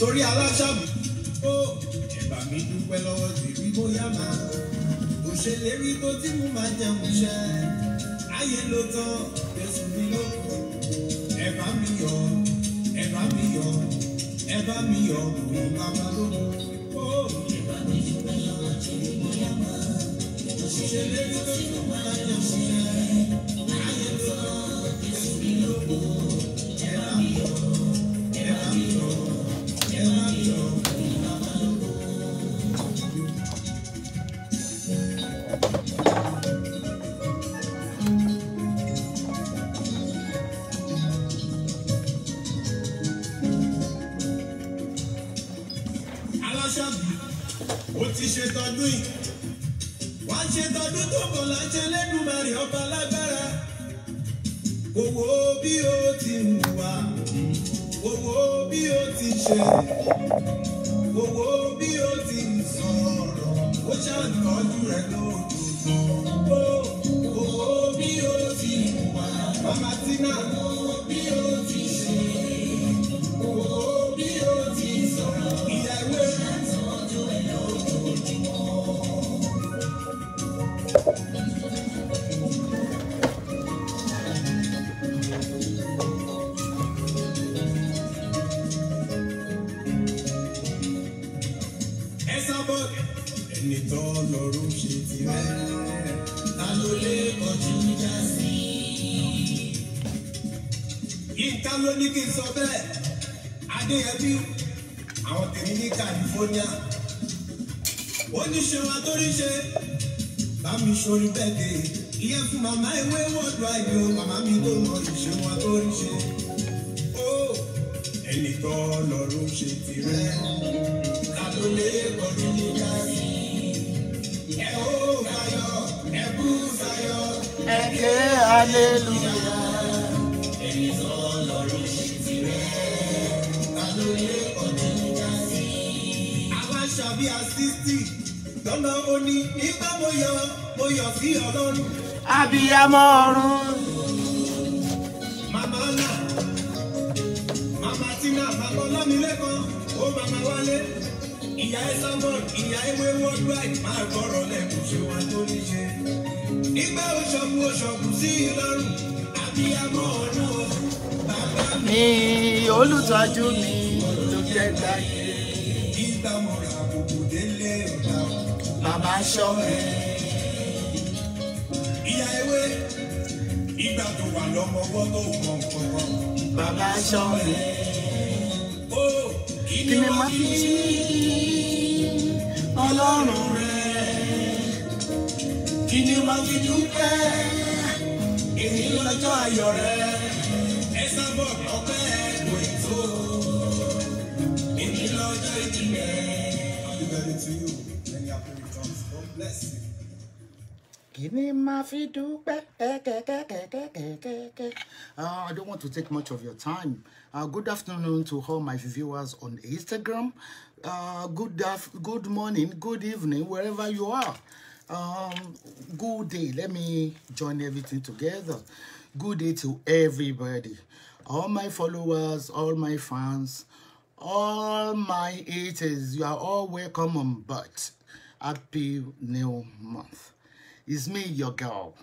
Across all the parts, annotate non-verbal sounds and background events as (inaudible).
torí aláṣàbù ó ẹ̀bà mi dúpẹ́ lọ́wọ́ tèmi bóyá máa kò ṣe lérí tó tí mo máa jẹun iṣẹ́ ayé ló tán ẹ̀sùn mi ló kù ẹ̀bà mi yọ ẹ̀bà mi yọ ẹ̀bà mi yọ ọmọ bàbá ló mú ó ẹ̀bà mi dúpẹ́ lọ́wọ́ tèmi bóyá máa kò ṣe lérí tó tí mo máa jẹun iṣẹ́. Kini ma fi dúpẹ́ ah, I don't want to take much of your time. Uh, good afternoon to all my viewers on Instagram. Uh, good good morning, good evening, wherever you are. Um, good day. Let me join everything together. Good day to everybody. All my followers, all my fans, all my haters. You are all welcome on board. Happy new month. It's me, your girl,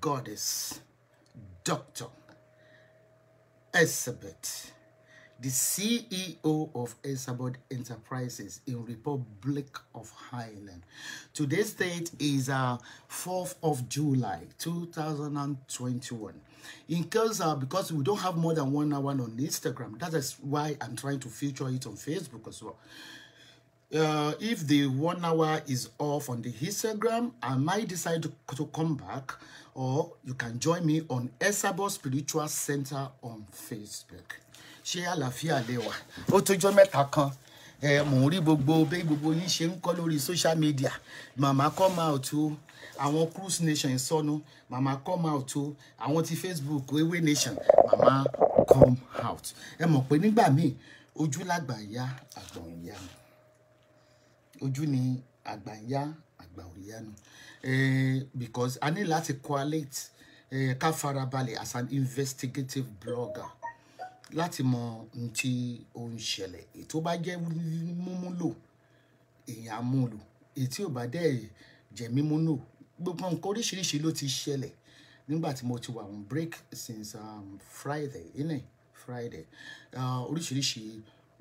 goddess, Dr. Elizabeth, the CEO of Elizabeth Enterprises in Republic of Highland. Today's date is uh, 4th of July, 2021. In case, uh, because we don't have more than one hour on Instagram, that is why I'm trying to feature it on Facebook as well. uh, if the one hour is off on the Instagram, I might decide to, to come back or you can join me on Esabo Spiritual Center on Facebook. Ṣé àlàáfíà lè wà? Ó tójọ́ mẹ́ta kan. Ẹ mò ń rí gbogbo bí gbogbo yín ṣe ń kọ́ lórí social media. Màmá come out o. Àwọn Cruise Nation sọnù. Màmá come out o. Àwọn ti Facebook Ewé Nation. Màmá come out. Ẹ mọ̀ pé nígbà míì ojú lágbà ya àgbọ̀n ya ojú ni àgbà ń yá àgbà ò yá nu because a ní láti correlate eh, ká farabalẹ̀ as an investigative blogger láti mọ ohun tí ó ń ṣẹlẹ̀ ètò bá jẹ́ múmúlò èèyàn amúlò ètí ò bá dẹ̀ jẹ́ mímúlò gbogbo nǹkan oríṣiríṣi ló ti ṣẹlẹ̀ nígbà tí mo ti wà on break since um, Friday ine Friday Uh, oríṣiríṣi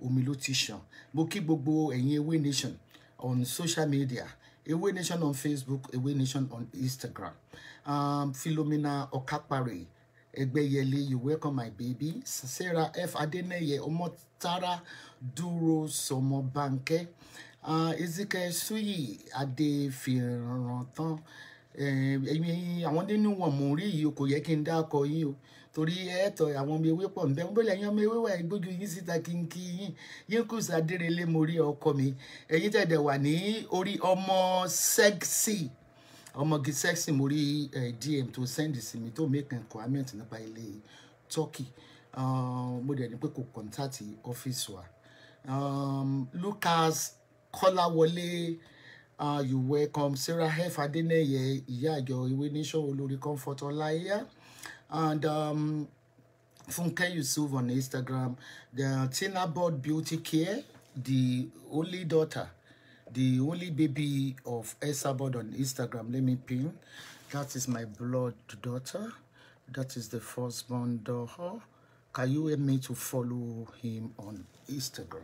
omi ló ti ṣàn mo kí gbogbo ẹ̀yin ewé nation on social media Away Nation on Facebook, Away Nation on Instagram. Um, Philomena Okapare, Egbeyele, you welcome my baby. Sarah F. Adeneye, Omotara Duro Somo Banke. Uh, Ezike Suyi, Ade Firantan. Eh, ẹ̀yin àwọn nínú wọn mò ń rí yìí you, kò yẹ kí n dákọ torí ẹ̀ẹ́tọ̀ àwọn ọmọ ewé pọ̀ nbẹ́ nbọ́lẹ̀ ẹ̀yin ọmọ ewé wà gbójú yín síta kínkín yín Yinkus Adérelé mo rí ọkọ mi ẹ̀yin tẹ̀dẹ̀ wà ní orí ọmọ sẹ́ksì ọmọge sẹ́ksì mo rí DM tó sẹ́ndì sí mi tó make an comment nípa ilé turkey mo dẹ̀ ní pé kò kọ́ńtàtì ọ́fíìsì wa Lucas Kọ́láwọlé. Uh, you welcome Sarah F. Adeneye, Ìyá Àjọ Ìwé Nation Olórí Comfort yeah and um, Funke Yusuf on Instagram. The Tina Board Beauty Care, the only daughter, the only baby of Esa on Instagram. Let me pin. That is my blood daughter. That is the firstborn daughter. Can you help me to follow him on Instagram?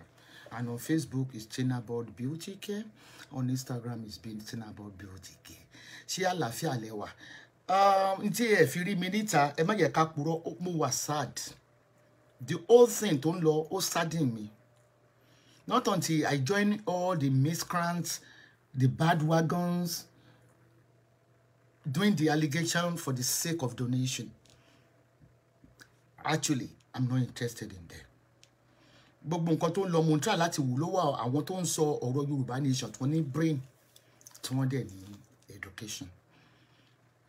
And on Facebook is Tina Board Beauty Care. On Instagram is being Tina Board Beauty Care. She àlàáfíà lafia lewa n um, tí ẹ fi rí mi níta ẹ má yẹ ká purọ́ mo wà sad the whole thing tó ń lọ ó sadden me. not until I join all the miscreants the bad wagons doing the allegation for the sake of donation actually I'm not interested in them gbogbo nǹkan tó ń lọ montreal láti wù ló àwọn tó ń sọ ọ̀rọ̀ yorùbá nation tí wọ́n ní brain tí wọ́n dẹ̀ ní education.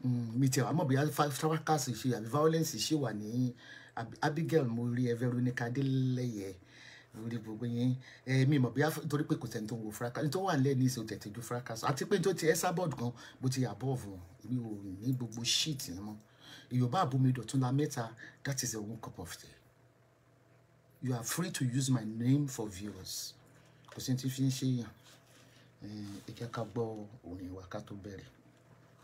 Mm, mi tiẹ̀ wá mọ̀ bóyá fracas ṣe àbí violence ṣe wà ní Abigail mo rí ẹ Veronica Adeleye lórí gbogbo yín mi mọ̀ bóyá torí pé kò tẹ̀ntò wo fracas nítorí wà nílẹ̀ ní ìṣe òtẹ̀tẹ̀ ju fracas àti pé nítorí ti ẹ́sà board gan bó ti above wọn mi ò ní gbogbo shit mọ́ Yorùbá àbomi Dọ̀tun la mẹ́ta that is a one cup of tea you are free to use my name for viewers kò sí ní ti fi ń ṣe yàn ẹ jẹ́ ká gbọ́ orin wa bẹ̀rẹ̀.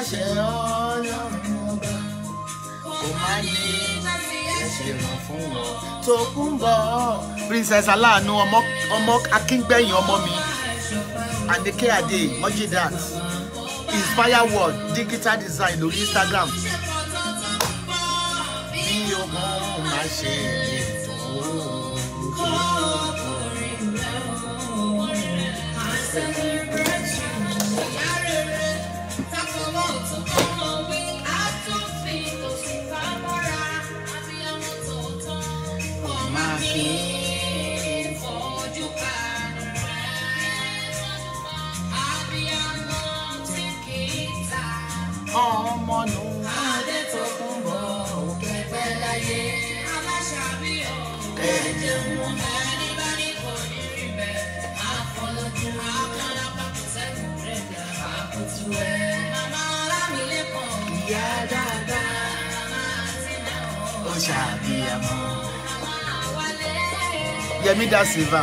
láṣẹ ọlọ́run ọba kò má ní ìṣẹ̀ràn fún wọn. tó kún bọ̀ princess aláàánú ọmọ akíngbẹ̀yìn ọmọ mi anike ade mojidat inspire world digital design lórí instagram. bí ogun máa ṣe kan mọ́nu. adé tó kún bọ̀ òkè pẹ́ láyé. aláṣàbí o ẹ jẹun ẹni bá ní kò ní rí bẹ́ẹ̀. àfọlójú akọ́lá pàtó sẹ́kùn rẹ̀ dá àkótú ẹ. màmá alámìlẹ̀ kan ìyá dáadáa. màmá àti náà ó ṣàbíyàmọ́. Yẹmí Da Silva.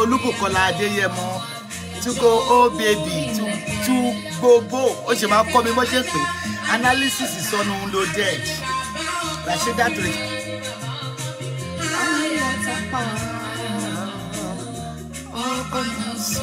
Olúbùkọ́lá Adéyẹmọ túgò ó bèbí tú gbogbo ó ṣe máa kọ́ mi bó ṣe pé analysis sọnù ló dẹ̀ Rasheedat Three. ọkọ̀ náà sọ.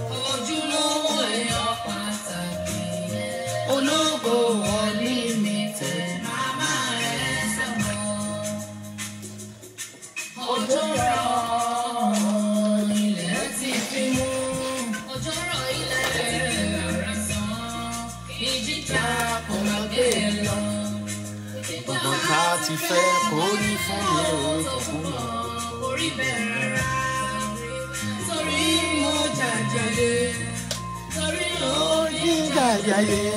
jayé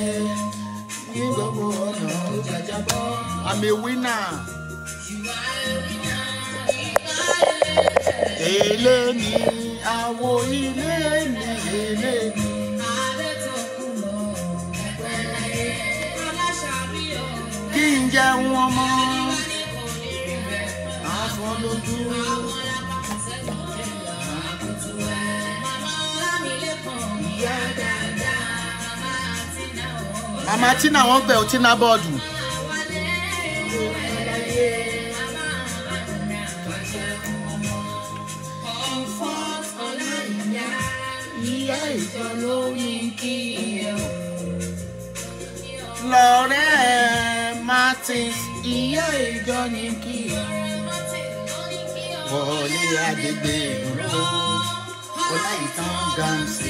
ní gbogbo ọ̀nà ó jàjà I'm a winner. èlé ni àwo ilé mi èlé mi. kí n jẹun ọmọ àfọlójú. Amatina wọ́n bẹ̀ ọtí náà bọ́ọ̀dù. Lọ́rẹ́ Martins ìyá ìjọ ní kí wọlé agbègbè ìró ọláìtàn gamsi.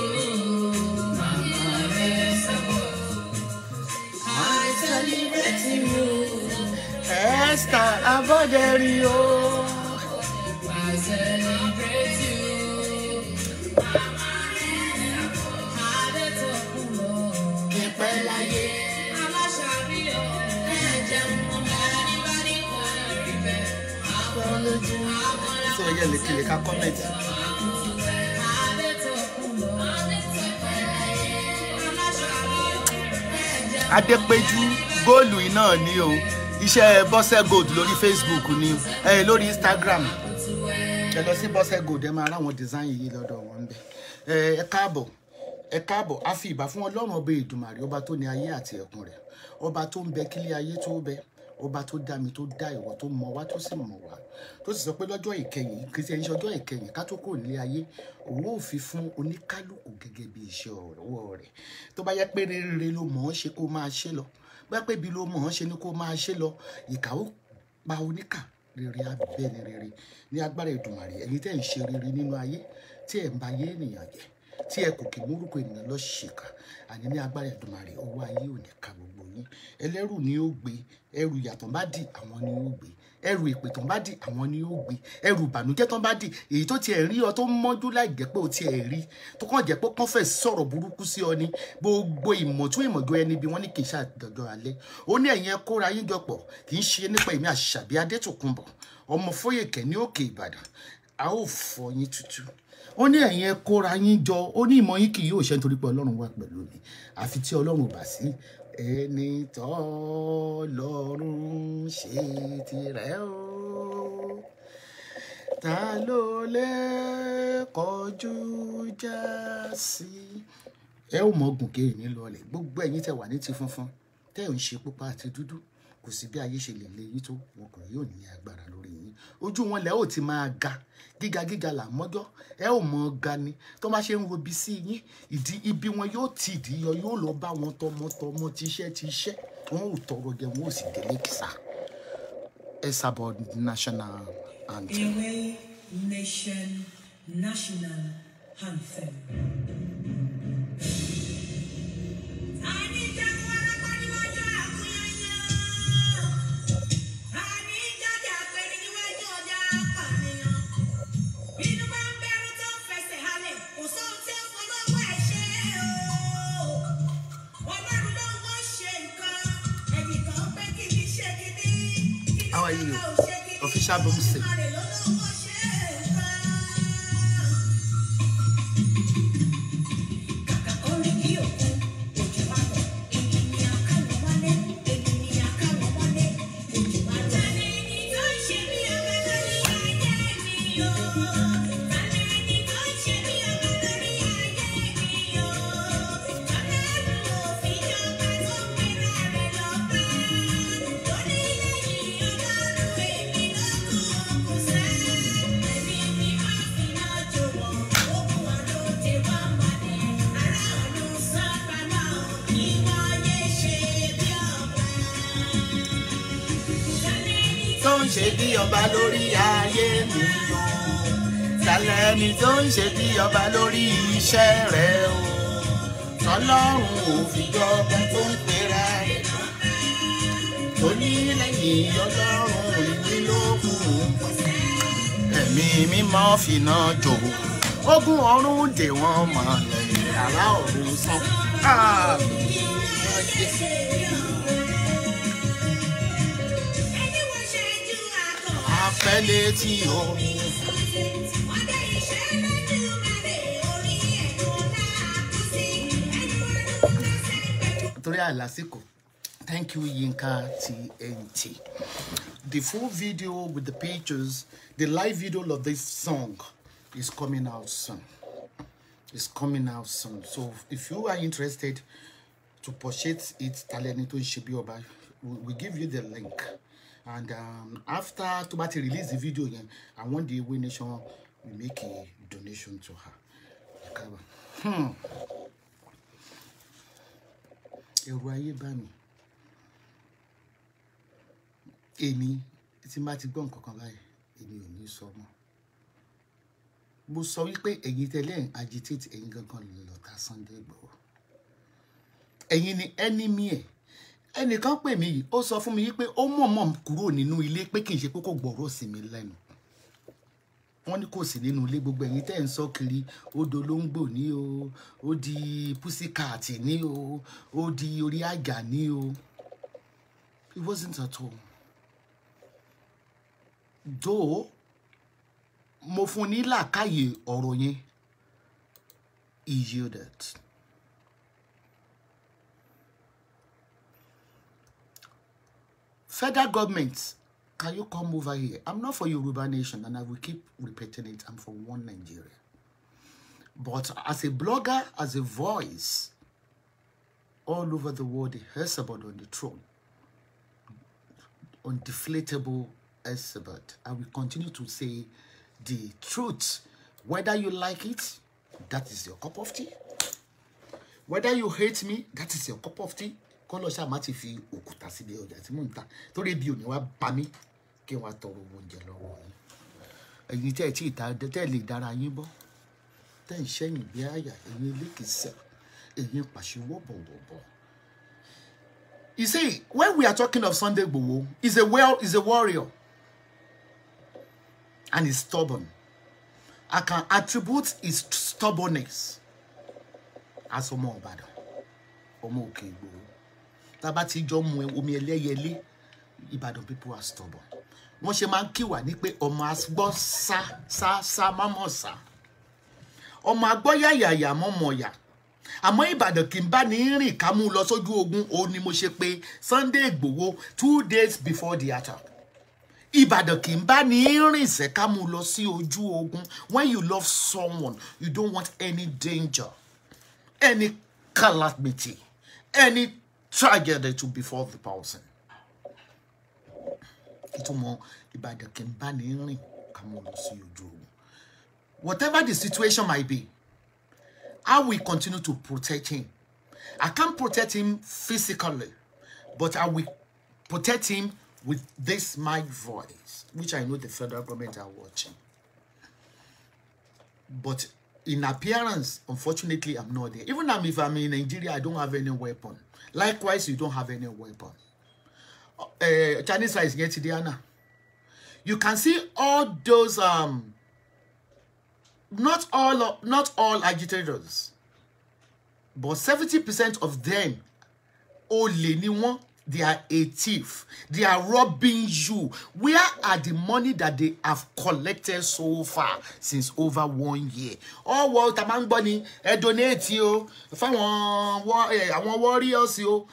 liberating you. Esther Aboderi o. I celebrate you. Ìpẹ́ láyé. Aláṣàrí o. Ẹ̀jẹ̀ mú bẹ́ẹ̀ni bá ní kò rí bẹ́ẹ̀. Àwọn lójú. Sọ yẹ lè kiri ká kọ́mẹ̀tì. Adépéjú góòlù iná ni o iṣẹ́ bọ́sẹ̀ gold lórí facebook ni ẹ̀yìn lórí instagram ẹ lọ sí bọ́sẹ̀ gold ẹ máa ráwọn design yìí lọ́dọ̀ wọn ń bẹ̀ ẹ káàbọ̀ ẹ káàbọ̀ a fi ìbà fún ọlọ́run ọba ìdùmàrè ọba tó ní ayé àti ẹ̀kún rẹ̀ ọba tó ń bẹ kílé ayé tó bẹ ọba tó dá mi tó dá ìwọ tó mọ wá tó sì mọ wá tó sì sọ pé lọ́jọ́ ìkẹyìn kìí ṣe ọjọ́ ìkẹyìn ká tó kúrò nílé ayé òun ò fi fún oníkálukú gẹ́gẹ́ bí iṣẹ́ ọ̀rọ̀ rẹ̀ tó bá yẹ pé rere ló mọ̀ ọ́n ṣe kó máa ṣe lọ pẹ́pẹ́ bí ló mọ̀ ọ́n ṣe ni kó máa ṣe lọ ìkà ó pa oníkà rere abẹ́ni rere ní agbára ìdùnmàrè ẹ̀yin tẹ́ ń ṣe rere nínú ayé tí ẹ̀ ń ba ayé ènìyàn jẹ́ tí ẹ kò kì í ènìyàn lọ ṣèkà àní ní agbára ìdùnmàrè ọwọ́ ayé ò ní ka gbogbo yín ẹlẹ́rù ni ó gbé ẹrù ìyàtọ̀ bá dì àwọn ni ó gbé ẹrù ìpè tán bá dì àwọn ni ó gbé ẹrù ìbànújẹ́ tán bá dì èyí tó tiẹ̀ rí ọ tó ń mọ́jú láì jẹ́ pé o tiẹ̀ rí tó kàn jẹ́ pé kọ́fẹ̀ sọ̀rọ̀ burúkú sí ọ ni gbogbo ìmọ̀tún ìmọ̀jọ ẹni bí wọ́n ní kì í ṣàdọ̀dọ̀ alẹ́ ó ní ẹ̀yin kóra yín jọpọ̀ kì í ṣe nípa èmi àṣàbí adétòkunbọ̀ ọmọ fóyèkẹ́ ní òkè ìbàdàn a ó fọ yín tútù ó ní ẹ̀yin ẹ kóra yín jọ ó ní ìmọ̀ yín kì yóò ṣe nítorí pé ọlọ́run wà pẹ̀lú mi àfi tí ọlọ́run ò sí ẹni tọ́lọ́run ṣe tirẹ̀ o ta ló lè kọjú já sí. ẹ ó mọ ogun kéènì lọlẹ gbogbo ẹ̀yin tẹ́ wà ní ti funfun tẹ́ ò ń ṣe pupa àti dúdú kò sí bí ayé ṣe lè lé yín tó wọn kò yóò ní agbára lórí yín ojú wọn lẹ ò ti máa ga gíga gíga là mọ́jọ́ ẹ ò mọ ga ni tó bá ṣe ń wobi sí yín ìdí ibi wọn yóò ti dì yọ yóò lọ bá wọn tọmọtọmọ tíṣẹ́ tíṣẹ́ wọn ò tọrọ jẹ wọn ò sì délé kìsà ẹ national anthem. Away nation national anthem. Tchau, você. ọba lórí ayé mi o sàlẹ̀ ẹni tó ń ṣe bí ọba lórí iṣẹ́ rẹ o tọ́lọ́run ò fi jọ ọba tó ń pera rẹ̀ tó ní lẹ́yìn ọlọ́run ìlú ló kù ẹ̀mí mímọ́ fìnà jò ogun ọ̀run dè wọ́n mọ̀ lẹ́yìn àlá ọ̀run sàn. fẹ́ létí o. torí àìlásìkò thank you Yinka TNT the full video with the pictures the live video of this song is coming out soon is coming out soon so if you are interested to purchase it talẹni tó ń we give you the link and um, after tó bá ti release the video yẹn i want the way nation we make a donation to her Hmm. ẹ̀rù ayé bá mi èmi tí n bá ti gbọ́ nǹkan kan báyìí èmi ò ní sọ mọ́ mo sọ wípé ẹ̀yin tẹ́lẹ̀ ń agitate ẹ̀yin gangan lọ́ta Sunday Igboho ẹ̀yin ni enemy ẹ̀ ẹnìkan pè mí ó sọ fún mi pé ó mọ̀mọ̀ kúrò nínú ilé pé kì í ṣe pé kò gbọ́rọ̀ sí mi lẹ́nu wọ́n ní kò sí nínú ilé gbogbo ẹ̀yin tẹ́ ń sọ kiri ó do lóńgbò ní o ó di pussycat ní o ó di orí àjà ní o it wasn't at all though mo fún ní làákàyè ọ̀rọ̀ yẹn he yielded. Federal government, can you come over here? I'm not for Yoruba nation, and I will keep repeating it. I'm for one Nigeria. But as a blogger, as a voice, all over the world, Hezebod on the throne, undeflatable Hezebod. I will continue to say the truth. Whether you like it, that is your cup of tea. Whether you hate me, that is your cup of tea kọ́ lọ ti fi òkúta síbi ọjà tí mò ń ta torí ebi òní wá bá mi kí wọ́n tọrọ oúnjẹ lọ́wọ́ yín ẹ̀yin tẹ́ tí ìta tẹ́ lè dára yín bọ́ tẹ́ ń ṣẹ́yìn bí àyà ẹ̀yin elékìsẹ̀ ẹ̀yin pàṣẹ wọ́bọ̀wọ̀bọ̀. You see, when we are talking of Sunday Igboho, he's a well, he's a warrior, and he's stubborn. I can attribute his stubbornness as ọmọ Ìbàdàn, ọmọ Òkè Ìgbòho tá a bá ti jọ mu omi ẹlẹ́yẹlé ìbàdàn people are stubborn wọ́n ṣe máa ń kíwà ní pé ọmọ agbọ́ sá sá sá mọ́mọ́ sá ọmọ agbọ́ yàyàyà mọ́mọ́ yà àmọ́ ìbàdàn kì í bá ní rìn ká mú lọ sójú ogun òun ni mo ṣe pé Sunday Igboho two days before the attack ìbàdàn kì í bá ní rìn sẹ́ ká mú lọ sí ojú ogun when you love someone you don't want any danger any calamity any target it before the person ìtumọ̀ ìbàdàn kì í bá ní rìn ká mọ̀ lọ whatever the situation might be I will continue to protect him I can't protect him physically but I will protect him with this my voice which I know the federal government are watching but in appearance unfortunately I'm not there even if I'm in Nigeria I don't have any weapon Likewise, you don't have any weapon. Uh, Chinese is getting Diana. You can see all those um not all not all agitators, but 70% of them only ni wọ́n They are a thief. They are robbing you. Where are the money that they have collected so far since over one year? All world tá a máa ń gbọ́ ni ẹ donate o fáwọn àwọn warriors o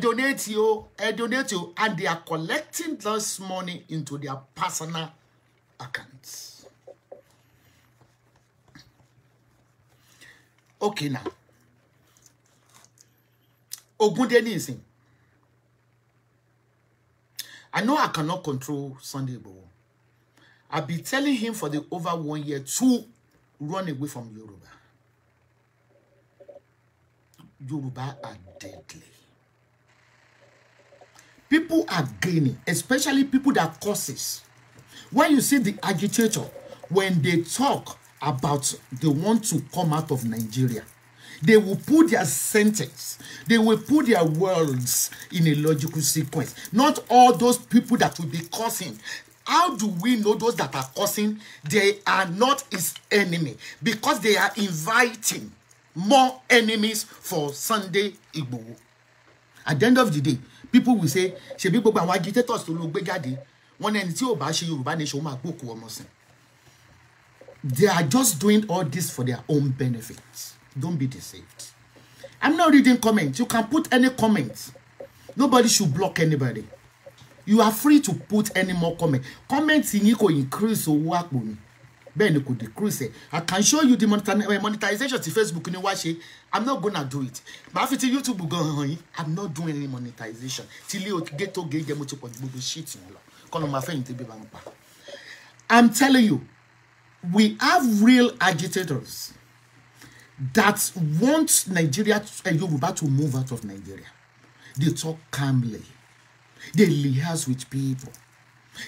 donate you. I donate you, and they are collecting this money into their personal accounts. Okay now. Ogunde ní ìsìn. I know I cannot control Sunday Igboho. I've been telling him for the over one year to run away from Yoruba. Yoruba are deadly. People are gaining, especially people that causes. When you see the agitator, when they talk about they want to come out of Nigeria, They will put their sentence, they will put their words in a logical sequence. Not all those people that will be causing how do we know those that are causing they are not his enemy because they are inviting more enemies for Sunday Igbo. at the end of the day people will say ṣebí gbogbo àwọn agitators tó ló gbé jáde wọn ẹni tí ò bá ṣe Yorùbá nation ó máa gbókùú ọmọ sìn they are just doing all this for their own benefit Don't be deceived. I'm not reading comments. You can put any comments. Nobody should block anybody. You are free to put any more comments. Comments yín kò increase or work mi. Bẹ́ẹ̀ ni decrease ẹ̀. I can show you the eh, monetization to Facebook ni watch it. I'm not gonna do it. But after YouTube gan I'm not doing any monetization. Ti ilé ghetto gay get mo ti pọ̀ ju shit yẹn lọ. Kọ́nà máa fẹ́yìn tí bí bá ń I'm telling you, we have real agitators that want Nigeria, uh, Yoruba to move out of Nigeria. They talk calmly. They liaise with people.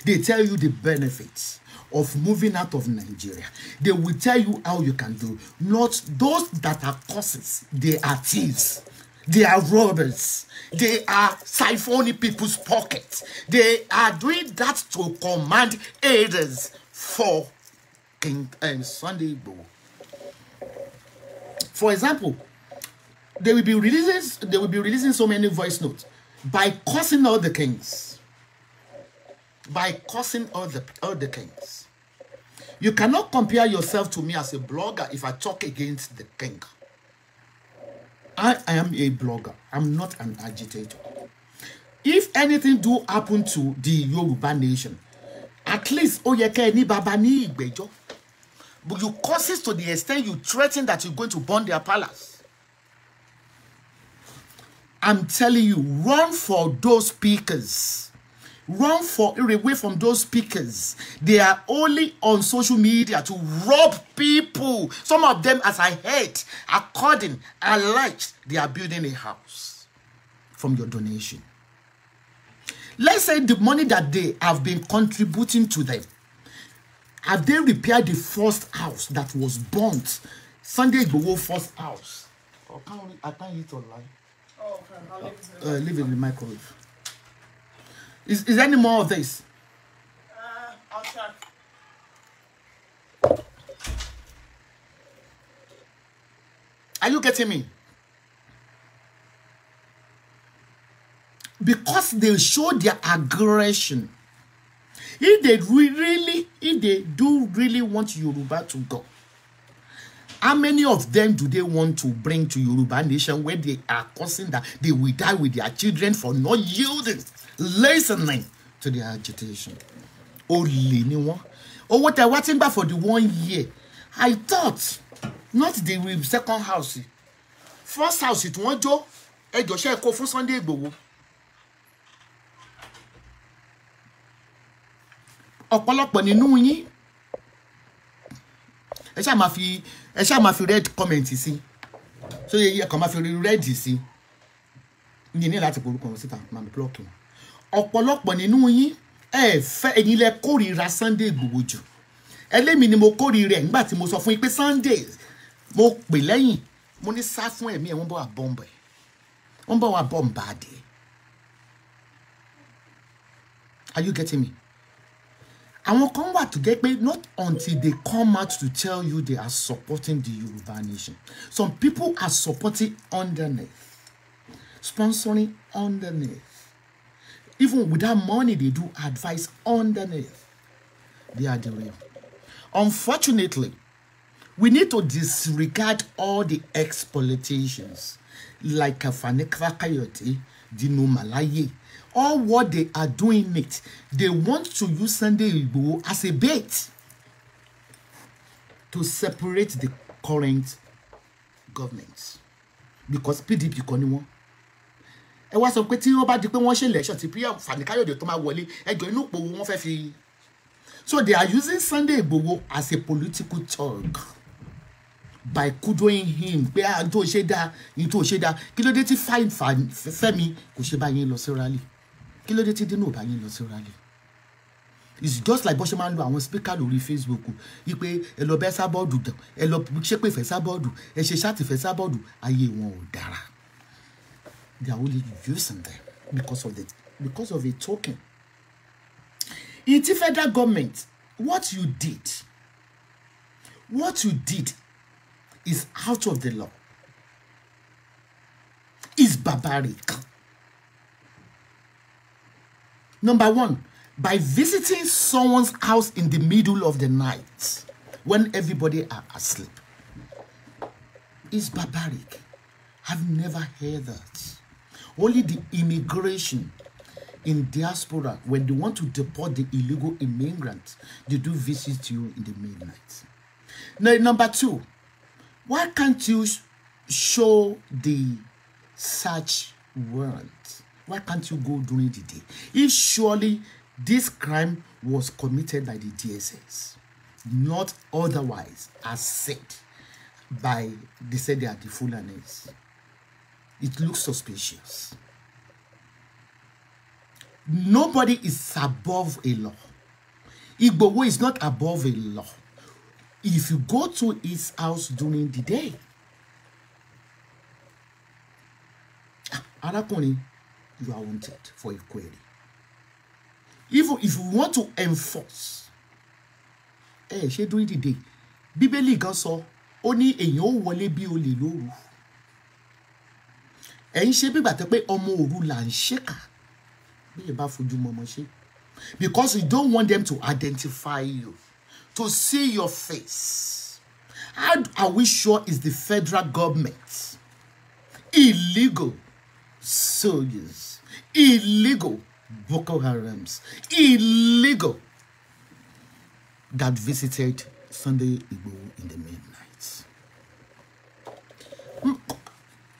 They tell you the benefits of moving out of Nigeria. They will tell you how you can do. Not those that are causes. They are thieves. They are robbers. They are siphoning people's pockets. They are doing that to command aiders for King um, Sunday Igboho. For example, they will be releasing they will be releasing so many voice notes by cursing all the kings. By cursing all the all the kings. You cannot compare yourself to me as a blogger if I talk against the king. I, I am a blogger. I'm not an agitator. If anything do happen to the Yoruba nation, at least ó yẹ kẹ́ baba ní ìgbẹ́jọ́. But you curses to the extent you threaten that you're going to burn their palace. I'm telling you, run for those speakers. Run for away from those speakers. They are only on social media to rob people. Some of them, as I heard, according alleged, they are building a house from your donation. Let's say the money that they have been contributing to them have they repaired the first house that was burnt Sunday Igboho first house or can only I can't eat online. Oh, okay. I'll uh, leave it. in the microwave. Is is there any more of this? Uh, I'll check. Are you getting me? Because they show their aggression if they really if they do really want Yoruba to go how many of them do they want to bring to Yoruba nation where they are causing that they will die with their children for not yielding listening to their agitation Only ni wọn what tẹ waiting ti for the one year I thought not the second house first house it. wọ́n jó ẹjọ́ ṣe é kó fún Sunday Igboho ọ̀pọ̀lọpọ̀ nínú yín ẹ ṣáà máa fi ẹ ṣáà máa fi red comment sí so ẹ kàn máa fi red sí yìí ní láti porúkọ wọn síta máa block wọn ọ̀pọ̀lọpọ̀ nínú yín ẹ fẹ́ ẹ̀yin lẹ kórìíra Sunday Igboho jù ẹlẹ́mìí ni mo kórìíra ẹ̀ nígbà tí mo sọ fún yín pé Sunday mo pè lẹ́yìn mo ní sá fún ẹ̀mí ẹ̀ wọ́n bọ̀ wá bọ́ǹbà ẹ̀ wọ́n bọ̀ wá bọ́ǹbà adìẹ Are you getting me? àwọn kan wà tó jẹ́ pé not until they come out to tell you they are supporting the Yoruba nation some people are supporting underneath sponsoring underneath even without money they do advice underneath they are the real unfortunately we need to disregard all the ex-politicians like Fani Fakayote Dino Malaye all what they are doing it they want to use Sunday Igboho as a bait to separate the current government because PDP kọ́ ni wọ́n ẹ wá sọ pé tí wọ́n bá di pé wọ́n ṣe election tí Priya Fani Káyọ̀dé tó máa wọlé ẹjọ́ inú òpó wọn fẹ́ fi so they are using Sunday Igboho as a political tug by kudoing him pé à ah, ń tó ṣe dáa ń tó ṣe dáa kí ló dé tí Fẹ́mi kò ṣe báyìí lọ sí rally kí ló dé tí dínú ò bá yín lọ sí rally it's just like bó ṣe máa ń lo àwọn speaker lórí facebook wípé ẹ lọ bẹ sábọọdù dàn ẹ lọ ṣépè fẹ sábọọdù ẹ ṣe ṣàtìfẹ sábọọdù ayé wọn ò dára they are only using them because of the because of a token ìtí federal government what you did what you did is out of the law is barbaric. Number one, by visiting someone's house in the middle of the night when everybody are asleep. It's barbaric. I've never heard that. Only the immigration in diaspora, when they want to deport the illegal immigrants, they do visit you in the midnight. Now, number two, why can't you show the search warrant? Why can't you go during the day? If surely this crime was committed by the DSS, not otherwise, as said by they said they are the Fulanis. It looks suspicious. Nobody is above a law. Igbowo is not above a law. If you go to his house during the day, ah, arákùnrin you are wanted for a query. Even if you want to enforce, ẹ ṣe during the day, Bíbélì gan sọ, ó ní èèyàn ó wọlé bí olè lóru. Ẹ ń ṣe bígbà tó pé ọmọ Be là ń ṣèkà bí ẹ Because you don't want them to identify you, to see your face. How are we sure is the federal government? Illegal soldiers, illegal Boko Harams, illegal that visited Sunday Igbo in the midnight.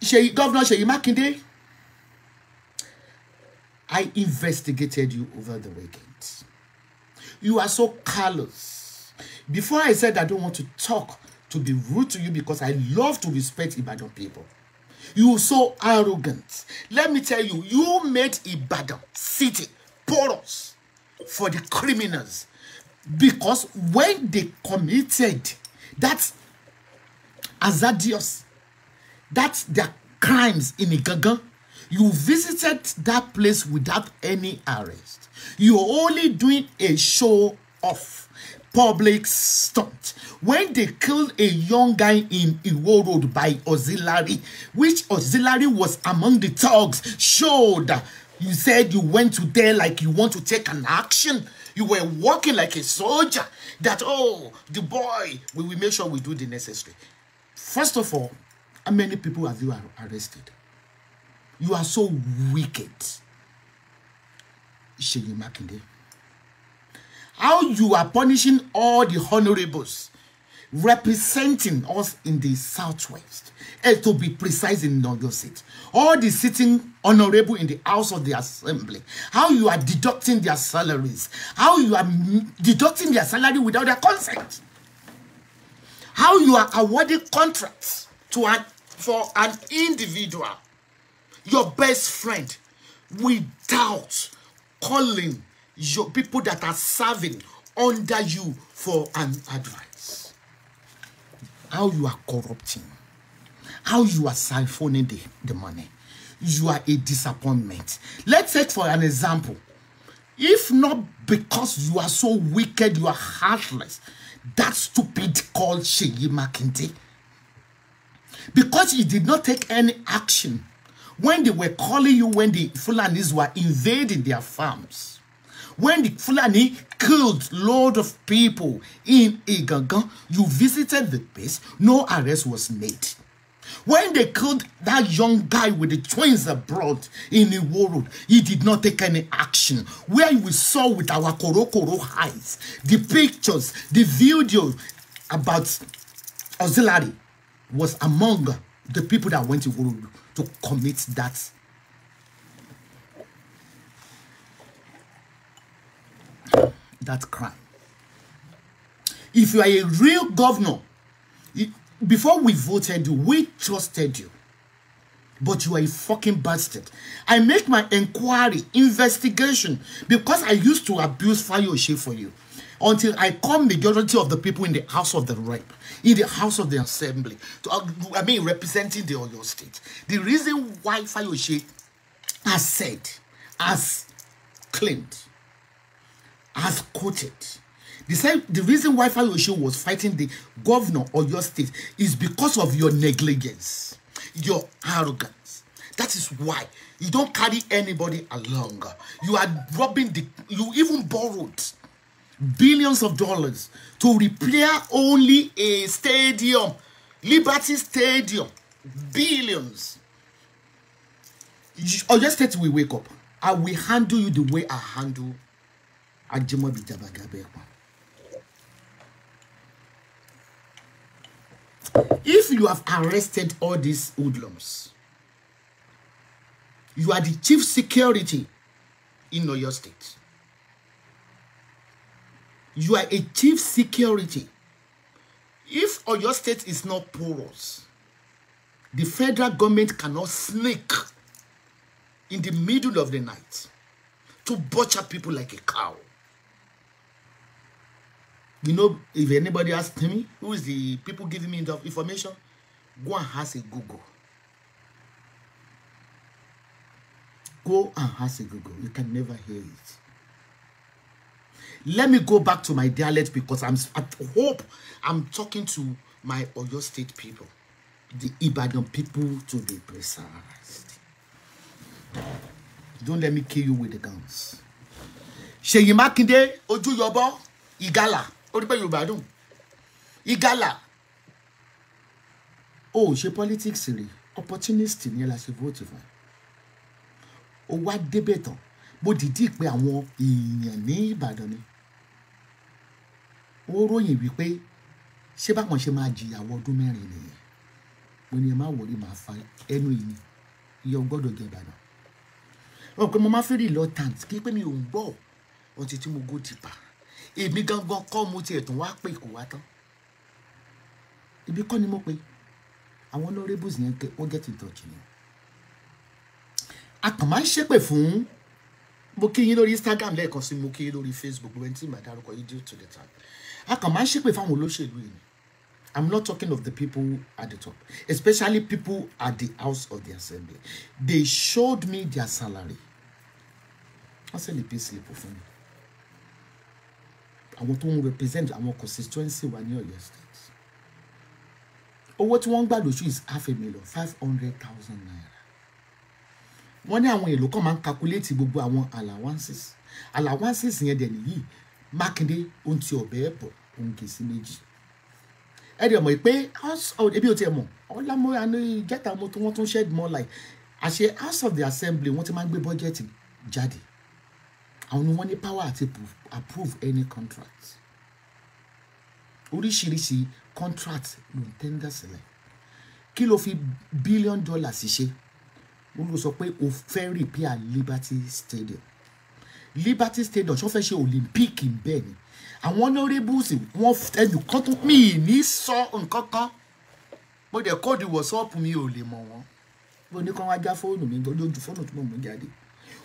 Sheyi, hmm. Governor Sheyi Makinde, I investigated you over the weekend. You are so callous. Before I said I don't want to talk to be rude to you because I love to respect Ibadan people. You so arrogant. Let me tell you, you made Ibadan city porous for the criminals because when they committed that hazardous, that their crimes in Igagan, you visited that place without any arrest. You're only doing a show off public stunt when they killed a young guy in Iwo Road by auxiliary, which auxiliary was among the thugs, showed you said you went to there like you want to take an action. You were walking like a soldier that, oh, the boy, we will make sure we do the necessary. First of all, how many people have you arrested? You are so wicked. Sheyi Makinde how you are punishing all the honorables representing us in the southwest and to be precise in Oyo State all the sitting honorable in the house of the assembly how you are deducting their salaries how you are deducting their salary without their consent how you are awarding contracts to an for an individual your best friend without calling your people that are serving under you for an advice. How you are corrupting, how you are siphoning the, the money. You are a disappointment. Let's take for an example. If not because you are so wicked, you are heartless, that stupid called Sheyi Makinde. Because he did not take any action when they were calling you when the Fulanis were invading their farms. When the Fulani killed load of people in Igangan, you visited the place, no arrest was made. When they killed that young guy with the twins abroad in the world, he did not take any action. Where we saw with our Korokoro eyes, the pictures, the video about auxiliary was among the people that went to World to commit that that crime. If you are a real governor, before we voted we trusted you. But you are a fucking bastard. I make my inquiry, investigation, because I used to abuse Fayoshe for you. Until I call majority of the people in the House of the Rep, in the House of the Assembly, to, uh, I mean representing the Oyo State. The reason why Fayoshe has said, has claimed, has quoted. The, same, the reason why Fayoshe was fighting the governor of your state is because of your negligence, your arrogance. That is why you don't carry anybody along. You are robbing the, you even borrowed billions of dollars to repair only a stadium, Liberty Stadium, billions. Or just state will wake up. I will handle you the way I handle Ajimobi Jabagaba Ekpa. If you have arrested all these hoodlums, you are the chief security in Oyo State. You are a chief security. If Oyo State is not porous, the federal government cannot sneak in the middle of the night to butcher people like a cow. You know, if anybody asks me, who is the people giving me the information, go and ask a Google. Go and ask a Google. You can never hear it. Let me go back to my dialect because I'm, I hope I'm talking to my Oyo State people, the Ibadan people to be precise. Don't let me kill you with the guns. Ṣèyí Mákindé, Ojú Yọbọ, Igala ó rí Yorùbá dùn Igala ó ṣe politics rè opportunist ni ẹ la ṣe vote fún ó wá débẹ̀ tán bó dìídì pé àwọn èèyàn ní Ìbàdàn ni ó ròyìn wípé ṣé báwọn ṣe máa jìyàwó ọdún mẹ́rin nìyẹn mo ní ẹ má wòrí màá fa ẹnu yìí ni iye ọgbọ́dọ̀ jẹ Ìbàdàn wọn pé mo máa fi rí lọ tàǹtì kí pé mi ò ń gbọ́ ọtí tí mo gò tìpa èmi gangan kọ́ mo tiẹ̀ tún wá pè kó wá tán ibi kọ́ ni mo pe àwọn honourables yẹn ké wọ́n get in touch ni a kàn máa ń ṣépè fún mo kí yín lórí Instagram lẹ́ẹ̀kan sí mo kí yín lórí Facebook gbogbo ẹni tí màá dárúkọ yìí due to the time a kàn máa ń ṣépè fáwọn olóṣèlú yìí I'm not talking of the people at the top especially people at the house of the assembly they showed me their salary wọ́n sì lè pay slip fún mi àwọn tó ń represent àwọn constituency wa ní Ọ̀yọ́ state owó tí wọ́n ń gbà lóṣù is half a million five hundred thousand naira wọ́n ní àwọn èlò kan máa ń calculate gbogbo àwọn allowances allowances yẹn dẹ̀ nìyí Mákindé ohun ti ọ̀bẹ ẹ̀bọ̀ ohun kì í sí méjì ẹ dẹ̀ mọ̀ pé ebi ò tiẹ̀ mọ̀ ọlámúra ní ìjẹta mo tó wọ́n tún shed more light àṣẹ house of the assembly wọ́n ti máa ń gbé bọ́jẹ́tì jáde àwọn ni wọ́n ní power to approve any contract oríṣiríṣi contract ló ń tẹ́ndà sílẹ̀ kí ló fi billion dollars ṣe wọ́n ló sọ pé o fẹ́ repair Liberty Stadium Liberty Stadium ṣọ́ fẹ́ ṣe Olympic bẹ́ẹ̀ ni àwọn honourables wọ́n ẹnìkan tó mí ní sọ nǹkan kan mo dẹ̀ kóòdù wọ̀sọ́ọ̀pù mi ò lè mọ̀ wọ́n mo ní kán wá já fóònù mi lójú fóònù tí mo mú jáde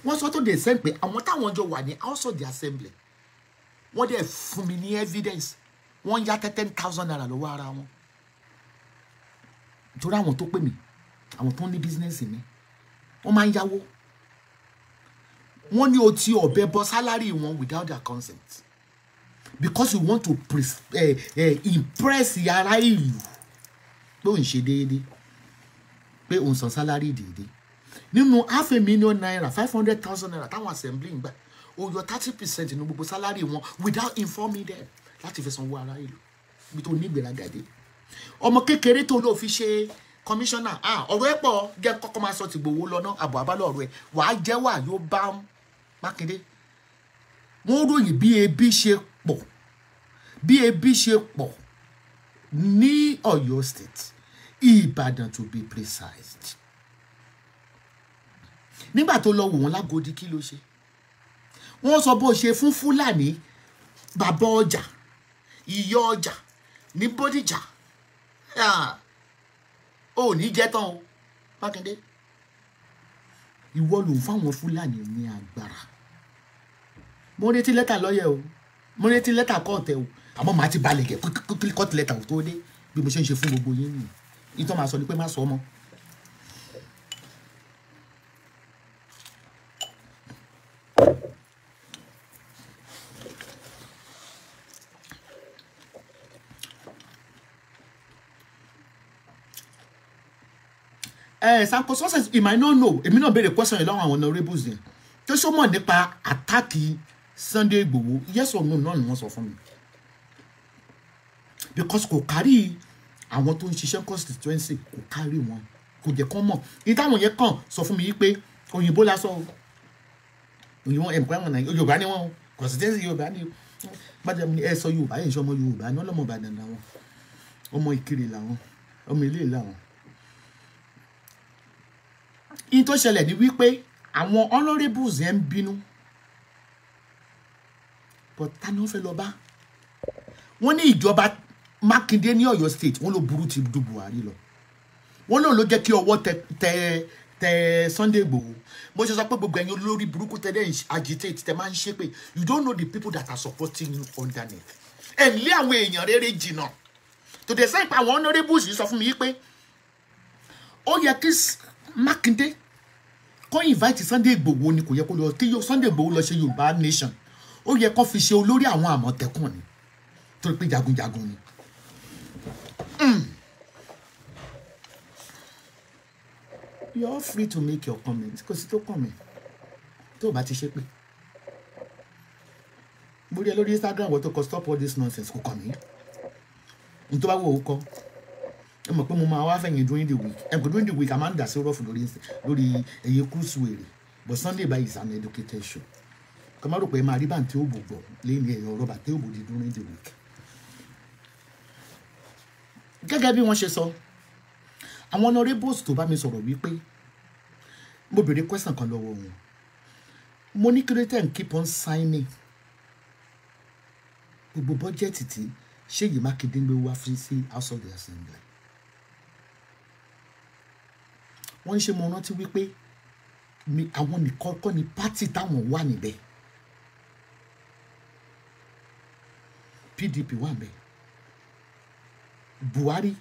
wọ́n sọ tó the same pé àwọn táwọn jọ wà ní house of the assembly wọ́n dẹ̀ fún mi ní evidence wọ́n yá ten thousand naira lọ́wọ́ ara wọn torí àwọn tó pè mí àwọn tó ń ní bísínẹ́sì mi wọ́n máa ń yáwó wọ́n ní o ti ọ̀bẹ bọ sálárì wọn without their consent because you want to pre eh, eh, impress ara ìlú pé òun ṣe déédéé pé òun san sálárì déédéé nínú half a million naira five hundred thousand naira táwọn assembly ń gbà ó yọ thirty percent nínú gbogbo salary wọn without informing them láti fi sanwó ara ìlú ibi tó nígbèrágà dé ọmọ kékeré tó lóò fi ṣe kọmíṣánná ọ̀rọ̀ ẹ̀ pọ̀ jẹ́ kọ́kọ́ máa sọ ti gbowó lọ́nà àbọ̀ abálọ̀ ọ̀rọ̀ ẹ̀ wàá jẹ́wà yóò bá mákindé wọ́n ròyìn bí ebi ṣe pọ̀ bí ebi ṣe pọ̀ ní Ọ̀yọ́ state Ìbàdàn to be precise nígbà tó lọ wò wọ́n lágodi kí ló ṣe wọ́n sọ bó ṣe fún fúlàní bàbá ọjà ìyá ọjà ní bódìjà ò ní jẹ́ tán o mákindé ìwọ ló ń fáwọn fúlàní ní agbára mo retí lẹ́tà lọ́yẹ̀ o mo retí lẹ́tà kọ́ọ̀tẹ̀ o àmọ́ màá ti balẹ̀ gẹ̀ kọ́ọ̀tì lẹ́tà ò tó dé bí mo ṣe ń ṣe fún gbogbo yín nìyí ìtàn máa sọ ni pé má sọ ọmọ ẹ eh, Sanko Success you might not know èmi náà béèrè question yìí lọ́wọ́ àwọn honourables yẹn tó ṣó mọ̀ nípa àtàkì Sunday Igboho yes or no náà ni wọ́n sọ fún mi because kò kárí àwọn tó ń ṣiṣẹ́ constituency kò kárí wọn kò jẹ́ kán mọ̀ ní táwọn yẹn kàn sọ fún mi yìí pé òyìnbó lásán o òyìnbó ẹ̀mọ́ ẹ̀wọ̀n nàìjíríà yorùbá ni wọ́n o constituency yorùbá ni gbájà mi ẹ sọ yorùbá yẹn ṣọmọ yorùbá ni ọlọ́mọba dandan wọn ọmọ ìkirè làwọn ọmọ ilé làwọn in tó ṣẹlẹ̀ ni wípé àwọn honourables ẹ̀ ń bínú but ta ni wọ́n fẹ́ lọ bá wọ́n ní ìjọba Mákindé ní Ọ̀yọ́ state wọ́n ló burú ti du Buhari lọ wọ́n náà ló jẹ́ kí ọwọ́ tẹ tẹ Sunday Igboho mo ṣe sọ pé gbogbo ẹ̀yin olórí burúkú tẹ́lẹ̀ agitate tẹ máa ń ṣépè you don't know the people that are supporting you underneath ẹ̀ ń lé àwọn èèyàn rere jìnnà tòdè sẹ́yìn pa àwọn honourables yìí sọ fún mi yìí pé ó yẹ kí Mákindé kọ́ invite Sunday Igboho ni kò yẹ kó lọ tí Sunday Igboho lọ ṣe Yorùbá nation ó yẹ kó fi ṣe olórí àwọn àmọ̀tẹ́kùn ni torí pé jagunjagun ni. Mm. you are free to make your comment kò sí tó kàn mí tó o bá ti ṣe pé mo rí ẹ lórí Instagram wọ́n tó kọ stop all this nonsense kò kàn mí n tó bá wù ọ́ kọ́ ẹ mọ̀ pé mo máa wá fẹ̀yìn during the week ẹ kò during the week a máa ń dà sí rọ́ọ̀fù lórí lórí ẹ̀yẹ cruise wèrè but Sunday by is an educated show kọ́ máa rò pé máa rí bàǹtí òbò gbọ̀ lẹ́yìn ẹ̀yọ rọ́bà tí òbò di during the week. gẹ́gẹ́ bí wọ́n ṣe sọ àwọn honourables tó bá mi sọ̀rọ̀ wípé mo béèrè question kan lọ́wọ́ wọn mo ní kí ló tẹ̀ ń keep on signing gbogbo bọ́jẹ́tì tí Ṣèyí Mákindé ń gbé wá fi sí House of the Assembly wọ́n ń ṣe mo rántí wípé àwọn nìkan kọ́ ni pátì táwọn wà níbẹ̀ PDP wà níbẹ̀ Buhari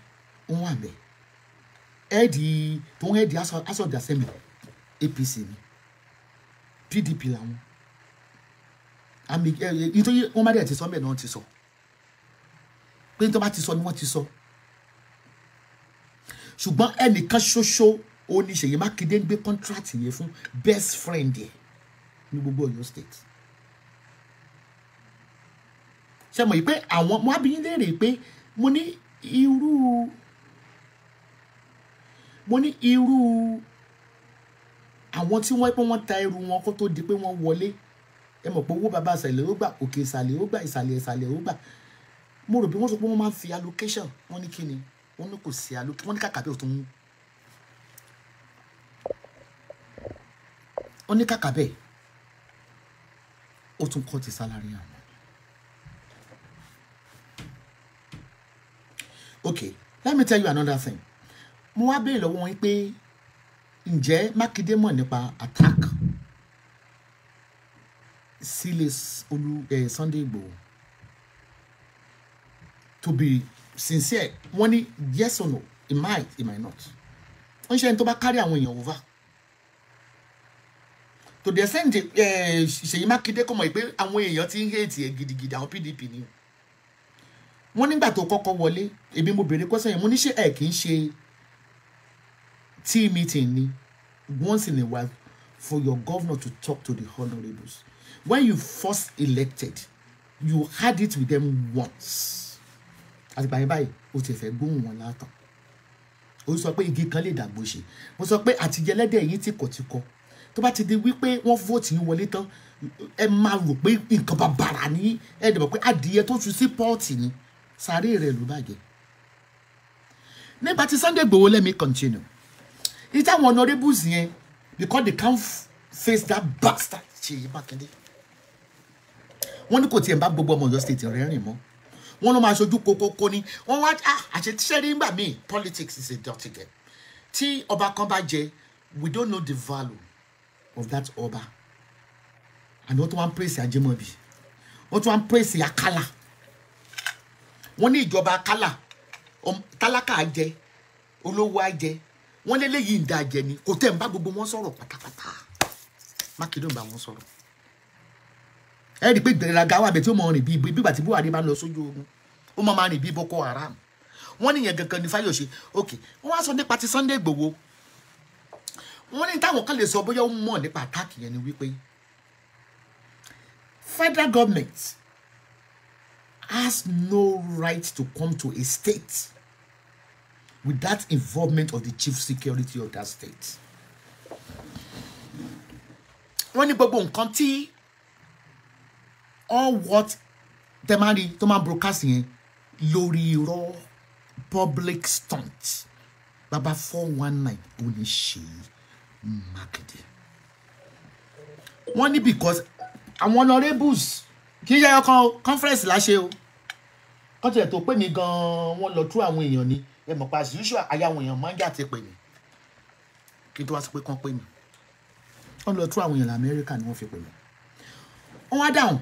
ń wà níbẹ̀ ẹ̀ẹ́dì tó ń ẹ̀ẹ́dì asọ̀dàsẹ́mi APC ni PDP làwọn àmì ẹ ẹ nítorí wọ́n bá dẹ̀ ti sọ mẹ́ẹ̀ náà ti sọ pé nítorí wọ́n bá ti sọ ni wọ́n ti sọ ṣùgbọ́n ẹnìkan ṣoṣo ó ní Ṣèyí Mákindé ń gbé contract yẹn fún best friend yẹn ní gbogbo Ọ̀yọ́ state ṣe mọ̀ yìí pé àwọn mo abiyín léèrè pé mo ní irú mo ní irú àwọn tí wọ́n pé wọ́n ta irú wọn kó tó di pé wọ́n wọlé ẹ mọ̀ pé owó bàbá ìsàlẹ̀ ó gbà òkè ìsàlẹ̀ ó gbà ìsàlẹ̀ ìsàlẹ̀ ó gbà mo rò pé wọ́n sọ pé wọ́n máa ń fi allocation wọ́n ní kí ni wọ́n ní kò sí allocation wọ́n ní kàkà bí òtún ó ní kàkà bẹ́ẹ̀ ó tún kọ́ ti sálárì àwọn. okay let me tell you another thing mo wá béèrè lọ́wọ́ wọn pé ǹjẹ́ Mákindé mọ̀ nípa attack sílé olú ẹ̀ eh, Sunday Igboho to be sincere wọ́n ní yes or no it might it might not wọ́n ṣe ẹni tó bá kárí àwọn èèyàn over to the extent eh, Ṣèyí Mákindé kò mọ̀ pé àwọn èèyàn ti ń hate ẹ̀ gidigidi àwọn PDP ni wọ́n nígbà tó kọ́kọ́ wọlé èmi mo bèrè kọ́sẹ̀ yẹn mo ní ṣe ẹ̀ kì í ṣe tea meeting ni once in a while for your governor to talk to the honourables when you first elected you had it with them once àti báyìí báyìí o ti fẹ́ gbóhùn wọn látàn o sọ pé igi kan lè dàgbò ṣe mo sọ pé àtijẹ́lẹ́dẹ̀ yìí ti kọ̀tìkọ̀ tó bá ti di wípé wọ́n vóòtì yín wọlé tán ẹ máa rò pé nǹkan bàbàrà ní ẹ dẹ̀ mọ̀ pé adìyẹ tó tu sí pọ́ọ̀tì ni sáré rẹ̀ ló bàjẹ́ nígbà tí Sunday Igboho let me continue ìjà àwọn honourables yẹn because they can't face that bastard Ṣèyí Mákindé wọ́n ní kò tiẹ̀ ń bá gbogbo ọmọ Ọ̀yọ́ state rẹ̀ rìn mọ́ wọ́n ló máa ṣojú kókókó ni wọ́n wá ah, àṣetíṣẹ́ nígbà míì politics is a dirty game tí ọba kan bá jẹ we don't know the value of that ọba àmì wọ́n tún wá ń praise Ajimobi wọ́n tún wá ń praise Akala wọ́n ní ìjọba Akala tálákà jẹ olówó ajẹ wọ́n léléyìí ń da jẹ ni kò tẹ̀ ń bá gbogbo wọn sọ̀rọ̀ pátápátá mákindé ń bá wọn sọ̀rọ̀ ẹ rí i pé ìgbéraga wà bẹ́ẹ̀ tí ó mọ̀ rìn bíi bíbà tí Buhari bá lọ sójú ogun ó mọ̀ máa rìn bíi Boko Haram wọ́n níyẹn gangan ní Fáyọ̀ṣe ok wọ́n wá sọ nípa ti Sunday Igboho wọ́n ní táwọn kan lè sọ bóyá ó mọ̀ nípa àtàkì yẹn ni wípé federal government has no right to come to a state without involvement of the chief security of that state. wọ́n ní gbogbo nǹkan tí all what tẹ́ máa rí tó máa broadcast yẹn lórí irọ́ public stunt baba four one nine ò ní ṣe é. Makinde wọ́n ní because àwọn honourables kì í yẹ ọkàn conference láṣẹ o wọ́n tiẹ̀ tó pè mí gan-an wọ́n lọ tú àwọn èèyàn ni ẹ mọ̀ pa as usual àyà àwọn èèyàn máa ń jà ti pè mí kí n tó wá sí pé kán pè mí wọ́n lọ tú àwọn èèyàn lamẹ́ríkà ni wọ́n fi pè mí wọ́n wá dáhùn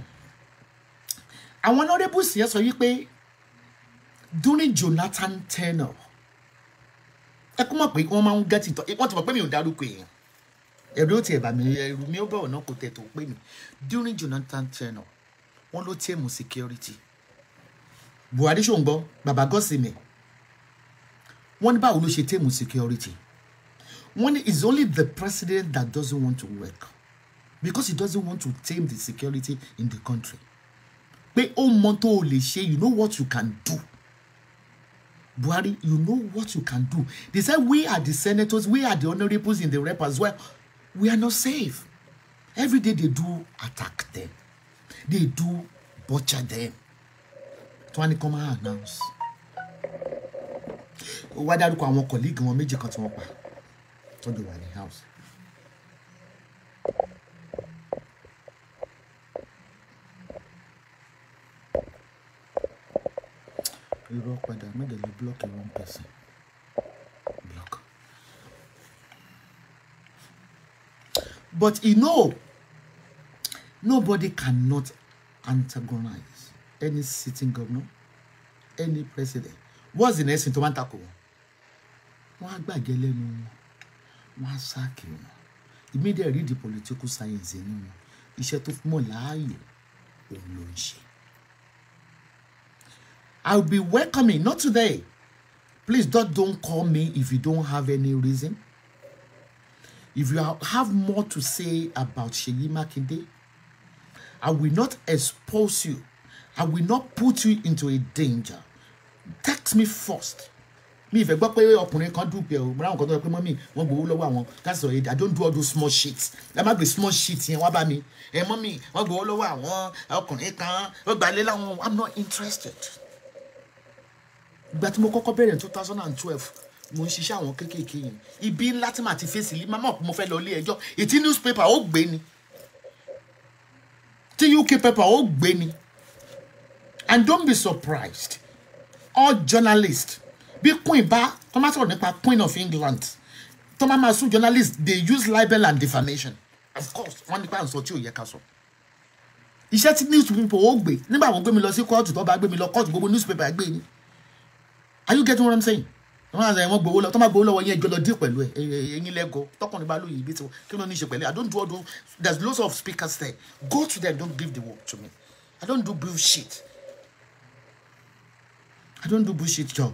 àwọn honourables yẹn sọ wípé during Jonathan tenure ẹ kó mọ̀ pé wọ́n máa ń gẹ́tì tọ́ wọ́n ti mọ̀ pé mi ò dárúkọ èèyàn ẹ̀rú ó tiẹ̀ bà mí ẹ̀rú mi ó bẹ̀rù náà kò tẹ̀ tó pè mí during Jonathan tenure wọ́n ló tí èmù security Buhari ṣòǹgbọ́ bàbá gọ́sìmẹ̀ wọ́n ní báwo ló ṣe tí èmù security wọ́n ní it's only the president that doesn't want to work because he doesn't want to tame the security in the country pé ó mọ tó o lè ṣe you know what you can do. Buhari, you know what you can do. They say We are the senators, we are the honorables in the rep as well we are not safe. Every day they do attack them. They do butcher them. Twani come and announce. Ó wá dárúkọ àwọn colleague wọn méjì kan tí wọ́n pa. Tó dé wà house. Irọ́ padà mẹ́jọ lè block one person. But you know, nobody cannot antagonize any sitting governor, any president. What's the next thing to want to go? Wọ́n á gbàjẹ́ lẹ́nu wọn, the political science nínú wọn. Iṣẹ́ tó mọ̀ láàyò òun ló ń ṣe. I will be welcoming, not today. Please don't, don't call me if you don't have any reason. If you have more to say about Sheyi Makinde, I will not expose you. I will not put you into a danger. Text me first. Me if gbọ́ pé ọkùnrin kan dúpẹ́ o, mìíràn kan tó yẹ pé mọ́mí wọ́n gbowó lọ́wọ́ That's all I don't do all those small shit. Ẹ má gbé small shit here. What about me? Hey, mommy, wọ́n go all over? ọkùnrin kan I'm not interested. Ìgbà tí mo kọ́kọ́ bẹ̀rẹ̀ two mo ń ṣiṣẹ́ àwọn kéékèèké yẹn ibi ńlá tí màá ti fèsì lé màmá mo fẹ́ lọ ilé ẹjọ́ ètí newspaper ó gbé ni Ti UK paper ó gbé ni and don't be surprised all journalists bí queen bá tó máa sọ̀rọ̀ nípa queen of England tó máa máa sún journalists dey use libel and defamation of course wọ́n nípa àǹsọ̀ tí ò yẹ ká sọ iṣẹ́ tí newspaper ó gbé nígbà wọ́n gbé mi lọ sí kóòtù tó bá gbé mi lọ kóòtù gbogbo newspaper gbé ni are you getting what I'm saying? wọ́n gbowó lọ tó má gbowó lọ́wọ́ yẹn jọ dín pẹ̀lú ẹ ẹyin lẹ́gọ tọkùnrin bá lóye ibi tí wọ́n kí ló ní í ṣe pẹ̀lú i don't do all those there's lots of speakers there go to them don't give the work to me i don't do bullshit i don't do bullshit job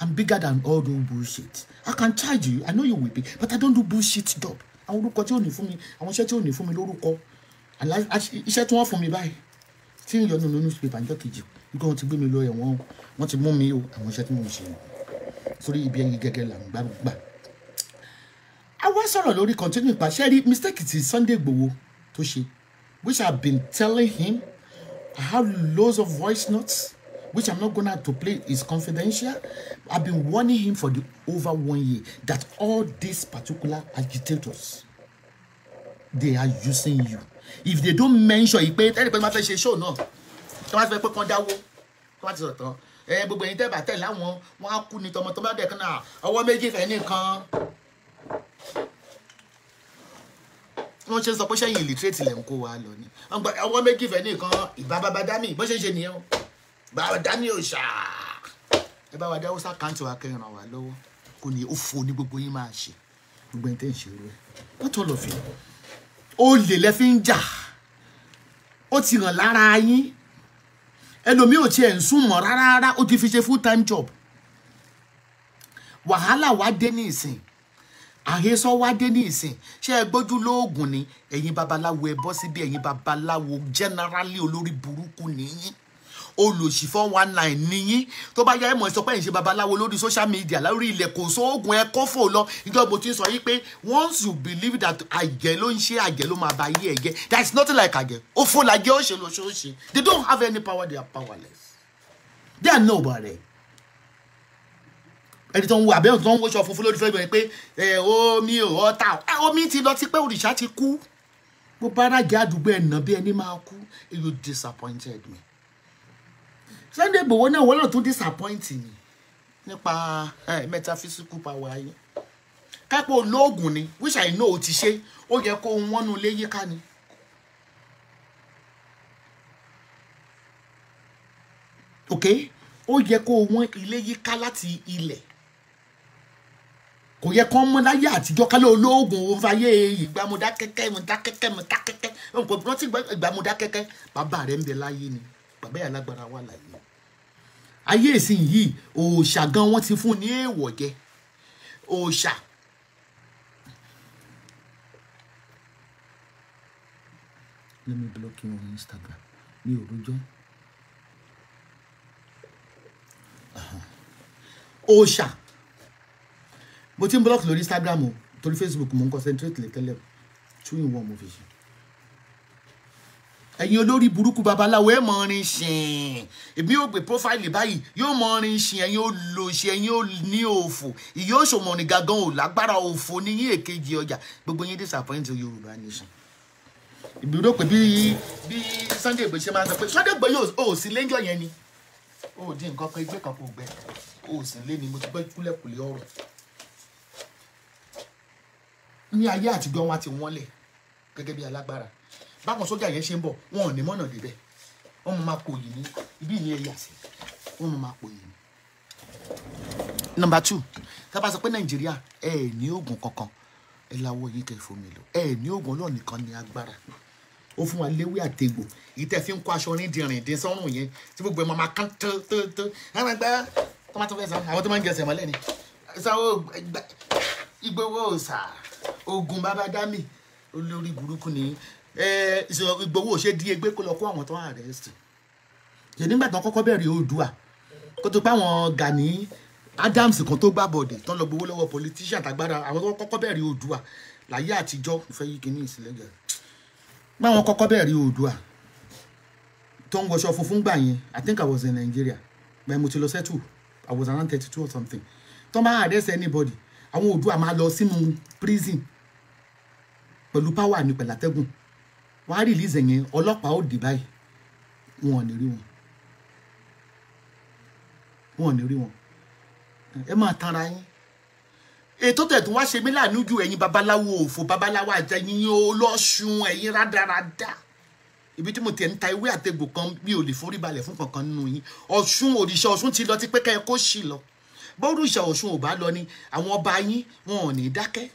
i'm bigger than all those bullshit i can charge you i know you will be but i don't do bullshit job àwọn orúkọ tí ò ní fún mi àwọn iṣẹ́ tí ò ní fún mi lórúkọ iṣẹ́ tí wọ́n fún mi báyìí tí ń yọ nínú newspaper níjọ́ kejì nígbà wọ́n ti gbé mi lọ ẹ̀wọ̀n wọ́n ti mú mi o àwọn iṣẹ́ tí mò ń ṣe nìyẹn sórí ibi ẹyin gẹ́gẹ́ là ń gbàgbà. a wá sọ̀rọ̀ lórí continue pa ṣe rí mistake ti Sunday Igboho tó ṣe which I been telling him I have loads of voice notes which I'm not gonna to play is confidential. I've been warning him for the over one year that all these particular agitators, they are using you. If they don't mention it, pé tẹ́lẹ̀ pé máa ṣe show náà, tó máa fẹ́ pé kán dáwó, tó máa ti sọ̀tàn ẹ gbogbo ẹ̀yin tẹ́bà tẹ̀lé àwọn wọn á kú ni tọmọtọmọ dẹ̀ kan náà ọwọ́ méjì fẹ́ nìkan wọ́n ṣe sọ pé sẹ́yìn illiterate lẹ̀ ń kó wa lọ ni ọwọ́ méjì fẹ́ nìkan ìbá dámì bó ṣe ń ṣe nìyẹn o bàbá dámì ò ṣá ẹ bá wa dá hausa kan tiwa kẹrin ràn wá lọ́wọ́ kò ní òfò ní gbogbo yín máa ṣe gbogbo ẹni tẹ́ ń ṣe rẹ pátó lọ fi ó lè lẹ́ fi ń jà ó ti ràn lára yín ẹlòmíì ò tiẹ̀ ń sùn mọ́ rárá rárá ó ti fi ṣe full time job wàhálà wá dé ní ìsìn àhesọ wá dé ní ìsìn ṣé ẹ gbójú lóògùn ni ẹ̀yin babaláwo ẹ bọ́ síbí ẹ̀yin babaláwo generally olórí burúkú nìyí olùsí four one nine nìyí tó bá yá ẹ̀mọ̀ ìsọpẹ́ ìṣe babaláwo lórí social media lórí ilẹ̀ kò sóògùn ẹ kófò lọ ìjọba mo ti sọ yí pé once you believe that àjẹ́ ló ń ṣe àjẹ́ ló máa ba ayé ẹ̀ jẹ́ there is nothing like àjẹ́ òfò làjẹ́ ó ṣe lọ́ṣọ́ ó ṣe they don't have any power they are powerless they are nobody ẹni tó ń wo àbẹ́wò tó ń wọṣọ funfun lórí fẹ́ẹ́ pé ẹ omi ò ọta ah, omi ti lọ sí pé òrìṣà ti kú gbogbo arájà àdúgbò ẹ̀ nà bí ẹni máa kú you disappointed me. Sunday Igboho náà wọ́n náà tún disappoint mi nípa eh, metaphysical power yẹn kápò lóògùn ni which I know ti ṣe ó yẹ kó wọ́n nu lé yíká ni. ok ó yẹ kó wọ́n ilé yíká láti ilẹ̀ kò yẹ kó mọ́ láyé àtijọ́ kálẹ̀ olóògùn òǹfààyè ìgbàmúdákẹ́kẹ́ ìmúdákẹ́kẹ́ ìmúdákẹ́kẹ́ nǹkan rántí ìgbàmúdákẹ́kẹ́ bàbá rẹ̀ ń bẹ láyé ni bàbá yà lágbára wà láyé ayé ìsìn yìí òòṣà gan wọ́n ti fún ní èèwọ̀ jẹ òòṣà let me block you on Instagram mi ò rojọ́ òòṣà mo ti ń block lórí Instagram o torí Facebook mo ń concentrate lè tẹ́lẹ̀ two in one mo fi ṣe ẹ̀yin olórí burúkú babaláwo ẹ̀ mọ orin ṣìn èmi yóò gbé profile báyìí yóò mọ orin ṣìn ẹ̀yin ó lo ṣe ẹ̀yin ó ní òfò ìyóò ṣòmọ̀nì gangan ò lágbára òfò ní yín èkejì ọjà gbogbo yín disappoint yorùbá nation ìbúrò pé bí bí Sunday Igboho ṣe máa sọ pé Sunday Igboho yóò ò sí lẹ́jọ́ yẹn ni ó di nǹkan pé gbé kan kò gbẹ ó sì lé ni mo ti gbọ́ kúlẹ̀kùlẹ̀ ọ̀rọ̀ ní ayé àtijọ́ wọn ti wọ́n lẹ̀ gẹ́gẹ́ bí alágbára báwọn sójà yẹn ṣe ń bọ̀ wọn ò ní mọ́nà débẹ̀ wọ́n máa kò ní ibi ìyẹn ẹ̀yà sí wọ́n máa kò ní. nọ́mbà two tábà sọ pé nàìjíríà ẹ ẹ ní oògùn kankan ẹ láwọ yìí kẹ fún mi lò ẹ ní oògùn ọlọ́ọ̀ nìkan ní agbára ó fún wa léwé àtegbò yìí tẹ́ fi ń kó aṣọ onídìrín dín sọ́rùn yẹn tí gbogbo ẹ̀ máa kán tán tán tán àwọn ẹgbẹ́ tọ́mátọ́ fẹ́ sàn àwọn tó máa ń jẹ Ìgbòho ṣe di egbé kó lọ kó àwọn tó àrẹ́sì ṣe nígbà tán kọ́kọ́ bẹ̀rẹ̀ oòdùà kó tó pa àwọn Gani Adams kan tó gbà bọ̀dẹ̀ tán lọ gbowó lọ́wọ́ politician tàgbára àwọn tó kọ́kọ́ bẹ̀rẹ̀ oòdùà láyé àtijọ́ ìfẹ́ yìí kìíní ìsìlẹ̀gẹ̀ pa àwọn kọ́kọ́ bẹ̀rẹ̀ oòdùà tó ń wọṣọ funfun gbà yẹn I think I was in Nigeria bẹ́ẹ̀ mo ti lọ sẹ́tù I was around thirty two or something tó máa arrest anybody àwọn oòdùà máa lọ sínú prison pẹ̀lú power ní pẹ̀lú àtẹ́gùn wọ́n á release yẹn ọlọ́pàá ó dì báyìí wọn ò ní rí wọn wọn ò ní rí wọn ẹ máa tanra yín ètò tẹ̀tún wá ṣe mí láàánú ju ẹ̀yin babaláwo òfò babaláwo àjẹyìn olóṣùn ẹ̀yin rádaràda ibi tí mo tẹ̀ ń ta ewé àtegbò kan mi ò lè forí balẹ̀ fún kankan nínú yín ọ̀ṣun òrìṣà ọ̀ṣun ti lọ ti pẹ́ kẹ́ kó sì lọ bórìṣà ọ̀ṣun ò bá lọ ni àwọn ọba yín wọn ò ní dákẹ́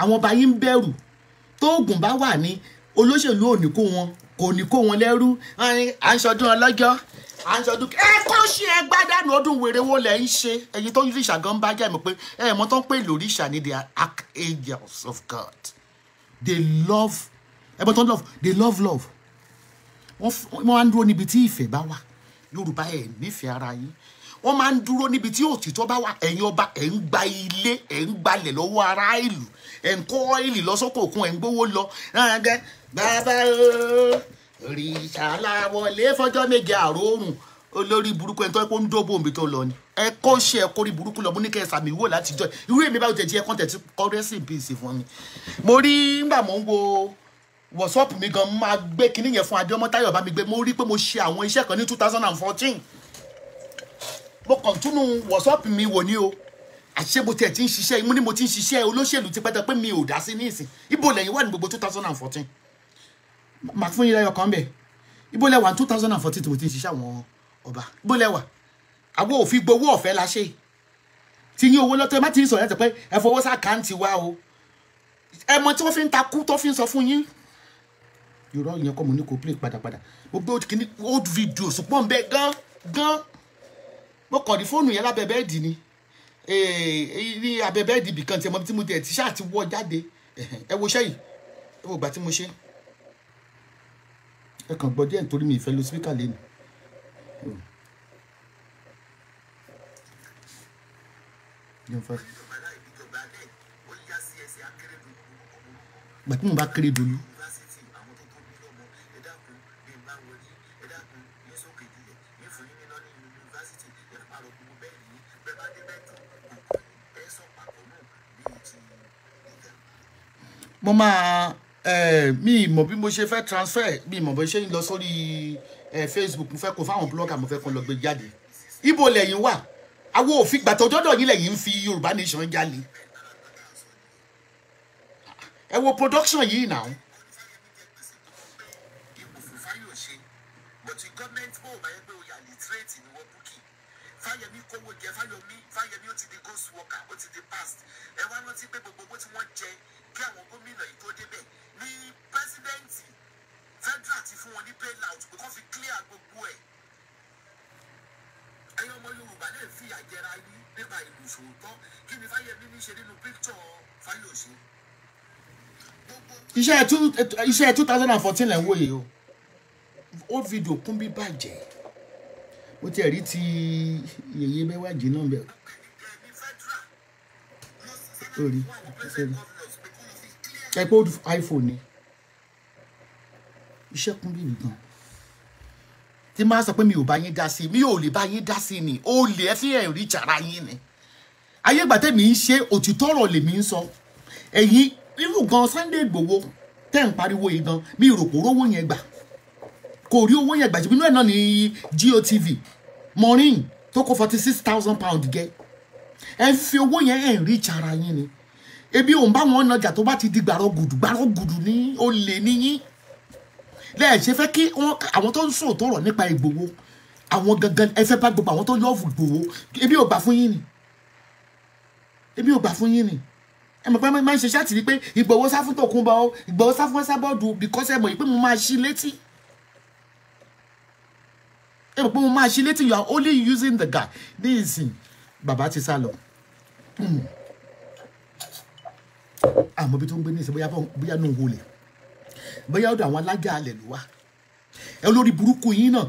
àwọn ọba yín ń bẹ̀rù tóògùn bá wà ní olóṣèlú ò ní kó wọn kò ní kó wọn lẹ́rú à ń ṣọdún ọlọ́jọ́ à ń ṣọdún ẹ kó ṣe ẹ gbádànù ọdún wèrè wo lẹ ń ṣe ẹyin tó rí ìṣàgán bá jẹ́ mi pé ẹ mọ̀ tó ń pè lórí ìṣàní they are archangels of God they love ẹ mọ̀ tó ń love they love love wọ́n á ń dúró níbi tí ìfẹ́ bá wà Yorùbá ẹ̀ nífẹ̀ẹ́ ara yín wọ́n máa ń dúró níbi tí òtítọ́ bá wà ẹ̀yin ọba ẹ̀ ń gba ilé ẹ̀ ń gbalẹ̀ lọ́wọ́ ará ìlú ẹ̀ ń kó ọ́ìlì lọ́sọ́kọ̀ òkun ẹ̀ ń gbówó lọ rárá bàbá òrìṣàlá wọlé fọjọ́ méje àròrùn olórí burúkú ẹni tó ẹ kó ń dóbò omi tó lọ ni ẹ kó ṣe ẹ kórí burúkú lọ mo ní kẹ ẹ sàmì wò láti jọ irú èmi báwo jẹjẹ ẹkọ tẹtí kọrẹsì bíìsì fún mi mo rí ngbà mo ń wo wọ̀sọ́ọ̀pù mi gan máa gbé kinní yẹn fún adéọmọ táyọ̀ bá mi gbé mo rí pé mo ṣe àwọn iṣẹ́ kan ní two thousand and fourteen mo kàn túnú wọ̀sọ́ọ̀pù mi wò ní o àṣé mo tiẹ̀ ti ń ṣiṣẹ́ imú ni mo ti ń ṣiṣẹ́ olóṣèlú ti pẹ́tẹ́ pé mi ò dá sí ní ìsìn ibo lẹ́yìn wà ní gbogbo two thousand and fourteen màá fún yín lẹ́yọ̀ kan bẹ̀ ibo lẹ́wà two thousand and fourteen tí mo ti ń ṣiṣẹ́ àwọn ọba ibo lẹ́wà àwọ òfin gbowó ọ̀fẹ́ la ṣe ti yín owó lọ́tọ́ ẹ má ti ń sọ̀rọ̀ ẹ̀ tẹ̀ pé ẹ fọwọ́ sí àkáǹtì wa o ẹ mọ tí wọ́n fi ń takú tó fi ń sọ fún yín irọ́ ìyẹn kọ́ mo ní kó play padàpadà gbogbo old video pọ̀ ń bẹ gan mo kàn rí fóònù yẹn lábẹ́ bẹ́ẹ̀dì ni ní abẹ́ bẹ́ẹ̀dì ibìkan tí mo ti mú tiẹ̀ tí ṣáà ti wọ́ jáde ẹ wo ṣẹ́yìn ẹ wo ìgbà tí mo ṣe ẹ kàn gbọ́ díẹ̀ nítorí mi ìfẹ́ lo spíkà lẹ́nu. Hmm. gbàtí mo bá kéré dolú mo máa eh, mi mọ̀ bí mo ṣe fẹ́ transfer mi mọ̀ bí ṣe ń lọ sórí eh, Facebook mo fẹ́ kó fáwọn blogger mo fẹ́ kó lọ gbé jáde ibo lẹ́yìn wà àwọn òfin gbàtọ́ dọ́dọ̀ yín lẹ́yìn ń fi Yorùbá Nation jalè ẹ wo production yìí náà. fáyẹmí kówó jẹ fáyẹmí fáyẹmí ó ti di ghost worker ó ti di past ẹ wá rántí pé gbogbo owó tí wọ́n jẹ fún wọn ní bail out pé kó fi clear gbogbo ẹ̀ ẹ̀yin ọmọ Yorùbá lè fi àjẹra yín nípa ìlú sòótọ́ kí ni Fáyẹmí ní ṣe nínú píktọ̀ Fáyọ̀ṣe. iṣẹ́ two iṣẹ́ two thousand and fourteen lẹ́ ń wòye o ó fídíò kún bí bàjẹ́ ó tiẹ̀ rí ti yèyé Bẹ́wàjí náà bẹ̀rẹ̀ ó rí ẹ pé iPhone ni iṣẹ́ kúnlé nìkan tí máa sọ pé mi ò bá yín dá sí mi ò lè bá yín dá sí ni ó lè ẹ fi hàn jàrá yín ni ayé gbàtẹ́ mi ń ṣe òtítọ́ ọ̀rọ̀ lèmi ń sọ ẹ̀yin irú gan Sunday Igboho tẹ́ ń pariwo yìí gan mi rò kó rówó yẹn gbà kò rí owó yẹn gbà jù nínú ẹ̀ náà ní GOTV Maureen tó kó forty six thousand pound gẹ ẹ fi owó yẹn ẹ̀ jàrá yín ni ebi òun bá wọn nàjà tó bá ti di gbàrọgùdù ni ní olè níyín lẹ́yìn ṣe fẹ́ kí àwọn tó ń sọ̀rọ̀ tó rọ̀ nípa Ìgbòho àwọn gangan ẹ fẹ́ bá gbogbo àwọn tó lọ́ọ̀fù Ìgbòho ebi ò gbà fún yín ni ebi ò gbà fún yín ni ẹ mọ̀ pé máa ń ṣe ṣáàtì ni pé Ìgbòho sá fún Tòkunbọ̀ o Ìgbòho sá fún Ẹsábọ́ọ̀dù because ẹ mọ̀ pé mo máa ṣí létí ẹ mọ̀ pé mo máa ṣí létí you are only using the guy ní ìsìn bàbá ti sá lọ hmm. àmọ́ bí tó ń gbé ní ìsìn bóyá náà wọlé bóyá ọ̀dọ̀ àwọn alájà alẹ̀ ló wà ẹ lórí burúkú yín náà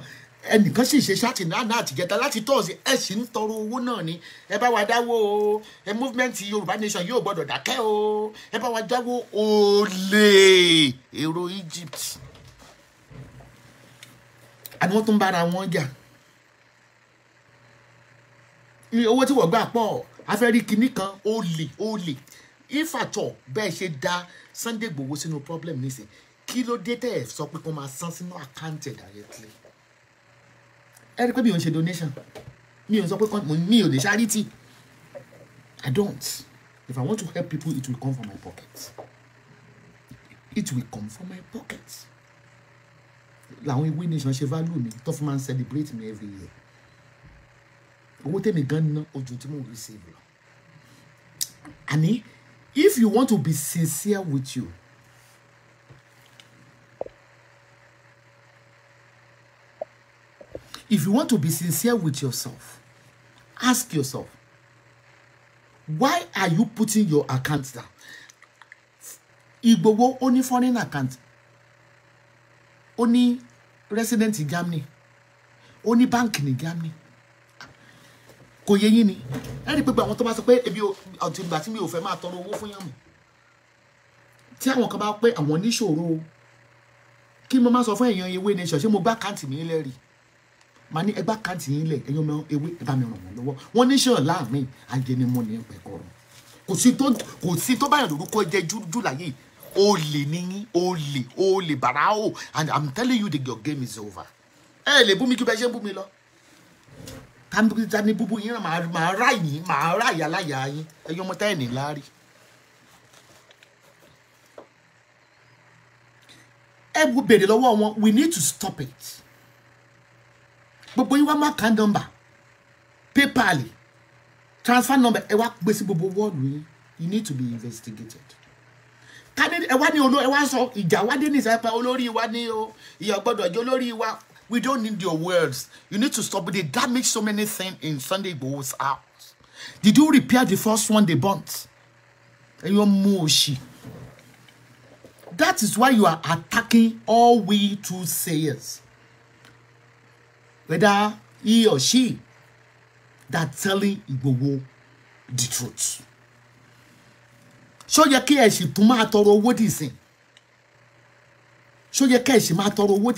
ẹnìkan sì ṣe ṣáàtì náà náà àtìjẹta láti tọ́ọ̀sì ẹ sì ń tọrọ owó náà ni ẹ bá wa dáwó o ẹ movement yorùbá nation yóò gbọdọ̀ dákẹ́ o ẹ bá wa dáwó olè èrò Egypt àni wọ́n tún ń bára wọn jà owó tí wọ́n gbà pọ̀ afẹ́rí kinní kan olè olè if at all bẹ́ẹ̀ ṣe dá Sunday Igboho sínú problem nísìn kí ló dé tẹ̀ sọ pé kó máa san sínú account ẹ̀ directly ẹ rí i pé mi ò ń ṣe donation mi ò sọ pé mi ò lè charity I don't if I want to help people it will come from my pocket it will come from my pocket làwọn ìwé nation ṣe value mi tó fi máa ń celebrate me every year owó tèmi gan ná ojú tí mo receive lọ àní if you want to be sincere with you if you want to be sincere with yourself ask yourself why are you putting your account down Igbowo ó ní foreign account ó ní resident Germany ó bank ní Germany kò yẹ yín ni ẹ rí i pé gbogbo àwọn tó bá sọ pé ebi àti ìgbà tí mi ò fẹ́ máa tọrọ owó fún yàmù tí àwọn kan bá pé àwọn níṣòro kí mo má sọ fún èèyàn ewé nation ṣé mo gbá kàǹtì mi lẹ́ rí màá ní ẹgbá kàǹtì yín lẹ̀ ẹ̀yọ́ mẹ́wọ́n ewé ẹ bá mi ràn wọ́n lọ́wọ́ wọ́n níṣòro láàmì ajẹnimọ́ ní ẹ̀pẹ̀ kọ̀ọ̀rọ̀ kò sí tó báyọ̀ lórúkọ jẹ́ jújù láyé olè níyín olè olè bàrà o and i'm telling you that your game is over ẹ lè bú mi kí bẹ́ẹ̀ ṣe bú mi lọ tàbíjà ní búburú yín màá rà yín màá rà yà láyà yín ẹyọ ọmọ táyà ní láárí. ẹ wo béèrè lọ́wọ́ wọn we need to stop it. gbogbo yín wá má kàn nọ́mbà paypal transfer number ẹ wá gbé gbogbo wọ́ọ̀lù yín you need to be investigated kánídé ẹ wá ní olórí ẹ wá sọ ìjà wá dé ní ìsàpá olórí wa ní o ìyá gbọ́dọ̀ jẹ olórí wa We don't need your words. You need to stop. They damage so many things in Sunday Igboho's house. Did you repair the first one they burnt? And you're moshi. That is why you are attacking all we two sayers. Whether he or she that telling igbo the truth. So yẹ kí ẹ sì tún máa tọrọ owó dìsìn? Ṣó yẹ is ẹ sì máa tọrọ owó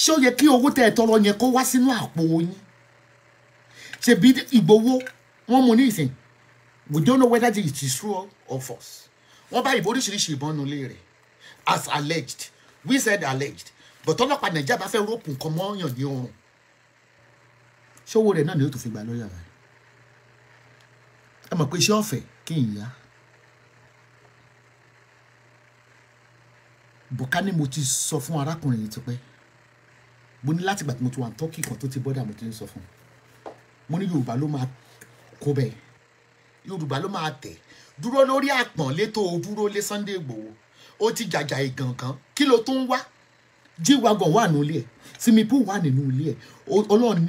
ṣé ó yẹ kí owó tẹ́ ẹ tọrọ yẹn kó wá sínú àpò yín ṣebí Ìgbòho wọ́n mú ní ìsìn we don't know whether it is true or false wọ́n bá ìbò oríṣiríṣi ìbọn nulẹ̀ rẹ̀ as alleged we said alleged but ọlọ́pàá nàìjíríà bá fẹ́ rọ́ọ̀pù nǹkan mọ́ọ̀yàn ní ọrùn ṣówó rẹ̀ náà ni ó tún fi gbà lọ́yà rẹ̀ ẹ mọ̀ pé iṣẹ́ ọ̀fẹ́ kí n yá bùkání mo ti sọ fún arákùnrin yìí tipẹ́ mo ní láti gbà mo ti wà ní turkey kan tó ti bọ́dà mo ti ń sọ fún mo ní yorùbá ló máa kó bẹ́ẹ̀ yorùbá ló máa tẹ̀ dúró lórí àpọ̀nlé tó o lé Sunday Igboho ó ti jàjà ìgànkan kí ló tó wá jíwagàn wà nínú ilé ẹ̀ simipu wà nínú ilé ẹ̀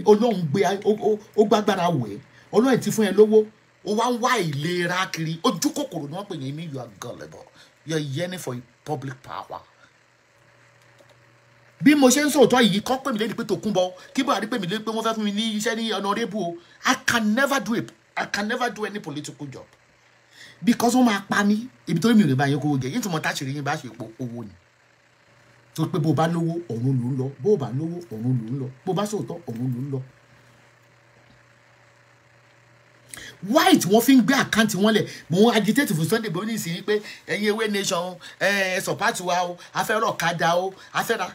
ọlọ́run gbé ó gbàgbára wọ̀ ẹ́ ọlọ́run ti fún ẹ lówó ó wá ń wá ìlera kiri ojú kòkòrò ni wọ́n pè yín ní you are gullible you are yearning for public power bí mo ṣe ń sòótọ́ yìí kọ́ pè mí lẹ́nu pé Tòkunbọ̀ kí Buhari pè mí lẹ́nu pé wọ́n fẹ́ fún mi ní iṣẹ́ ní honorable o I can never do it I can never do any political job because wọ́n máa pa mí ibi tó mi ò lè bá yẹn kówó jẹ yín tí mo tá ṣe rí yín bá ṣe po owó ni tó pé bó bá lówó ọ̀run ló ń lọ bó bá lówó ọ̀run ló ń lọ bó bá sòótọ́ ọ̀run ló ń lọ. white wọ́n fi ń gbé àkáǹtì wọn lẹ̀ mò ń agitate fún Sunday bó ní ìsìn yín pé ẹ̀yin ewé nation ẹ̀ ẹ̀ support wa o afẹ́rọ̀ kada o afẹ́ra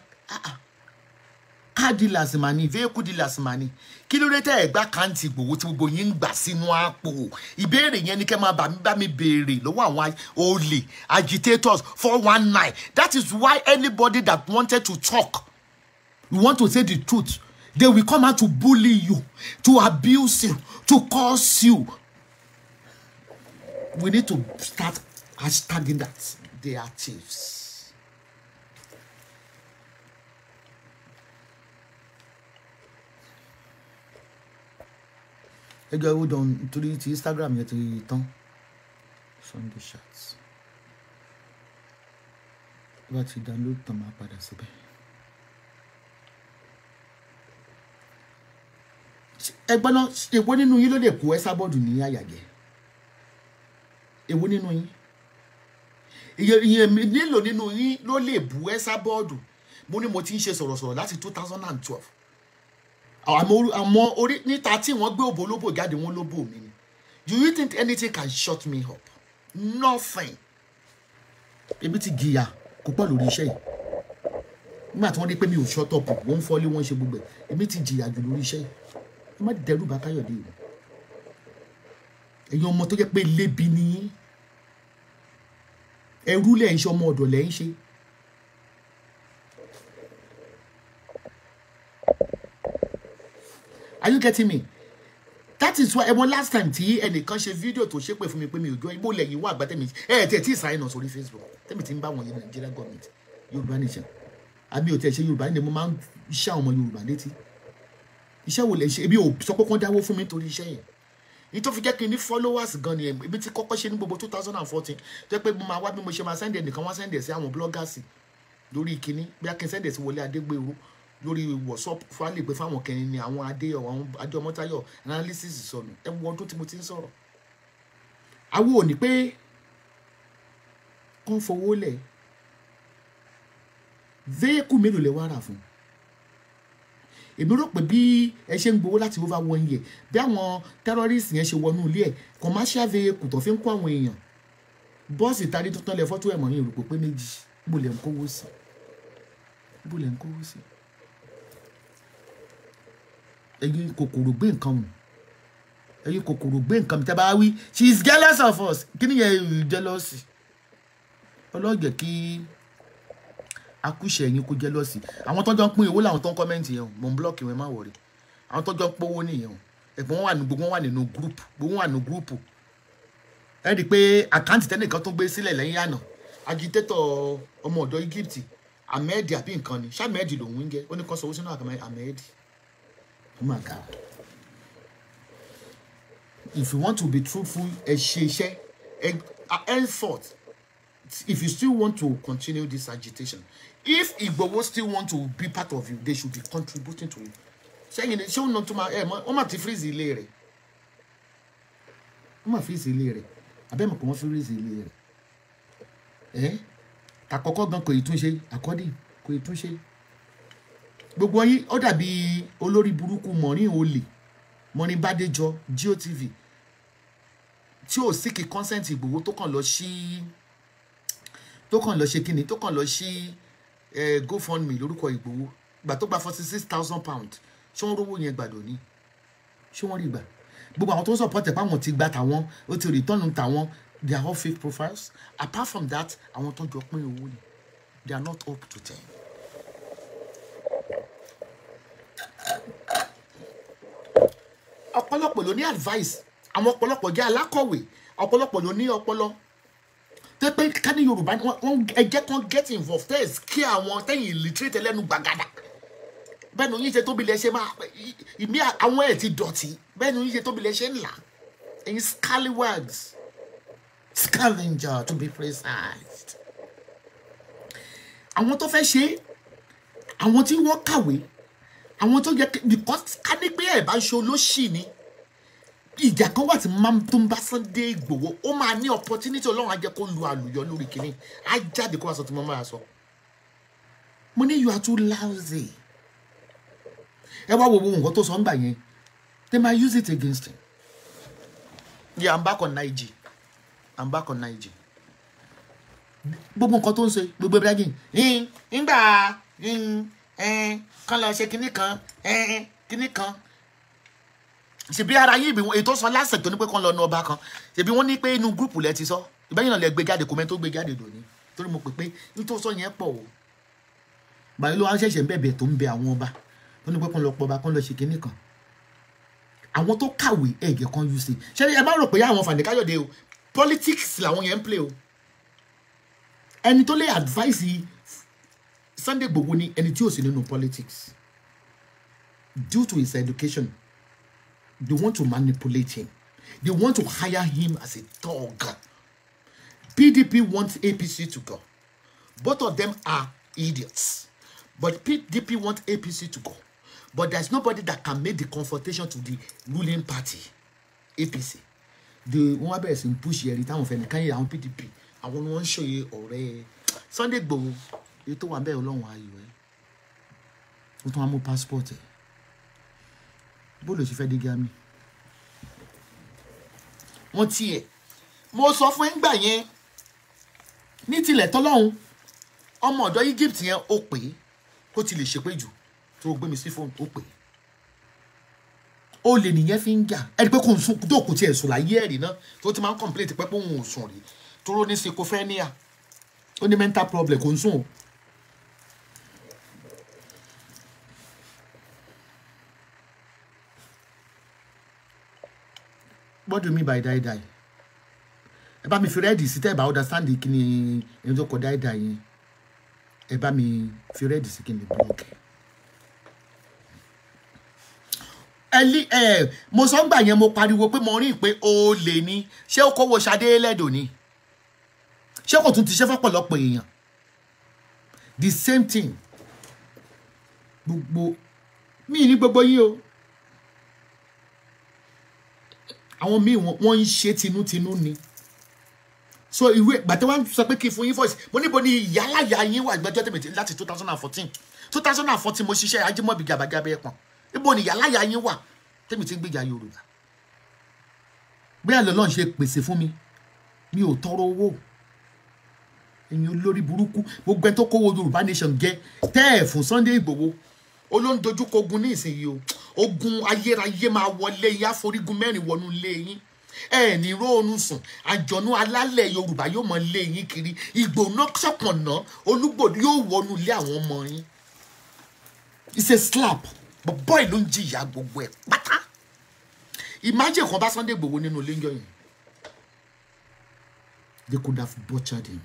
adilas ah, ah. mani vehicle dealers mani kí ló dé tẹ́ ẹ̀ gbá káǹtì gbòwó tí gbogbo yín ń gbà sínú àpò ìbéèrè yẹn ni kẹ́ máa bá mi béèrè lọ́wọ́ àwọn olè agitators four one nine that is why anybody that wanted to talk you want to say the truth they will come out to bully you to abuse you to curse you we need to start hashtagging that they are thieves. ẹjọ́ hold on nítorí ti Instagram yẹn ti tán Sunday chat tó bá ti download tán máa padà síbẹ̀. ẹgbọ́n náà èwo nínú yín ló lè kó ẹ sábọ́ọ̀dù ní àyàgẹ́ èwo nínú yín ìyẹn mi nílò nínú yín ló lè bu ẹ sábọ́ọ̀dù mo ní mo ti ń ṣe sọ̀rọ̀sọ̀rọ̀ láti two thousand and twelve àmọ́ orí níta tí wọ́n gbé òbò olóbò jáde wọ́n lóbò mi ni do you think anything can shut me up nothing èmi ti jìyà kó pọ̀ lórí iṣẹ́ yìí nígbà tí wọ́n rí pé mi ò shut up wọ́n ń fọ́lé wọ́n ń ṣe gbogbo ẹ̀ èmi ti jìyà jù lórí iṣẹ́ yìí ẹ má dẹrù bá káyọ̀dé yìí ẹ̀yin ọmọ tó jẹ́ pé lébi ni ẹrú lẹ̀ ń ọmọ ọ̀dọ̀ lẹ̀ ń ṣe are you getting me that is why ẹ mọ last time tí ẹnìkan ṣe fídíò tó ṣe pé fún mi pé mi ò jọ ibo lẹ́yìn wà àgbà tẹmí ẹ tẹ tí ìsàlẹ̀ náà sórí facebook tẹmí ti ń bá wọn yẹn nàìjíríà gọọmenti yorùbá nation àbí òtẹ ṣe yorùbá nìyẹn mo máa ń ṣe àwọn ọmọ yorùbá létí iṣẹ́ wo lè ṣe ebi ò sọ pé kán dáwó fún mi nítorí iṣẹ́ yẹn ní tó fi jẹ́ kí n ní followers gan ni ebi ti kọ́kọ́ ṣe ní gbogbo two thousand and fourteen tó yẹ pé mo máa wá bí mo ṣe máa send ẹ̀ nìkan wá send ẹ̀ sí àwọn bloggers lórí ìkíní bí akínsẹ́ndẹ̀ sí wọlé adégbèrú lórí WhatsApp fálè pé fáwọn kẹrin ni àwọn adéyọ àwọn adéọmọtayọ analysis sọnù ẹ wo ọdún tí mo ti ń sọ̀rọ̀ awo ò ní pé kán fowó lẹ̀ véhíkù mélòó lẹ wá rà fún èmi rò pé bí ẹ ṣe ń gbowó láti over one year bí àwọn terrorist yẹn ṣe wọnú ilé ẹ commercial vehicle tó fi ń kó àwọn èèyàn bọ́ọ̀sì tani tuntun lẹ fọ́tò ẹ̀mọ́ yẹn rò pé méjì bó lẹ̀ ń kówó sí bó lẹ̀ ń kówó sí ẹ̀yin kòkòrò gbé nǹkan mu ẹ̀yin kòkòrò gbé nǹkan mu tẹ́ bá wí she is jealous of us kí nìyẹn ìrù jealousy ọlọ́jẹ̀ kí akúṣe ẹ̀yin kó jealousy àwọn tọ́jọ́ ń pín owó làwọn tó ń kọ́mẹ́ǹtì yẹn o mò ń blọ́ọ̀kì wọn má wọ̀rẹ̀ àwọn tọ́jọ́ ń pówó nìyẹn o ẹ̀gbọ́n wà gbogbo wọn wà nínú gúrùpù gbogbo wọn wà nínú gúrùpù ẹ rí i pé àkáǹtì tẹ́nìkan tó gbé sílẹ̀ lẹ́yìn àná agitator ọmọ ọ̀dọ́ Egypt Ahmed àbí nǹkan ni ṣé Ahmed lòún ń jẹ́ ó ní kan sọ owó sínú àkàmọ́ Ahmed My God! if you want to be truthful ẹ ṣe iṣẹ́ effort. if you still want to continue this agitation if Igboho still want to be part of you they should be contributing to you Saying, ṣé ó nà tó máa ẹ wọ́n máa ti freeze ilé rẹ̀ wọ́n máa freeze ilé rẹ̀ abẹ́mọ̀ pé wọ́n freeze ilé Eh? ẹ́ àkọ́kọ́ gan kò ì túnṣe àkọ́dì kò ì túnṣe gbogbo yín ó dàbí olórí burúkú mọ̀rin olè mọ̀rin bádéjọ GOTV tí ò síkì consent Ìgbòho tó kàn lọ sí tó kàn lọ ṣe kíni tó kàn lọ sí GoFundMe lórúkọ Ìgbòho gbà tó gba forty six thousand pounds. ṣé wọ́n rówó yẹn gbàdọ̀ ni ṣé wọ́n rí gbà gbogbo àwọn tó ń support ẹ̀ páwọn ti gba tàwọn ó ti return tàwọn they are all fake profiles apart from that àwọn tó jọ pín owó ni they are not up to ten. ọ̀pọ̀lọpọ̀ ló ní advice àwọn ọ̀pọ̀lọpọ̀ jẹ́ alákọ̀wé ọ̀pọ̀lọpọ̀ ló ní ọpọlọ tó pé ká ní yorùbá wọn ẹjẹ kan get involved tẹ́ ẹ̀ kí àwọn tẹ́yìn illiterate lẹ́nu gbàgàdà bẹ́ẹ̀ ni oyin ṣe tóbi lẹ́ṣẹ̀ máa ìmí àwọn ẹ̀ ti dọ̀tí bẹ́ẹ̀ ni oyin ṣe tóbi lẹ́ṣẹ̀ ńlá ẹ̀yin scallywags scavenger to be precise àwọn tó fẹ́ ṣe àwọn tí wọ́n kàwé àwọn tó yẹ because ká ní pé ẹ̀ bá ń ṣe olóṣì ni ìjà kan wà tí máa tó ń bá Sunday Igboho ó máa ní opportunity ọlọ́run á jẹ́ kó lu àlùyọ lórí kìíní á jáde kó wá sọ tí mo máa sọ mo ní you are too lousy ẹ wá wo nǹkan tó sọ ń gbà yẹn they might use it against him yeah i'm back on naiji i'm back on naiji gbogbo nǹkan tó ń ṣe gbogbo ibrahim ngbà. Eh, kán lọ ṣe kinní kan eh, eh, kinní kan ṣèbí ara yìí ìbí èyí tó sọ lásìkò tó ní pé kán lọ nu ọba kan ṣèbí wọ́n ní pé inú gúrùpù lẹ ti sọ ìbẹ́yìn náà lẹ gbé jáde kòmẹ́ tó gbé jáde dòní torí mo pè pé nítorí sọ yẹn pọ̀ o báyìí ló wá ṣẹ̀ṣẹ̀ ń bẹ̀bẹ̀ tó ń bẹ àwọn ọba wọ́n ní pé kán lọ pọ̀ ọba kán lọ ṣe kinní kan àwọn tó kàwé ẹ̀gẹ̀ kan yù sí ṣé ẹ má rò pé àwọn Fani Káyọ̀dé o politics làwọn yẹn ń play o ẹni tó lè advice Sunday Igboho ni ẹni tí ò sí nínú politics due to his education they want to manipulate him they want to hire him as a thug PDP wants APC to go both of them are idiots but PDP wants APC to go but there's nobody that can make the confrontation to the ruling party APC the wọn wá bẹ̀rẹ̀ sí push ẹ̀rí táwọn fẹ̀ nìkan yẹ àwọn PDP àwọn ni wọ́n ń ṣòye ọ̀rẹ́ Sunday Igboho èyí tó wà bẹ́ẹ̀ ọlọ́run ayọ̀ ẹ́ ó tún wá mú passport ẹ̀ bó ló ṣe fẹ́ dé gami wọ́n tiẹ̀ mo sọ fún ẹgbà yẹn ní tilẹ̀ tọ́lọ́hún ọmọ ọ̀dọ́ Egypt yẹn ó pè é kó ti lè ṣépè jù tó gbé mi sí fóònù ó pè é ó lè nìyẹn fi ń jà ẹni pé kò ń sùn tó kò tiẹ̀ sùn láyé ẹ̀rì náà tó ti máa ń kọ̀m̀pléètì pé pé òun ò sùn rí tó rọ́ ní sikofẹ́níà ó ní mental problem kò ń sùn o what do you mean by die die ẹ bá mi fi rẹ́ẹ̀dì sí tẹ́ ẹ understand kí ni ẹni tó kọ die die yẹn ẹ bá mi fi rẹ́ẹ̀dì sí kí ni block. ẹlí ẹ mo sọ ń gbà yẹn mo pariwo pé mo rí i pé ó lè ní ṣé ó kówó Ṣadé lẹ́dọ̀ ni ṣé kò tún ti ṣe fọ́pọ̀lọpọ̀ èèyàn the same thing gbogbo mi ní gbogbo yín o àwọn míì wọ́n ń ṣe tinútinú ni so ìwé gbàtẹ́ wọn sọ pé kí n fún yín voice mo níbo ni ìyáláyà yín wà gbẹ́jọ́ tèmi láti two thousand and fourteen two thousand and fourteen mo ṣiṣẹ́ ajímọ̀bí gàbàgàbà ẹ̀pọ̀n níbo ni ìyáláyà yín wà tèmi ti ń gbèjà Yorùbá bí àlọ́lọ́ ṣe pèsè fún mi mi ò tọrọ owó ẹ̀yin olórí burúkú gbogbo ẹ̀ tó kówó Yorùbá nation jẹ tẹ́ ẹ̀ fún Sunday Igboho olóhùn dojúkọ ogun ní ìsinyìí o ogun ayérayé máa wọlé yín àforígun mẹ́rin wọnú ilé yín ẹ ní róòrùn sùn àjọ̀nú alálẹ̀ yorùbá yóò mọ ilé yín kiri ìgbóná ṣọ̀pọ̀nà olúgbòdì yóò wọnú ilé àwọn ọmọ yín it's a slap but boy ló ń jìyà gbogbo ẹ̀ pátá imagine kan bá Sunday Igboho nínú ilé yín they could have butchered him.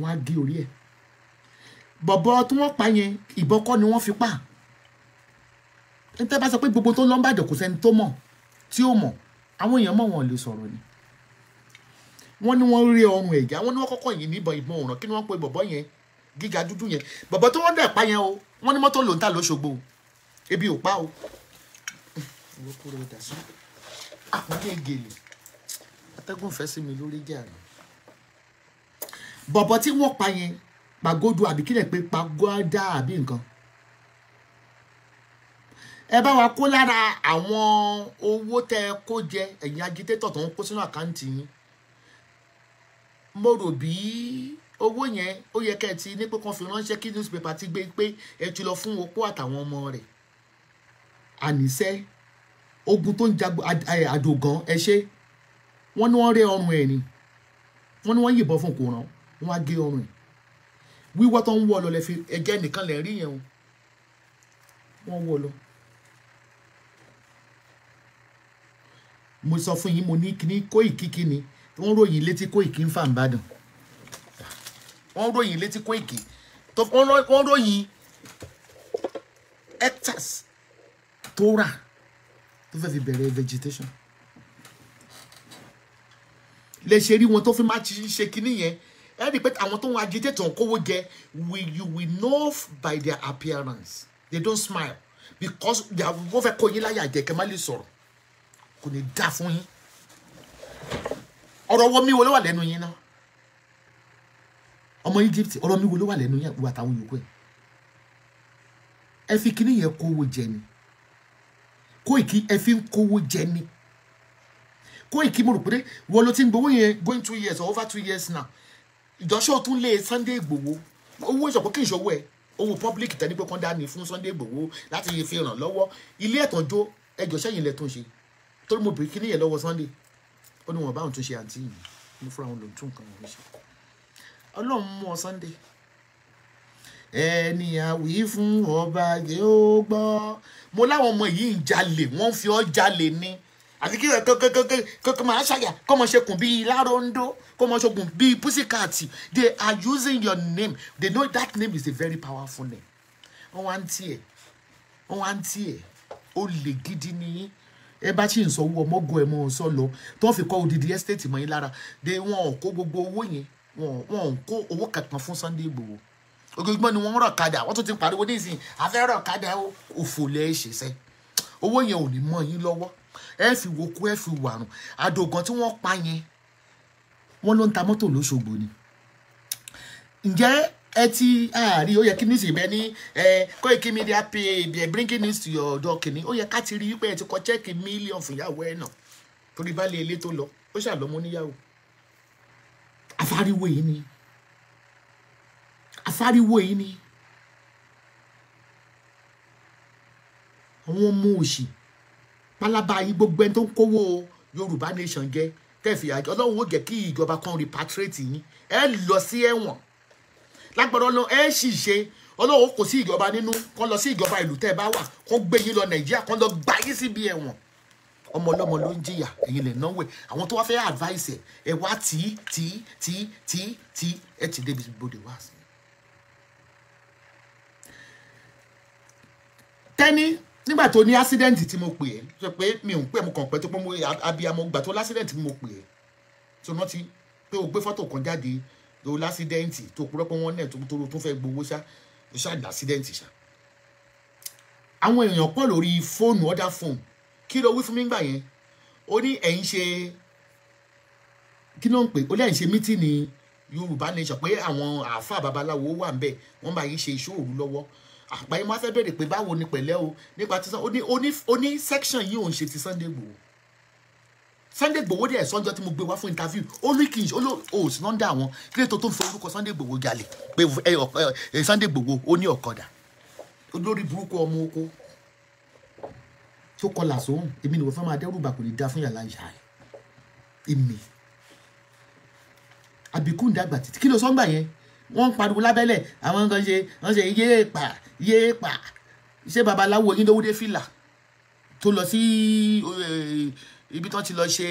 wọ́n á gé orí ẹ̀ bọ̀bọ̀ tí wọ́n pa yẹn ìbọn kọ́ ni wọ́n fi pa tẹ́ bá sọ pé gbogbo tó lọ́nbàdàn kò sẹ́ni tó mọ̀ tí ó mọ̀ àwọn èèyàn mọ̀ wọn lè sọ̀rọ̀ ni wọ́n ní wọ́n rí ọrùn ẹ̀já wọ́n ní wọ́n kọ́kọ́ yìí níbọn ìbọn òràn kí ni wọ́n pe bọ̀bọ̀ yẹn gíga dúdú yẹn bọ̀bọ̀ tó wọ́n dẹ̀ pa yẹn o wọ́n ní mọ́tò lòún lóṣogbo ebi ò pa o àwọn ilé gèlè atẹ́gùn fẹ́ sí mi lórí jẹ́ àná bọ̀bọ̀ tí wọ́n pa yẹn pàgódù àbí kílẹ̀ pé pagọ́dà àbí nǹkan ẹ bá wa kó lára àwọn owó tẹ ẹ kó jẹ ẹ̀yin agitétọ̀ tó ń kó sínú àkáǹtì yín mo rò bí owó yẹn ó yẹ kẹ́ ẹ ti ní pé kàn fi ránṣẹ́ kí newspaper ti gbé pé ẹ ti lọ fún opó àtàwọn ọmọ rẹ̀ àníṣe ogun tó ń jagun àdògán ẹ ṣe wọ́n ní wọ́n rẹ́ ọrùn ẹ̀ ni wọ́n ní wọ́n yìnbọn fún kò rán wọ́n á gé ọrùn ẹ̀ wíwọ́ tó ń wọ́ lọ lẹ́ fi ẹ̀jẹ̀ nìkan lẹ́ rí yẹn o wọ́n wọ́ lọ. mo sọ fún yín mo ní kíní Koiki kíni wọ́n ròyìn létí Koiki ń fà ń bàdàn wọ́n ròyìn létí Koiki wọ́n ròyìn hectares tó rà tó fẹ́ fi bẹ̀rẹ̀ vegetation lè ṣe rí wọn tó fi máa ṣe kíní yẹn Every rí i pé àwọn tó ń agitate ọ̀hún kówó jẹ you will know by their appearance they don't smile because they are wọ́n fẹ́ kó yín láyà jẹ kẹ́ má lè sọ̀rọ̀ kò ní dá fún yín ọ̀rọ̀ wọ́n mi wo ló wà lẹ́nu yín náà ọmọ Egypt ọ̀rọ̀ mi wo ló wà lẹ́nu yín wà táwọn yòókù ẹ̀ ẹ fi kíní yẹn kówó jẹ ni Koiki ẹ fi ń kówó jẹ ni Koiki mo rò pé wọ́n ló ti ń gbowó yẹn going two years or over two years now ìjọsọ tún lé Sunday Igboho owó ìṣọ̀kan kì í ṣòwò ẹ̀ owó public tẹ́ni pé kán dání fún Sunday Igboho láti fi ràn lọ́wọ́ ilé ẹ̀tànjó ẹjọ́ sẹ́yìn lẹ̀ tó ń ṣe torí mo bèrè kí níyẹn lọ́wọ́ Sunday ó ní wọn báwọn tún ṣe àǹtí yìí mo fúnra wọn ló ń tún nǹkan wọn ṣe Ọlọ́run mú ọ Sunday ẹni àwí fún ọba yìí ó gbọ́ mo láwọn ọmọ yìí ń jalè wọ́n fi ọ́ jalè ni àti kí kò máa ṣàyà kò máa ṣekùn bíi láróńdó kò máa ṣokùn bíi pussycat they are using your name they know that name is a very powerful name wọ́n wá ń tiẹ̀ wọ́n wá ń tiẹ̀ ó lè gidi nìyí ẹ bá ṣì ń sọ owó ọmọgọ ẹ mọ ọ sọ lọ tó ń fi kọ́ odidi estate mọ́ yín lára de wọn kó gbogbo owó yẹn wọn ò kó owó kankan fún Sunday Igboho ojoojúmọ́ ni wọ́n rọ̀ kadà wọ́n tún ti pariwo nísìnyí afẹ́ rọ̀ kadà òfò lẹ́ ṣe sẹ́ owó yẹn ò ní mọ́ yín lọ́wọ́ ẹ fi wo kú ẹ fi wàrùn àdògàn tí wọ́n pa yẹn wọ́n ló ń ta mọ́tò lóṣogbo ni ǹjẹ́ ẹ ti àárín ó yẹ kí nísìnyí bẹ ní ẹ Koiki Media pa they bringing news to your door kìíní ó yẹ ká ti rí i pé ẹ ti kọ chẹ́ẹ̀kì mílíọ̀nù fún ẹ̀ náà torí bá lé ilé tó lọ ó ṣàlọ́mọ níyàwó afáriwo yìí ni afáriwo yìí ni àwọn ọmọ òṣì pálábá yìí gbogbo ẹni tó ń kówó yorùbá nation jẹ tẹ̀fì àjọ ọlọ́run ó jẹ́ kí ìjọba kan repatriate yín ẹ lọ sí ẹ̀wọ̀n lágbára ọlọ́run ẹ sì ṣe ọlọ́run kò sí ìjọba nínú kó lọ sí ìjọba ìlú tẹ́ ẹ bá wà kó gbé yín lọ nàìjíríà kó lọ gbá yín síbi ẹ̀wọ̀n ọmọ ọlọ́mọ ló ń jìyà ẹ̀yin lè náwó ẹ̀ àwọn tó wá fẹ́ advice ẹ̀ ẹ̀ wá tí tí tí tí tí ẹ̀ ti débi bòde wá sí. tẹ́ni nígbà tó ní accident tí mo pè é sọ pé mi ò ń pè mo kàn pé tó pé mo abiyamọ gbà tó l'accident mo pè é tó rántí pé o gbé fọ́tò kan jáde tó l'accident tó purọ́ pé wọ́n náà tó tó fẹ́ gbowó ṣá o ṣá ní accident ṣá. àwọn èèyàn pọ̀ lórí fóònù ọ̀dà fóònù kí ló wí fún mi gbà yẹn ó ní ẹ̀ ń ṣe kí ló ń pè ó lẹ́yìn ṣe mítìnì Yorùbá nation pé àwọn àáfàá babaláwo wà ń bẹ̀ wọ́n bá yí àgbáyé máa fẹ́ bẹ̀rẹ̀ pé báwo ni pẹ̀lẹ́ o nípa ti sàn ó ní section yìí òun ṣe ti Sunday Igboho Sunday Igboho dẹ̀ sọ́njọ́ tí mo gbé wá fún interview ó ní kì í ó ló ò sí nọ́ńdà àwọn kí ló tó fi orúkọ Sunday Igboho jalè pé Sunday Igboho ó ní ọ̀kadà olórí burúkú ọmọ oko tó kọlà sóhùn èmi nìwọ fẹ́ máa dẹ́rù bà kò ní da fún yàrá ìyá rẹ̀ èmi àbíkú ń dàgbà títí kí ló sọ́ngbà yẹn wọ́n ń pariwo lábẹ́lẹ̀ àwọn nǹkan ṣe wọ́n ṣe yéé pa yéé pa ṣé babaláwo yíndówódé fìlà tó lọ sí eh, ibi tó ti lọ ṣe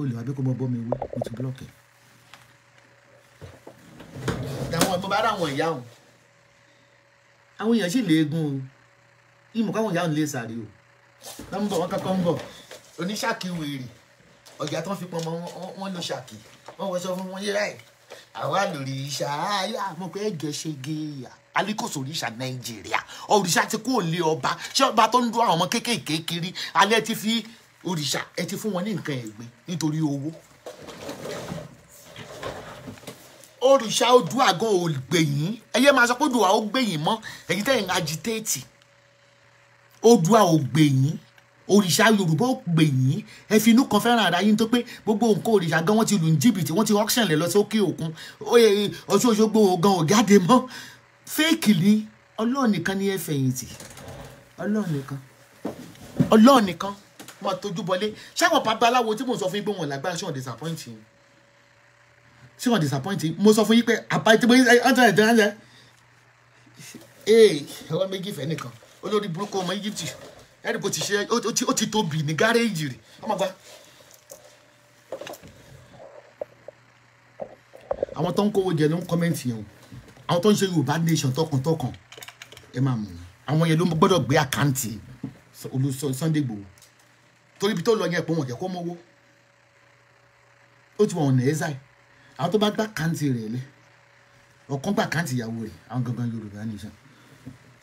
olè àbí kó mọ bọ́ mi wé mo ti búlọ̀kì. àwọn ọmọ bá rà àwọn ìyá o àwọn èèyàn sì lè egun o ìmọ̀ káwọn ìyá òun lè sàrí o. wọ́n ń bọ̀ ń bọ̀ oníṣàkì wèrè ọjà tó ń fi pọnmọ wọn lọ ṣàkì wọn wọṣọ fún wọn yíra ẹ àwa lórí ìṣááyà mo pé ẹjọ ṣe géèyà alikoso òrìṣà nàìjíríà òrìṣà ti kú òlé ọba ṣé ọba tó ń dún àwọn ọmọ kéékèèké kiri alẹ́ ti fi òrìṣà ẹ ti fún wọn ní nǹkan ẹ̀gbin nítorí owó òrìṣà odù àgọ́ ò ẹyẹ máa sọ pé odù à ó gbẹ̀yìn mọ́ èyí tẹ̀yìn agitéètì odù à òrìṣà yorùbá ò gbè yín ẹ fi inú kan fẹ́ràn ara yín tó pé gbogbo nǹkan òrìṣà gan wọ́n ti lù ní jìbìtì wọ́n ti auction lẹ̀ lọ sókè òkun Ọ̀ṣun Òṣogbo gan ò jáde mọ́ fẹ́ẹ̀kì ni ọlọ́run nìkan ni ẹ fẹ̀yìntì ọlọ́run nìkan ọlọ́run nìkan máa tójú bọlé ṣáwọn babaláwo tí mò ń sọ fún yín pé wọn làgbára ṣé wọn disappoint yín ṣé wọn disappoint yín mo sọ fún yín pé àbá ìtẹ́gbẹ́ yín ọ̀tọ̀ ẹ̀dẹ̀ ẹ̀dẹ̀ ee ẹ̀rọ méjì fẹ́ nìkan olórí burúkú ọmọ Egypt ẹni kò ti ṣe ó ti tóbi ní gáréèjì rẹ̀ ọmọ gba. àwọn tó ń kówó jẹ ló ń kọ́mẹ́ǹtì yẹn o àwọn tó ń ṣe Yorùbá nation tọkàntọkàn ẹ máa mú àwọn yẹn ló gbọ́dọ̀ gbé àkáǹtì olú Sunday Igboho torí ibi tó lọ yẹn pé wọn jẹ kó mọ́wó ó ti wọ ọ̀nà ẹ̀záì àwọn tó bá gbá àkáǹtì rẹ̀ lẹ́ ọ̀kan gbà àkáǹtì ìyàwó rẹ̀ àwọn gangan Yorùbá nation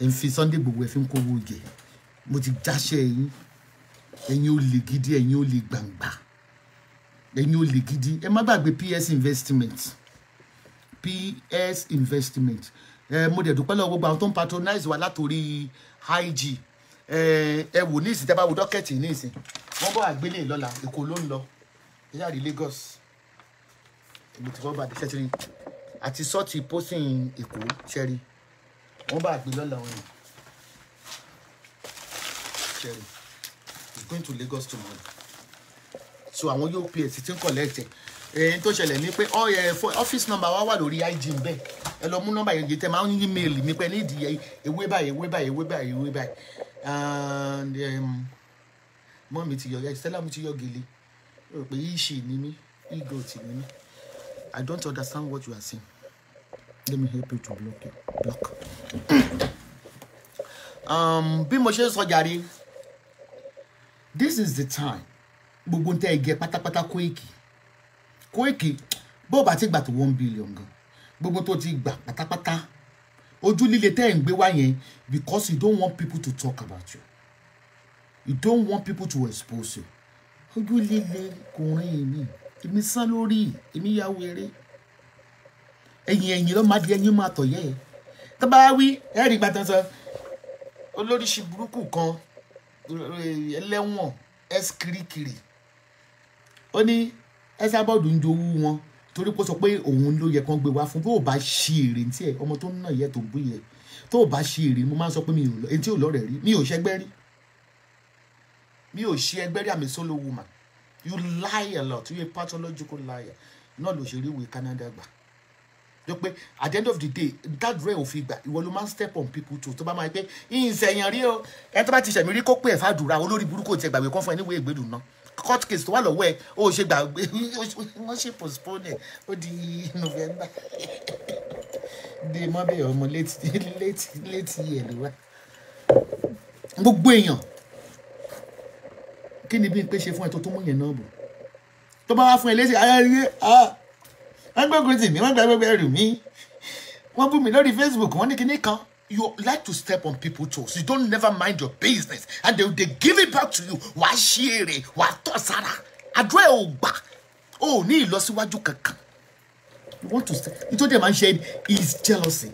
ẹ̀ ń fi Sunday Igboho ẹ̀ fi ń kówó jẹ mo ti jáṣẹ́ yín ẹ̀yin olè gidi ẹ̀yin olè gbàǹgbà ẹ̀yin olè gidi ẹ má gbàgbé PS investment PS investment ẹ mo dẹ̀ dúpẹ́ lọ́wọ́ gbogbo àwọn tó ń patronize wa látòrí IG ẹ wò ní ìsìn tẹ́ bá wo dọ́kẹ̀tì ní ìsìn wọ́n bọ́ àgbélé lọ́la èkó ló ń lọ ẹ̀yà Lagos èmi ti fọ́ bá àdìsẹ́tìrì àti sọ́ọ̀tì pósìn èkó ṣẹ́rí wọ́n bá àgbélé lọ́la wọn yìí sharing it's going to Lagos tomorrow so àwọn UPS ti ń collect ẹ̀yìn eh, tó ṣẹlẹ̀ ni pé oh, eh, office number wa wà lórí IG ń bẹ̀ ẹ lọ mú nọ́mbà yẹn jẹ tẹ máa ń yí mail mi pé ní ìdíyẹ ewé báyìí ewé báyìí ewé báyìí ewé báyìí and mọ́ mi ti yọ Stella mi ti yọ gèlè rò pé ìṣì ni mí egot ni mí I don't understand what you are saying let me help you to block you block. (clears throat) Um, bí mo ṣe ń sọ jàre this is the time gbogbo ntẹ́ ẹ̀gẹ́ pátápátá Koiki Koiki bó o bá tó one billion gan gbogbo tó ti gbà pátápátá ojú líle tẹ́ ẹ̀ ń gbé wá yẹn because you don't want people to talk about you you don't want people to expose you ojú líle kò rìn èmi èmi sá lórí èmi yá wéré ẹ̀yìn ẹ̀yìn ló máa di ẹ̀yìn máa tọ̀ yẹ́ ẹ̀ tó ẹ̀rí gbàtàn sọ olóríṣi burúkú kan ẹlẹ́wọ̀n ẹ́sì ó ní Esabod ń jowú wọn torí pé sọ pé òun ló yẹ kán gbé wá fún bó o bá ṣe èrè ní tiẹ̀ ọmọ tó ń nà yẹ tó bú yẹ tó o bá ṣe èrè mo máa ń sọ pé mi ò lọ etí ò lọ́rẹ̀ rí mi ò ṣẹgbẹ́ rí mi ò ṣe ẹgbẹ́ rí àmì solo woman you lie a lot you a pathological liar náà ló ṣe rí ìwé Canada gbà jọ pé at the end of the day dádúró ẹ̀ ò fi gbà ìwọ ló máa ń step on people too tó bá máa gbé ìsẹ̀yìn rí o ẹni tó bá ti ṣẹ̀mí rí kó pè é fàdúrà olórí burúkú ti ẹgbàgbé kan fún ẹ níwèé ìgbèdùn náà court case tó wà lọ́wọ́ ẹ ó ṣe gbàgbé (laughs) wọ́n ṣe postpone ó di november (laughs) di mọ́bẹ̀ ọmọ létí yẹ̀ ló wá gbogbo èèyàn kí ni bí n pé ṣe fún ẹ tó tó mú yẹn náà bò tó bá wá fún ẹ létí ah wọ́n gbógun tì mí wọ́n gba gbogbo ẹrù mi wọ́n bú mi lórí Facebook wọ́n ní kinní kan you like to step on people's toes you don't never mind your business and they they give it back to you wàá ṣí èrè wàá tọ̀ sára àdúrà ẹ̀ ò gbà ò ní ìlọsíwájú kankan you want to step nítorí ẹ̀ máa ń ṣe is jealousy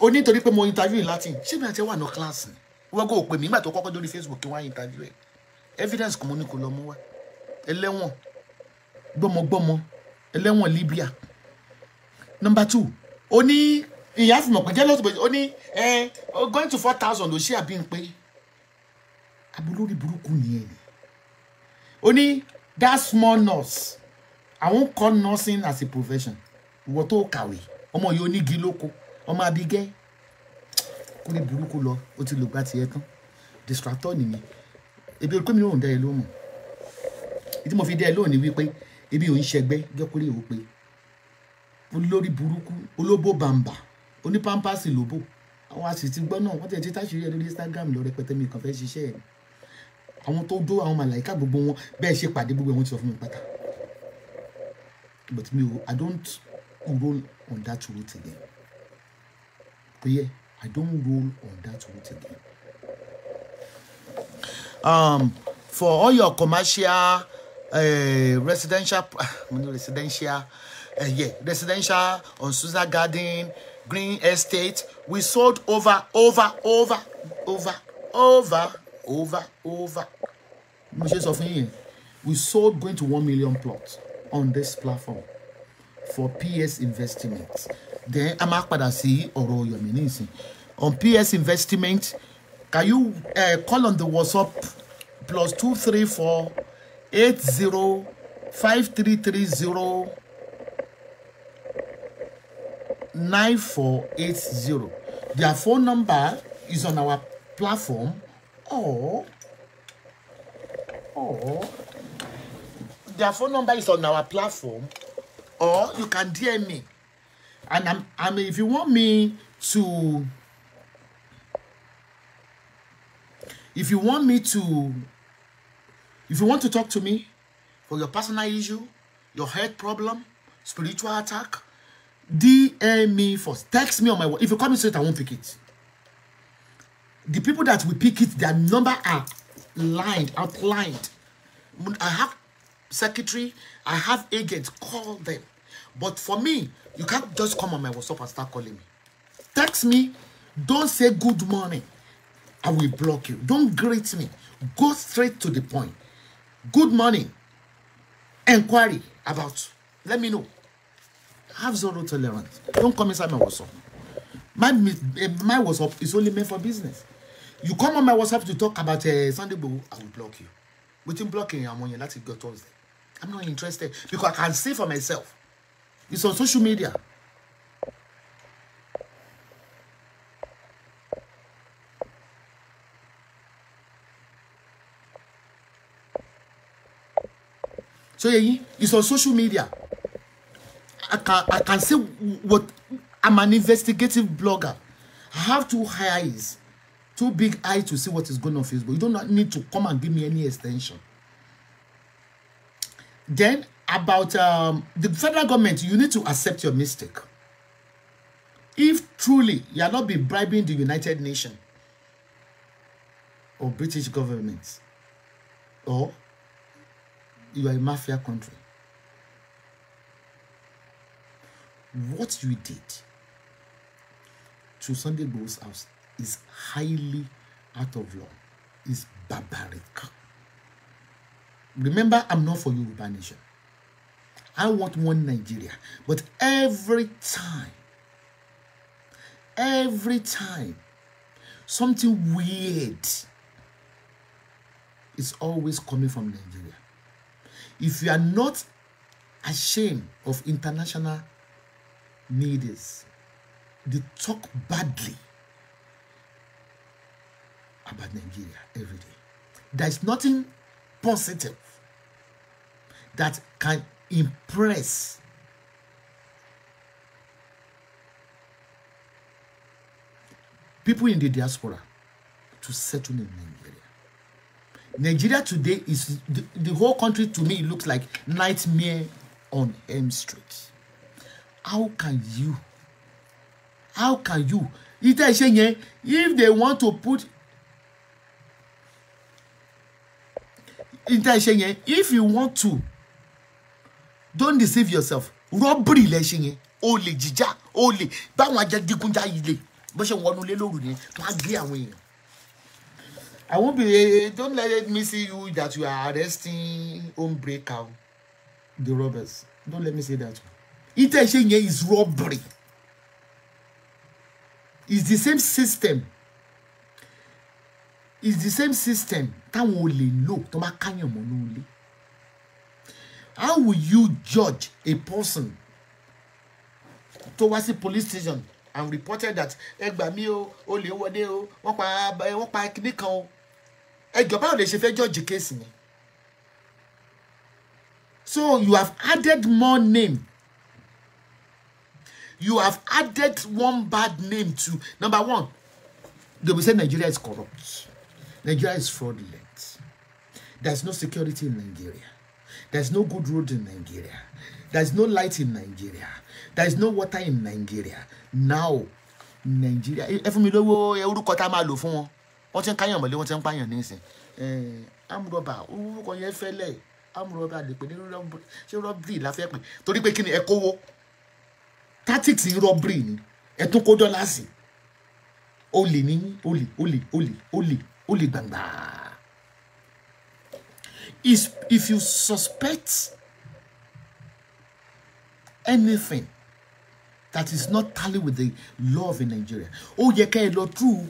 o nítorí pé mo interview in Latin ṣé mi àti ẹ wà ní kíláàsì wọ́n kò pè mí nígbà tó kọ́kọ́ dórí Facebook kí wọ́n á interview ẹ̀ evidence kò mú ní kò lọ mú wá ẹlẹ́wọ̀n gbọ́mọgbọ́mọ ẹlẹ́wọ̀n Libya number two ó ní ìyá fìmọ̀ pé jẹ́lọ́sì pé ó ní ẹ going to four thousand ló ṣe àbí ń pé abolórí burúkú nìyẹn ni ó ní that small nurse I àwọn call nursing as a profession ìwọ tó kàwé ọmọ yìí onígi lóko ọmọ abigẹ́ kó ní burúkú lọ ó ti lògbà tiẹ̀ tán distractor nìyẹn ebi olùkọ́ mi ló ń dá ẹ lóhùn ìdí mo fi dá ẹ lóhùn ni wípé ebi ò ń ṣẹgbẹ́ ìwò pé olórí burúkú olóbó bàǹbà onípampasì lóbò àwọn àṣìṣe gbọ́ náà wọ́n ti ẹ̀jẹ̀ táṣìírí ẹ̀ lórí Instagram lọ rẹpẹtẹ mi kàn fẹ́ ṣiṣẹ́ ẹ̀ àwọn tó dó àwọn màláìka gbogbo wọn bẹ́ẹ̀ ṣe pàdé gbogbo ẹ̀ wọ́n ti sọ fún mi pátá but mi ò I don't roll on that road again kò yẹ I don't roll on that road again. Um, for all your commercial uh, residential ah, residential uh, yeah residential on Susa Garden Green Estate we sold over over over over over over over mo ṣe sọ fún yín we sold going to one million plots on this platform for PS Investments. then I'm máa padà sí ọ̀rọ̀ yomi ní ìsìn on PS investment can you uh, call on the WhatsApp plus two three four eight zero five three three zero nine four eight zero. Their phone number is on our platform or or their phone number is on our platform or you can DM me. And I'm, I mean, if you want me to, if you want me to If you want to talk to me for your personal issue, your health problem, spiritual attack, DM me first. Text me on my. If you call me straight, I won't pick it. The people that will pick it, their number are lined, outlined. I have secretary, I have agents. Call them. But for me, you can't just come on my WhatsApp and start calling me. Text me. Don't say good morning. I will block you. Don't greet me. Go straight to the point good morning inquiry about let me know have zero tolerance don't come inside my whatsapp my my whatsapp is only meant for business you come on my whatsapp to talk about uh, Sunday Igboho i will block you wetin blocking your àwọn yẹn láti gbọ́ thursday i'm not interested because i can see for myself it's on social media so yeyin it's on social media I can I can say what I'm an investigative blogger I have two eyes two big eyes to see what is going on Facebook you don't need to come and give me any extension then about um, the federal government you need to accept your mistake if truly you are not be bribing the United Nations or British government or you are a mafia country. What you did to Sunday Igboho's house is highly out of law, is barbaric. Remember, I'm not for you, nation. I want one Nigeria. But every time, every time, something weird is always coming from Nigeria. if you are not ashamed of international needs, they talk badly about Nigeria every day. There is nothing positive that can impress people in the diaspora to settle in Nigeria. Nigeria today is the, the whole country to me looks like nightmare on M Street. How can you? How can you? if they want to put if you want to don't deceive yourself robbery lẹ only, yẹn olè jíjà olè báwọn ajagunjalè bó ṣe wọnú lé lóru yẹn wọn á I won't be. Don't let me see you that you are arresting homebreaker, the robbers. Don't let me say that. Intention here is robbery. It's the same system. It's the same system. How will you judge a person tó wá police station and reported that ẹjọ́ báwo lè ṣe fẹ́ jọ́ọ̀jì kéèsì yẹn so you have added more name you have added one bad name to number one they will say Nigeria is corrupt Nigeria is fraudulent there is no security in Nigeria there is no good road in Nigeria there is no light in Nigeria there is no water in Nigeria now Nigeria ẹ fún mi lówó orúkọ tá a máa lò fún wọn wọ́n ti ń káyàn mọ́lé wọ́n ti ń pààyàn ní amúrọ̀bà orúkọ yẹn fẹ́lẹ̀ amúrọ̀bà lè pè ní rọ́bìrì la torí pé kí ni ẹ kówó tactics rọ́bìrì ni ẹ tún kó dọ́là sí olè ní olè olè olè olè olè gbàngbà if you suspect anything that is not tally with the law of Nigeria ó yẹ ká ẹ lọ through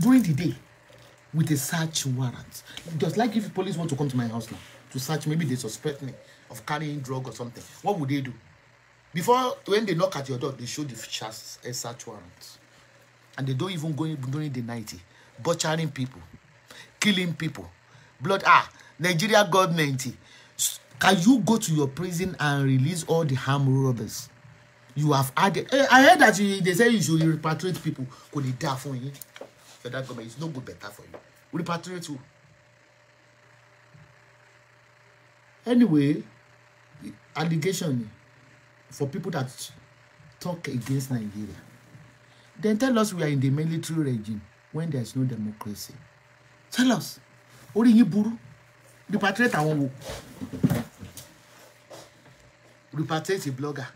during the day with a search warrant. Just like if police want to come to my house now to search, maybe they suspect me of carrying drug or something. What would they do? Before, when they knock at your door, they show the features, a search warrant. And they don't even go in during the night, butchering people, killing people. Blood, ah, Nigeria government. Can you go to your prison and release all the harm robbers? You have added. Eh, I heard that you, they say you should repatriate people. Could it dáa fún yín federal government is no good better for you repatriate you anyway allegation for people that talk against Nigeria then tell us we are in the military regime when there is no democracy tell us orí yín burú repatriate our wo repatriate a blogger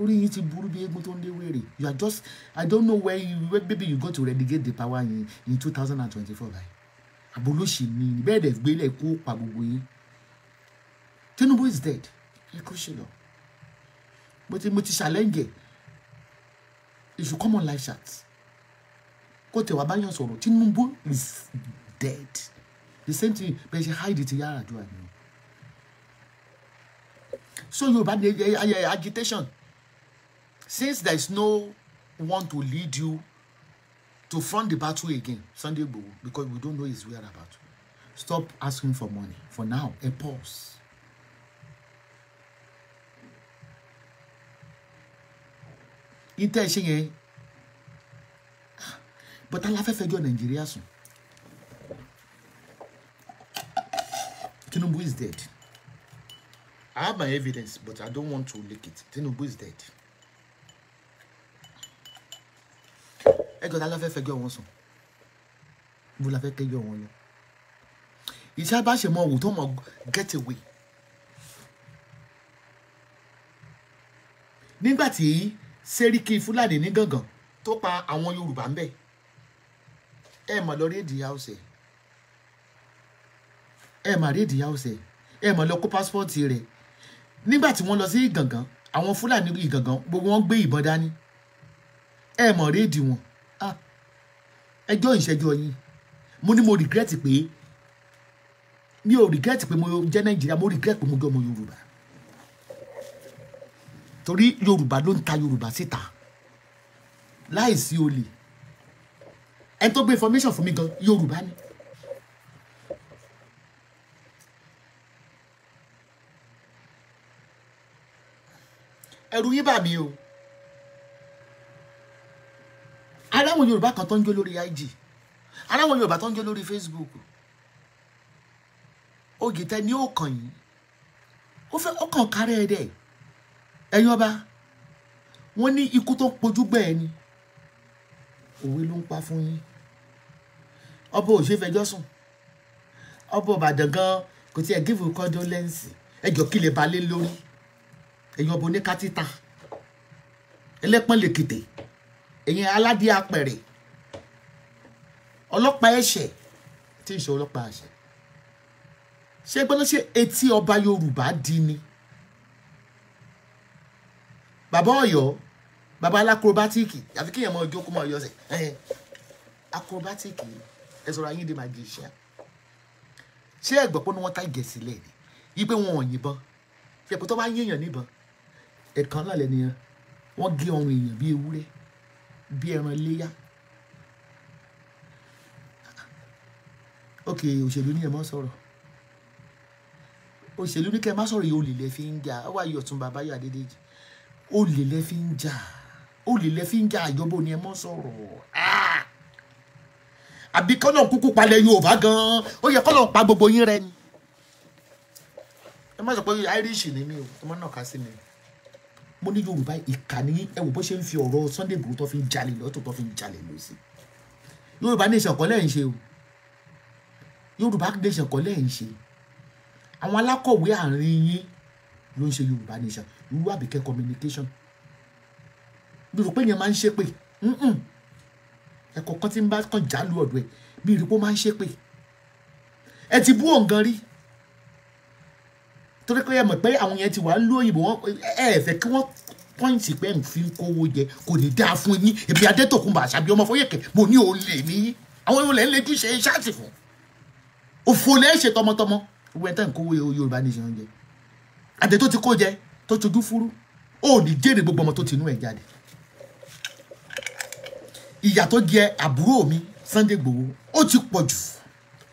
orí yìí ti burú bí eégún tó ń lé wèrè you are just i don't know where you where maybe you go to relegate the power in in two thousand and twenty-four báyìí àbólóṣì ni bẹ́ẹ̀ dẹ̀ gbélé kó pa gbogbo yín Tinubu is dead ẹ kó ṣe lọ mo ti mo ti ṣàlẹ́ǹgẹ̀ come on live chat kó tẹ̀wá báyọ̀ sọ̀rọ̀ Tinubu is dead the same thing bẹ́ẹ̀ ṣe hide ti Yar'Adua ni so Yorùbá ni agitation since there is no one to lead you to front the battle again Sunday Igboho because we don't know his whereabouts stop asking for money for now a pause. ìtẹ́ eh? But I love láfẹ́fẹ́jọ́ Nàìjíríà sùn Tinubu is dead I have my evidence but I don't want to leak it Tinubu is dead. ẹjọ́ ta ló fẹ́ fẹjọ́ wọn sùn bó la fẹ́ kẹjọ́ wọn lọ ìṣe bá ṣe mọ òwò tó mọ get away nígbà tí sẹ́ríkì fúlàní ní gàngàn tó pa àwọn yorùbá ń bẹ ẹ mọ̀ lọ rédì haúsẹ̀ ẹ mọ̀ rédì haúsẹ̀ ẹ mọ̀ lọ kó pásítọ̀tì rẹ̀ nígbà tí wọ́n lọ sí gàngàn àwọn fúlàní ìgàngàn gbogbo wọn gbé ìbọn dání ẹ mọ̀ rédì wọn ẹjọ́ ìṣẹ́jọ́ yín mo ní mo regret pé mi ò regret pé mo jẹ́ nàìjíríà mo regret pé mo jọmọ yorùbá torí yorùbá ló ń ta yorùbá síta láìsí olè ẹni tó gbé information fún mi gan yorùbá ni. ẹ̀rù yín bà mí o aráwọn yorùbá kan tó ń jó lórí ig aráwọn yorùbá tó ń jó lórí facebook ògì tẹ ní òkàn yìí ó fẹ́ ọkàn kárẹ́ ẹ dẹ̀ ẹ̀yin ọba wọ́n ní ikú tó pojú gbẹ̀ ẹ́ ni òwe ló ń pa fún yín ọba ò ṣe fẹjọ́ sùn ọba ìbàdàn gan kò tiẹ̀ gífù kọ́dọ́lẹ́ǹsì ẹjọ́ kílẹ̀ balẹ̀ lórí ẹ̀yin ọba oníkátítà ẹlẹ́pọ̀n lèkìtì ẹ̀yin aládé apẹ̀rẹ̀ ọlọ́pàá ẹ̀ṣẹ̀ tí ń ṣe ọlọ́pàá ẹ̀ṣẹ̀ ṣé gbọ́dọ̀ ṣe etí ọba Yorùbá di ni bàbá Ọ̀yọ́ bàbá alákrobatiki àfi kéèyàn mọ ọjọ́ kó mọ Ọ̀yọ́ sẹ akrobatiki ẹ sọ̀rọ̀ ayé de magician ṣé ẹ̀gbọ́n pé wọ́n tàgẹ̀ sílẹ̀ ni yí pé wọn ò yìnbọn fi ẹ̀pẹ́ tó bá yéèyàn níbọn ẹ̀kan lálẹ́ nìyẹn wọ́n gé ọrùn èèyàn bí ewúrẹ́ bí ẹran léyà ok òṣèlú ni ẹ mọ sọ̀rọ̀ òṣèlú ní kẹ má sọ̀rọ̀ yìí olè lẹ fi ń jà ó wà yìí ọ̀tún bàbá yìí Adédèjì olè lẹ fi ń jà olè lẹ fi ń jà àjọbọ ni ẹ mọ sọ̀rọ̀ ah! àbí kọ́nà kúkú palẹ̀ Yorùbá gan-an ó yẹ kọ́nà pa gbogbo yín rẹ ni ẹ má sọ pé Irish ni mí o ẹ má nàka sí mi mo ní yorùbá ìkànnì ẹ wò bó ṣe ń fi ọ̀rọ̀ Sunday Igboho tó fi ń jalè lọ́tọ̀ tó fi ń jalè lọ sí yorùbá nation kọ́ lẹ́yìn ṣe o yorùbá nation kọ́ lẹ́yìn ṣe àwọn alákọ̀wé àárín yín ló ń ṣe yorùbá nation yorùbá àbíkẹ́ communication bí rò pé yẹn máa ń ṣépè ẹ̀kọ́ kan tí ń bá kàn jálù ọ̀dọ̀ ẹ̀ bí rò pé ó máa ń ṣépè ẹ ti bú òǹgan rí torí pé ẹ mọ̀ pé àwọn yẹn ti wà lú òyìnbó wọn ẹ ẹ fẹ́ kí wọ́n pọ́ǹsì pé ń fi kówó jẹ kò ní dáa fún yín èmi adẹ́tọ̀kùnbà àṣàbí ọmọ fọyẹ̀kẹ́ mo ní olè ní àwọn olè ń lejú ṣe ṣáàtì fún òfò lẹ́ ṣe tọmọtọmọ gbogbo ẹ̀ tán kówó Yorùbá ní ìṣẹ̀yàn jẹ àdẹ ti kó jẹ tó tojú fúrú ó ní jèrè gbogbo ọmọ tó ti inú ẹ̀ jáde ìyà tó jẹ àbúrò mi Sunday Igboho ó ti pọ̀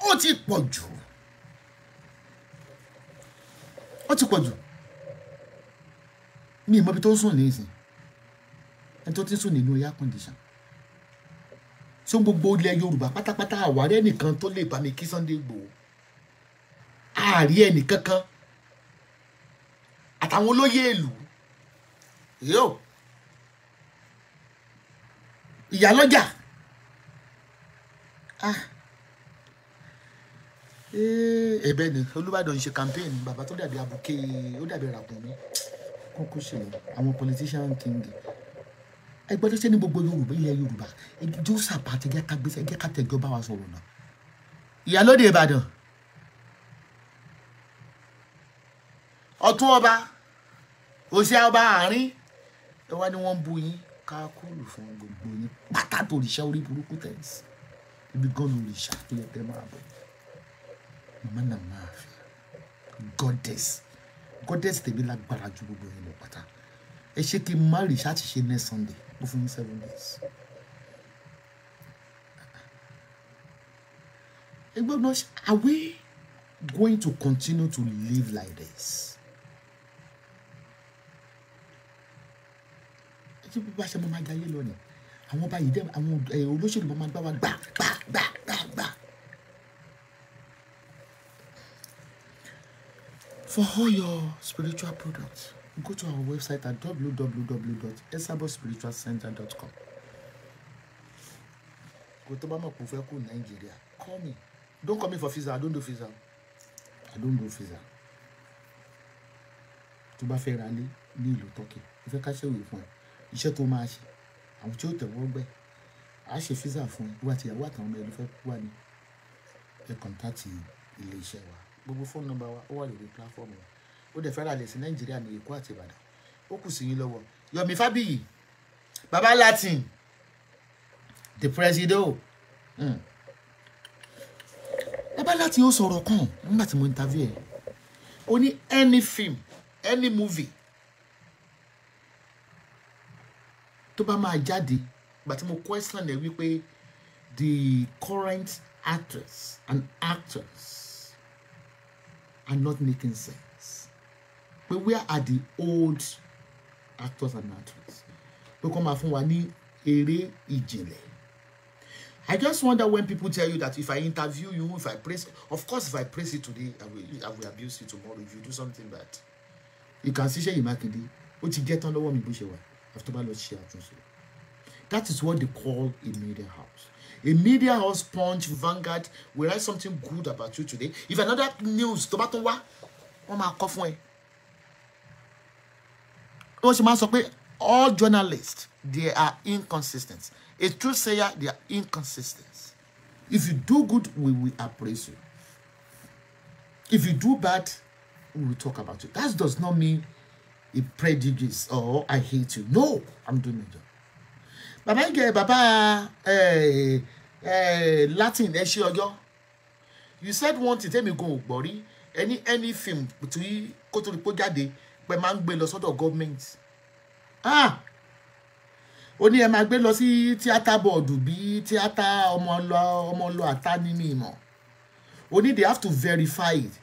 ó ti pọ̀ ó ti pọ̀ jù mi ìmọ̀ ibi tó ń sùn nísìn ẹni tó ti ń sùn nínú air condition ṣé gbogbo ilẹ̀ Yorùbá pátápátá àwárí ẹnìkan tó lè bá mi kí Sunday Igboho àárí ẹnìkankan àtàwọn olóyè ìlú yóò ìyálọ́jà ah. Eh, ẹ̀bẹ̀ ni Olúbàdàn ṣe campaign bàbá tó dàbí abuké ó dàbí ràkúnmí kókó ṣèlú àwọn politician king ẹgbẹ́ tó ṣe ní gbogbo Yorùbá ilẹ̀ Yorùbá ẹjọ́ sàpàtì ẹjẹ́ ká gbèsè ẹjẹ́ ká tẹ̀jọ́ bá wa sọ̀rọ̀ náà ìyálóde Ìbàdàn ọ̀tún ọba òsì ọba àárín ẹ wá ní wọ́n ń bu yín ká kóòlù fún gbogbo yín pátá tó lè ṣe orí burúkú tẹ̀sí ibi gan ló lè ṣàfihàn tẹ́ máa bọ̀ mọ́nà mafia, goddess goddess tèmi lágbára ju gbogbo yìí lọ pátá ẹ ṣé kí n má rí ṣáàtì ṣe next sunday mo fún mi seven days. ẹgbẹ́ náà are we going to continue to live like this? ẹ jẹ́ bí ṣe máa máa jayé lọ ni àwọn ọba yìí dẹ́ àwọn olóṣèlú máa máa gbá wa gbà gbà gbà gbà. For all your spiritual products, go to our website at www.esabospiritualcenter.com. Kò tó bá mọ̀ kó fẹ́ kú Nàìjíríà, call me. Don't call me for visa, I don't do visa. I don't do visa. Tó bá fẹ́ ra lé ní ìlú Turkey, mo fẹ́ ká ṣèwé fún ẹ. Iṣẹ́ tó máa ṣe, àwọn tí ó tẹ̀wọ́ gbẹ́, à á ṣe visa fún ẹ. Wá ti ìyàwó àtàwọn ọmọ ẹni fẹ́ wà ní ẹ ilé iṣẹ́ wa gbogbo fóònù nọ́mbà wa ó wà lórí platform wa ó dẹ̀ fẹ́ràn àlẹ́ sí nàìjíríà ní èkó àti ìbàdàn ó kù sí yín lọ́wọ́ yomi fábíyì baba latin the president mm. baba latin ó sọ̀rọ̀ kan nígbà tí mo interview ẹ̀ ó ní any film any movie tó bá máa jáde gbàtí mo question ẹ̀ wípé the current actress and actors are not making sense. But where are the old actors and actresses? Pé kó máa fún wa ní eré I just wonder when people tell you that if I interview you, if I praise, of course, if I praise you today, I will, I will abuse you tomorrow if you do something bad. You can see Seyi Makinde, ó ti jẹ́ tán lọ́wọ́ mi bó ṣe wà, after my lọ ṣe That is what they call a media house. A media house Punch, Vanguard will write something good about you today. If another news tó bá tó wá, wọ́n máa kọ fún ẹ. Wọ́n ṣe máa sọ pé all journalists they are inconsistent. A true sayer they are inconsistent. If you do good, we will appraise you. If you do bad, we will talk about you. That does not mean a prejudice or oh, I hate you. No, I'm doing my job. Bàbá ń jẹ bàbá eh, Eh, Latin ẹ ṣe ọjọ́ you said one thing tẹ́mi gan ò gbọ́ any any film tí kó tó di pé jáde pé máa ń gbé lọ sọ́dọ̀ government ah! ó ní ẹ máa gbé lọ sí tíátà bọ́ọ̀dù bí tíátà ọmọ ọlọ ọmọ ọlọ àtá nínú ìmọ̀ ó ní they have to verify it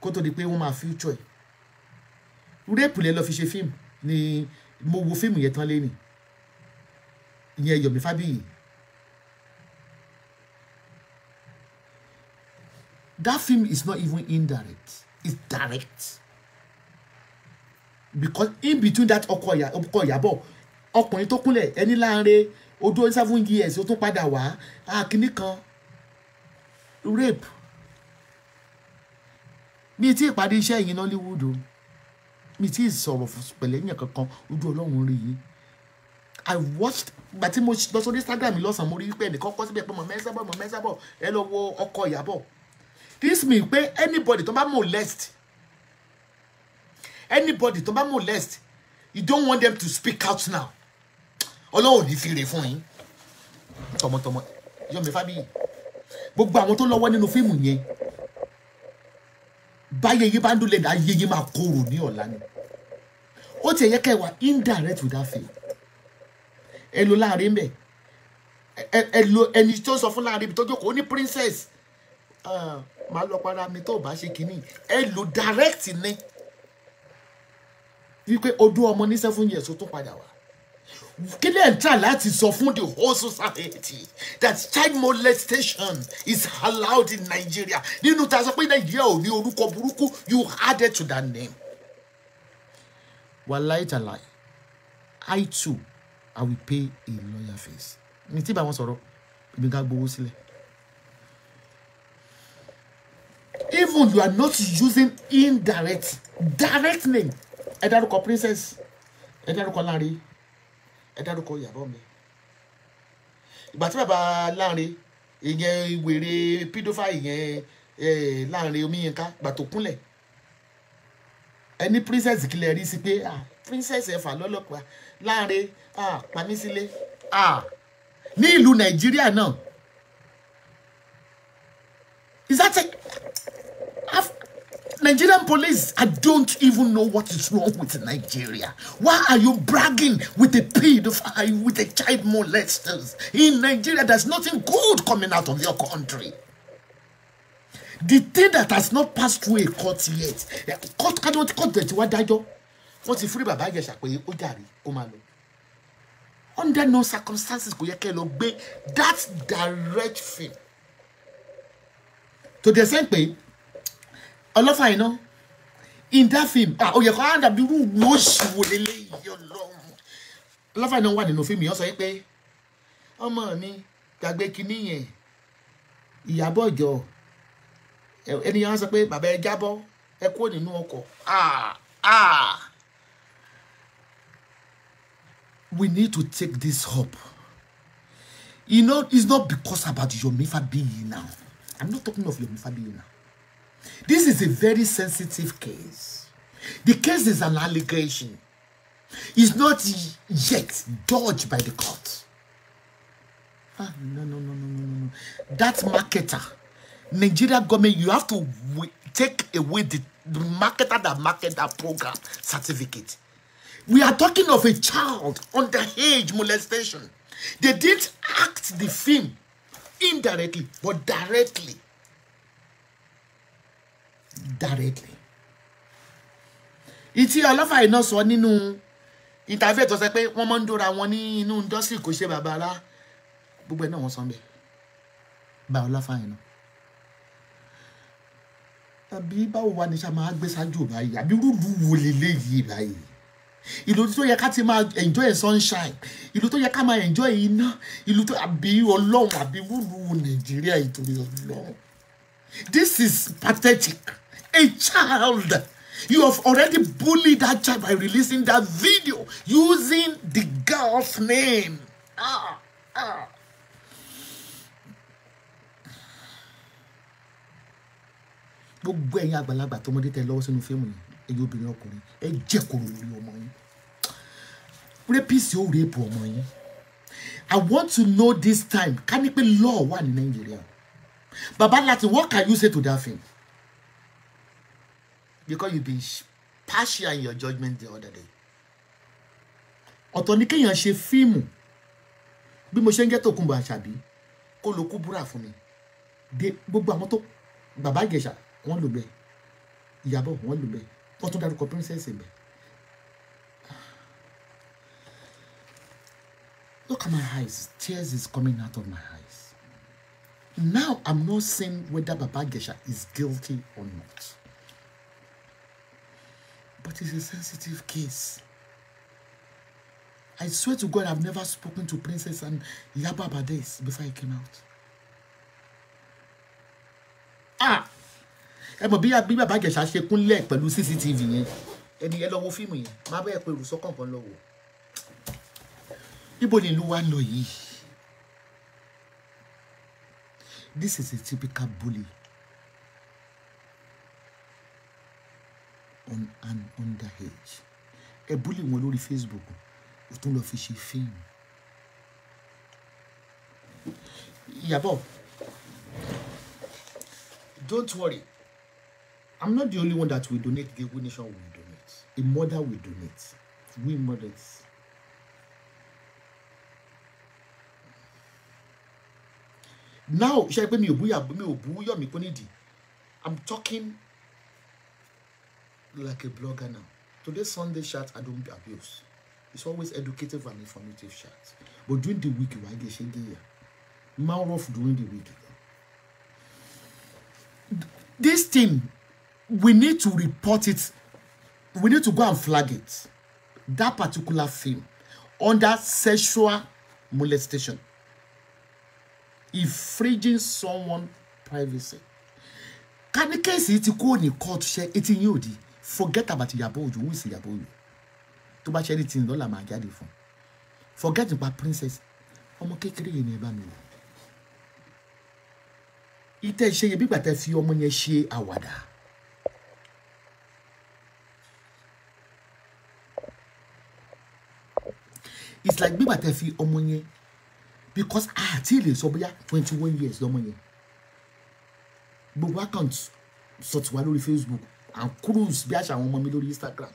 kó tó di pé wọ́n máa future ẹ̀ rape lè lọ fi ṣe fíìmù ni mo wo fíìmù yẹn tán lé ní ìyẹn Yomi Fabiyi that film is not even indirect it's direct because in between that Okoya, ìyàbọ̀ ọkùnrin tó kúnlẹ̀ ẹni láàrin odó seven years ó tún padà wá akínní kan rape mi ti ìpàdé iṣẹ́ yìí nollywood o mi ti sọ̀rọ̀ pẹ̀lẹ́ yẹn kankan ojú ọlọ́run rí yìí i watched gba tí mo lọ sórí instagram lọ́sàn-án mo rí pé ẹnìkan kọ́ síbẹ̀ pé mọ̀ mẹ́sàbọ̀ mọ̀ mẹ́sàbọ̀ ẹ lọ wo ọkọ ìyàbọ̀ this mean pé anybody tó bá molest anybody tó bá molest you don't want them to speak out now ọlọ́run ní fìrè fún yín tọmọtọmọ Yọ̀mí Fábíyì gbogbo àwọn tó lọ́wọ́ nínú fíìmù yẹn báyé yé bá ń dúlẹ̀ náà ayé yé máa kóró ní ọ̀la ni ó ti ẹ̀yẹ kẹwàá indirect without fail ẹ lo láàrin mẹ ẹ lo ẹni tó sọ fún láàrin ibi tó jókòó ó ní princess. Uh, màá lọ para mi tó bá ṣe kínní ẹ lò direct ni wípé odó ọmọ ní seven years ó tún padà wá kí lè ń tà láti sọ fún the whole society that child molestation is allowed in Nigeria nínú ta sọ pé Nàìjíríà ò ní orúkọ burúkú you added to that name wàláì tàlàì I too I will pay a lawyer fees ní tí bá wọn sọ̀rọ̀ ibi gbowó sílẹ̀ even you are not using indirect direct name ẹ princess ẹ dárúkọ Lanre ẹ dárúkọ Ìyábọ̀mí ìgbà tí bàbá Lanre ìyẹn wèrè pedophile ìyẹn Lanre Omiyinka gbà tó kúnlẹ̀ ẹni princess kìlẹ̀ rí sí pé ah, princess ẹ̀fà lọ́lọ́pàá Lanre ah, pamísílẹ̀ ah, ní ìlú Nàìjíríà náà is that it? Nigerian police, I don't even know what is wrong with Nigeria. Why are you bragging with the pedophile, with the child molesters? In Nigeria, there's nothing good coming out of your country. The thing that has not passed through a court yet, eh, court cannot court that wá dájọ́. Wọ́n ti free Baba Ijesha pé ó Under no circumstances kò yẹ kẹ́ that direct thing. To the same pé ọlọ́fà iná in that film ah oyè kan àdàbí irú lóṣù wo lélẹ́yìí ọlọ́run ọlọ́fà iná wà nínú fíìmù yẹn sọ pé ọmọ mi gbàgbé kinní yẹn ìyàbọ̀ ìjọ ènìyàn sọ pé bàbá ẹ jábọ́ ẹ kúrò nínú ọkọ̀ ah ah we need to take this up you know it's not because about Yomifa being now i'm not talking of Yomifa being now This is a very sensitive case. The case is an allegation. It's not yet judged by the court. Ah, no, no, no, no, no, no. That marketer, Nigeria government, you have to take away the, the marketer that market that program certificate. We are talking of a child underage molestation. They didn't act the film indirectly, but directly directly ìtì ọlọ́fà iná sọ nínú interview tó sọ pé wọ́n máa ń dóra wọn ní inú industry kò ṣe bàbá rá gbogbo ẹ̀ náà wọ́n sọ bẹ́ẹ̀ bá ọlọ́fà iná àbí báwo wà ní sá máa gbé ṣáájú báyìí àbí rúdú wo leléyìí báyìí ìlú tó yẹ ká ti máa enjoy sunshine ìlú tó yẹ ká máa enjoy iná ìlú tó àbí ọlọ́run àbí rúdú wo nàìjíríà ìtòrí ọlọ́run this is pathetic a child. You have already bullied that child by releasing that video using the girl's name. Ah, ah. gbogbo ẹ̀yin àgbàlagbà tọmọdé tẹ lọ́wọ́ sínú fíìmù yìí ẹ̀yin obìnrin ọkùnrin ẹ jẹ kòrò lórí ọmọ yín rẹpìsì ó rèépù ọmọ yín I want to know this time ká ní pé law wà ní Nàìjíríà baba láti what can you say to that thing because you been partial in your judgment the other day ọ̀tọ̀ ni kéèyàn ṣe fíìmù bí mo ṣe ń jẹ́ Tòkunbọ̀ Àṣàbí kó lo kú búra fún mi de gbogbo àwọn tó bàbá Ìjẹ̀ṣà wọ́n lò bẹ́ẹ̀ Ìyábọ̀ wọ́n lò bẹ́ẹ̀ wọ́n tún dárúkọ princess bẹ́ẹ̀. Look at my eyes. Tears is coming out of my eyes. Now I'm not saying whether Baba Gesha is guilty or not. But it's a sensitive case. I swear to God, I've never spoken to Princess and Yaba about this before I came out. Ah! Ẹ mọ̀ bí bí bàbá Ìjẹ̀ṣà ṣe kúnlẹ̀ pẹ̀lú CCTV yẹn. Ẹni yẹn lọ wo fíìmù yẹn. Má bẹ́ẹ̀ pé ìrùsọ́ kọ̀ọ̀kan lọ wò. Níbo ni ìlú ye. This is a typical bully. on an underage ẹ búlì wọn lórí Facebook ó tún lọ́ọ́ fi ṣe fíìmù. Ìyàbọ̀ don't worry I'm not the only one that will donate Gay Nation will donate a mother will donate we mothers. now ṣe pé mi ò bú yà mi ò bú yọ̀ mí kó nídìí I'm talking like a blogger now. Today's Sunday chat, I don't abuse. It's always educative and informative chat. But during the week, why are getting here. Mouth off during the week. This thing, we need to report it. We need to go and flag it. That particular thing under sexual molestation. Infringing someone privacy. Can the case it go in court share it in you? forget about Ìyábọ̀ Òjó who is Ìyábọ̀ Òjó tó bá ṣe anything lọ́la máa jáde fún forget nípa princess ọmọ kékeré yẹn ni ẹ bá mi wò ìtẹ́ ṣe yẹ bí gbàtẹ́ fi ọmọ yẹn ṣe àwàdà. it's like bí gbàtẹ́ fi ọmọ yẹn because àti lè sọ bóyá twenty one years lọ́mọ yẹn gbogbo account sọ̀tìwá lórí Facebook and cruise bí àṣà àwọn ọmọ mi lórí Instagram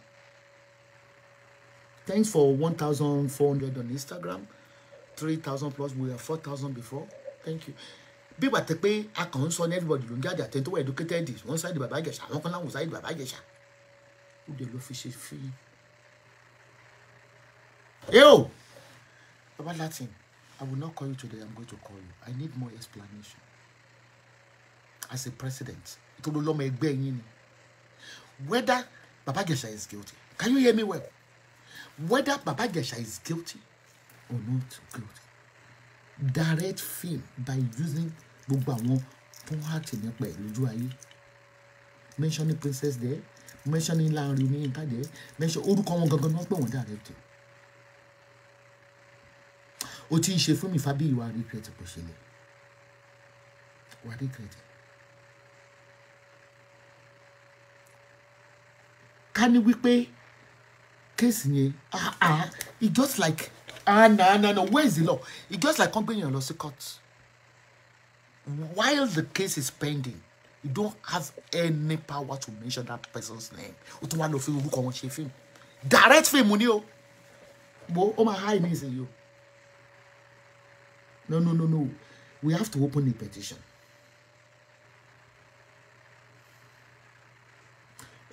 thanks for one thousand four hundred on Instagram three thousand plus we were four thousand before thank you bí wàá tẹ pé a sọ ní everybody ló ń jáde àtẹ tó wà educated one side bàbá àjẹsà àwọn kan láwọn ṣáàdì bàbá àjẹsà ó dé ló fi ṣe fi. yo baba latin i will not call you today i'm going to call you i need more explanation as a president tó ló lọ́mọ ẹgbẹ́ yín ni whether Baba Gesha is guilty. Can you hear me well? Whether Baba Gesha is guilty or not guilty. Direct film by using gbogbo àwọn pọ́ńhátì nípa ẹ̀ lójú ayé. Mentioning Princess there, mentioning Lanre Oníyinka there, mention orúkọ wọn gangan náà pé wọ́n direct o. O ti ń ṣe fún mi Fábíyì wa rí kírẹ́tì kò ṣe lè. Wa rí kírẹ́tì. ká ní wípé kéèsì yẹn ah ah it just like ah na na na where is the law it just like kán gbẹ̀yàn lọ sí court while the case is pending you don't have any power to mention that person's name o tún wá lọ fi orúkọ wọn ṣe fíìmù direct fíìmù ni o wo ó máa high ní ìsinyìí o no no no no we have to open a petition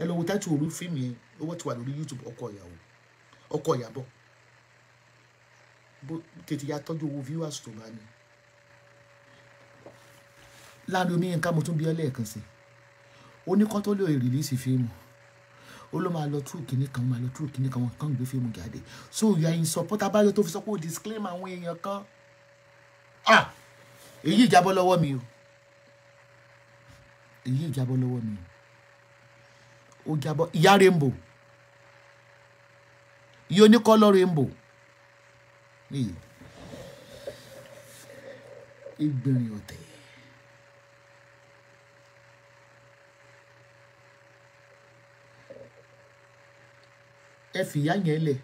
ẹ lọ wo táìtù òru fíìmù yẹn owó ti wà lórí YouTube ọkọ ìyàwó ọkọ ìyàbọ̀ bó tètè ya tọ́jú owó viewers tó bá ní. láàrin omi nǹkan mo tún bí ẹlẹ́ẹ̀kan sí ó ní kán tó lè rìlíìsì fíìmù ó ló máa lọ tú kìíní kan máa lọ tú kìíní kan kán gbé fíìmù jáde so ìyá yín support abáyọ tó fi sọ pé ó disclaim àwọn èèyàn kan ah èyí ìjábọ̀ lọ́wọ́ mi o èyí ìjábọ̀ lọ́wọ́ mi o ó jábọ́ ìyá rainbow ìyá oníkọ́lọ́ rainbow ìgbìnrin ọ̀tẹ̀. ẹ fìyà yẹn lẹ̀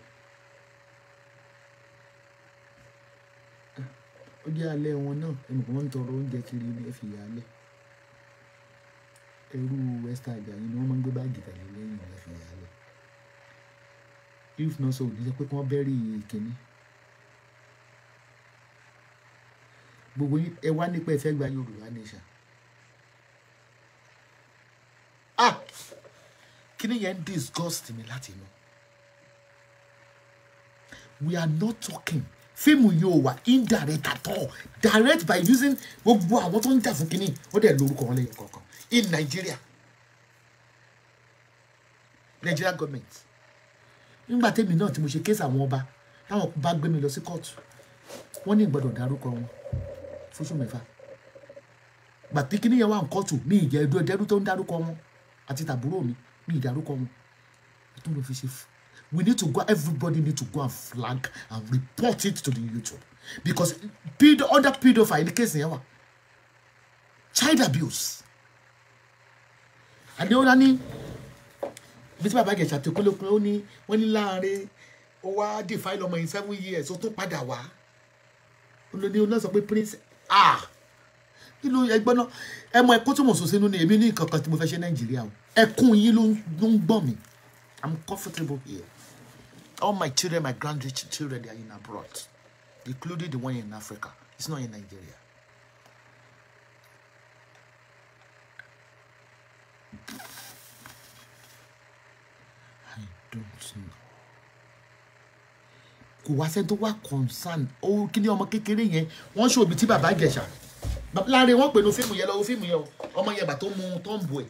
ó jẹ́ alẹ́ wọn náà ẹnìkan ń tọrọ oúnjẹ kiri ní ẹ fìyà lẹ̀ ẹrú West Ajayi ni wọ́n máa ń gbé báàgì tàbí lẹ́yìn rẹ̀ fi lọ if not so ní sọ pé kí wọ́n bẹ́rì kínní gbogbo ẹ wá nípa ẹ̀fẹ́ gba Yorùbá nation ah kínní yẹn disgust mi láti inú we are not talking fíìmù yóò wà indirect at all direct by using gbogbo àwọn tó ń jà fún kínní ó dẹ̀ lórúkọ wọn lẹ́yìn kọ̀ọ̀kan in Nigeria Nigeria government nígbà tèmi náà tí mo ṣe kéésì àwọn ọba táwọn bá gbé mi lọ sí kóòtù wọ́n ní ìgbọ́dọ̀ dárúkọ wọn fóṣù mẹ́fà gbàtí kínní yẹn wà ń kóòtù mi ìjẹ́ ẹdú ẹdẹ́rú tó ń dárúkọ wọn àti tàbúrò mi mi ìdárúkọ wọn tó ló fi ṣe fún we need to go everybody need to go and flag and report it to the youtube because pedo other pedophile in the case yẹn wà child abuse adeola ní bí tí bàbá ìjẹ̀sà tó kólókun ó ní wọ́n ní láàrin ó wá defile ọmọ yìí seven years ó tún padà wá olóde olóòsọ pé prince ah nínú ẹgbẹ́ náà ẹ mọ ẹkún tí mo sùn sínú ni èmi ní nǹkan kan tí mo fẹ́ ṣe nàìjíríà o ẹkún yín ló ń gbọ̀n mi i'm comfortable here. All my children, my grandchildren, they are in abroad, including the one in Africa. It's not in Nigeria. I don't know. Kò wá sẹ́ni tó wá concern. Ó kí ni ọmọ kékeré yẹn? Wọ́n ṣe òbí tí bàbá Ìjẹ̀ṣà. Láàrin wọn pè ní fíìmù yẹn lọ́wọ́ fíìmù yẹn o. Ọmọ yẹn bà tó mu tó ń bu ẹ̀.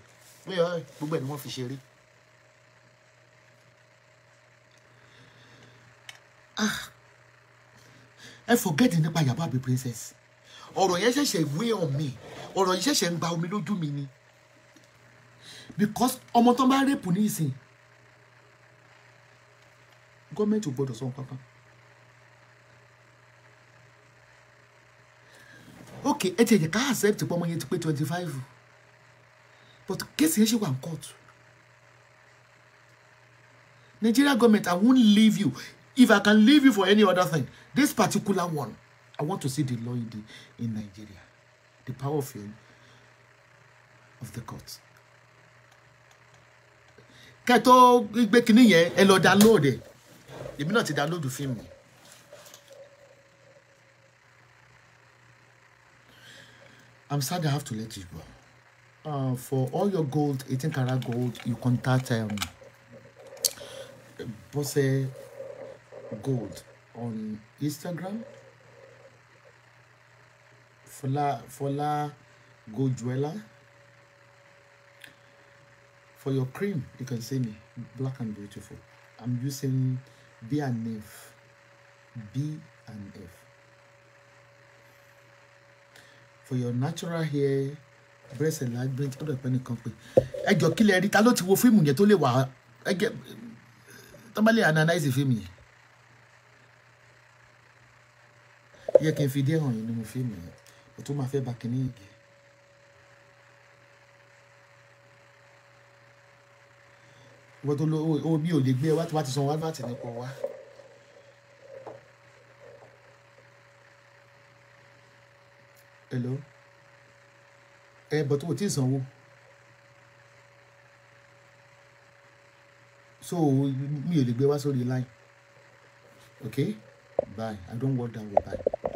Gbogbo ẹ̀ ni wọ́n fi ṣeré. ah ẹ forget nípa Ìyábọ̀ Àbí princess ọ̀rọ̀ yẹn ṣẹ̀ṣẹ̀ weigh on me ọ̀rọ̀ yẹn ṣẹ̀ṣẹ̀ ń gba omi lójú mi ni because ọmọ tó ń bá rèpù ní ìsìn gọ́ọ̀mẹ̀ntì ò gbọ́dọ̀ sọ nǹkan kan. ok ẹ ti ẹ̀jẹ̀ ká accept pé yẹn ti pé twenty five but kéèsì yẹn ṣì wà ní kóòtù Nigeria government I won't leave you if I can leave you for any other thing, this particular one, I want to see the law in, the, in Nigeria, the power of, your, of the courts. Kẹ́tọ́ gbé kinní yẹn, ẹ lọ download ẹ̀. Èmi náà ti download fíìmù. I'm sad I have to let you go. Uh, for all your gold, 18 karat gold, you contact um, Bose Gold on Instagram, Fola, Fola Gold Dweller. For your cream, you can see me, Black and Beautiful. I'm using B and F. B and F. For your natural hair, breast enlargement, ọ̀dọ̀ ìpẹ́ nìkan pé ẹjọ́ kílẹ̀ rí ta ló ti wo fíìmù yẹn tó lè wà ẹgẹ́ eh, tọ́bálẹ̀ analyze fíìmù yẹn. yẹ kí n fi dé hàn yín nínú fíìmù yẹn mo tún máa fẹ́ ba kínní ìgè wọ́n tó lówó owó bí ò lè gbé wá tó bá ti san wá láti ní kó wá. Hello ẹ bọ̀ tó o tí ì sanwó so mi ò lè gbé wá sórí line okay bye I don't want that way bye.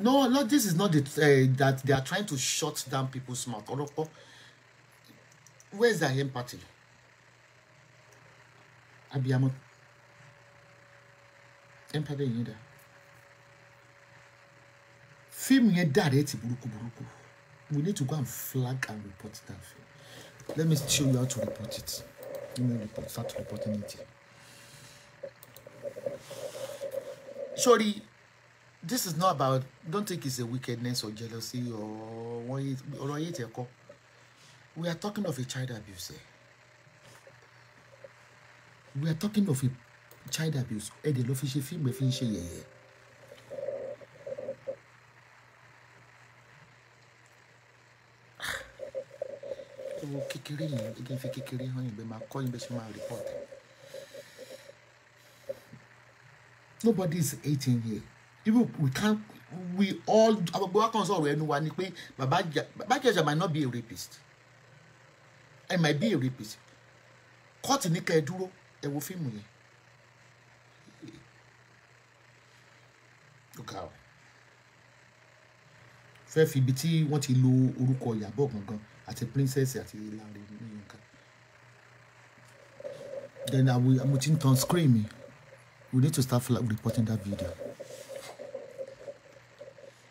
No, no, this is not the, uh, that they are trying to shut down people's mouth. Oroko, where's their empathy? Abiyamo, empathy yìí dà. Fíìmù yẹn dàrẹ́ ti burúkú burúkú. We need to go and flag and report that film. Let me show you how to report it. Let me report, start reporting it. Sorry this is not about don't think it's a wickedness or jealousy or ọ̀rọ̀ yìí tẹ̀ kọ́ we are talking of a child abuse eh? we are talking of a child abuse ẹ̀dẹ̀ ló fi ṣe fíìmù ẹ̀ fi ń ṣe yẹ̀yẹ̀. Ah. ewu kékeré yẹn ẹ kí n fi kékeré hàn yín bẹ́ẹ̀ máa kọ́ yín bẹ́ẹ̀ ṣe máa report. nobody is hating here even we can't we all gbogbo wa kàn sọ̀rọ̀ ẹnu wa ni pé baba baba Ijesha might not be a rapist I might be a rapist kọ́ọ̀tì ní ká ẹ dúró ẹ wo fíìmù yẹn. ọ̀gá ọ̀ fẹ́ fi ibi tí wọ́n ti lo orúkọ Ìyábọ̀ gangan àti princess àti Lanre Yinka then I will, mo ti ń tan screen mi we need to start reporting that video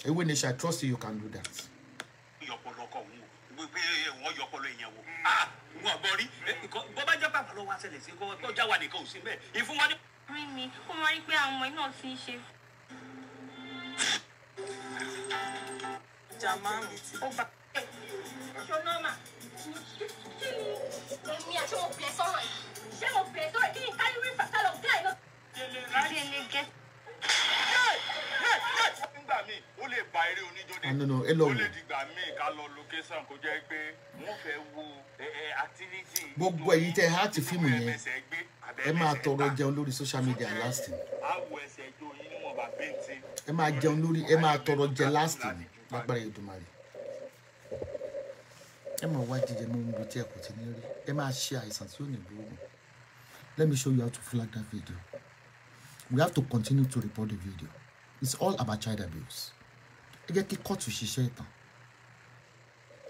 ewé ni ṣe trust you you can do that. yọpọlọ kọ òun o pé wọn yọpọlọ èèyàn wò ah wọn gbọ rí bó bá jẹ́ pàpà lọ́wọ́ àṣẹlẹ̀ sí kó já wa nìkan ò sí bẹ́ẹ̀ ìfún wọn. rí mi ó máa ń pẹ́ àwọn ọmọ iná ti ń ṣe. ìjà máa ń ó bá ṣọlọ́mà kí ni èmi àti òbí ẹ sọ̀rọ̀ yìí ṣé òbí ẹ sọ̀rọ̀ kí ni káyọ̀ rí fàtàlọ̀ gáì náà. délé gẹ́. Ah, nígbà míì ó lè ba eré oníjọ́dé ó lè dìgbà míì ká lọ location kó jẹ́ pé wọ́n fẹ́ wo activity. gbogbo èyí tẹ ha ti fíìmù yẹn ẹ máa tọrọ jẹun lórí social media lasting. àwọ̀ ẹsẹ̀ ìjọ yìí ni wọ́n bá bẹ́ẹ̀ntì. ẹ máa jẹun lórí ẹ máa tọrọ jẹ lasting lágbára Èdùmàrè ẹ máa wá jíjẹ mọ ohun tí ẹ kò ti ní rí ẹ máa ṣe àìsàn tí ó ní ìgbóògùn Let me show you how to flag that video. We have to continue to report the video it's all about child abuse ẹ jẹ́ kí kóòtù ṣiṣẹ́ ìtàn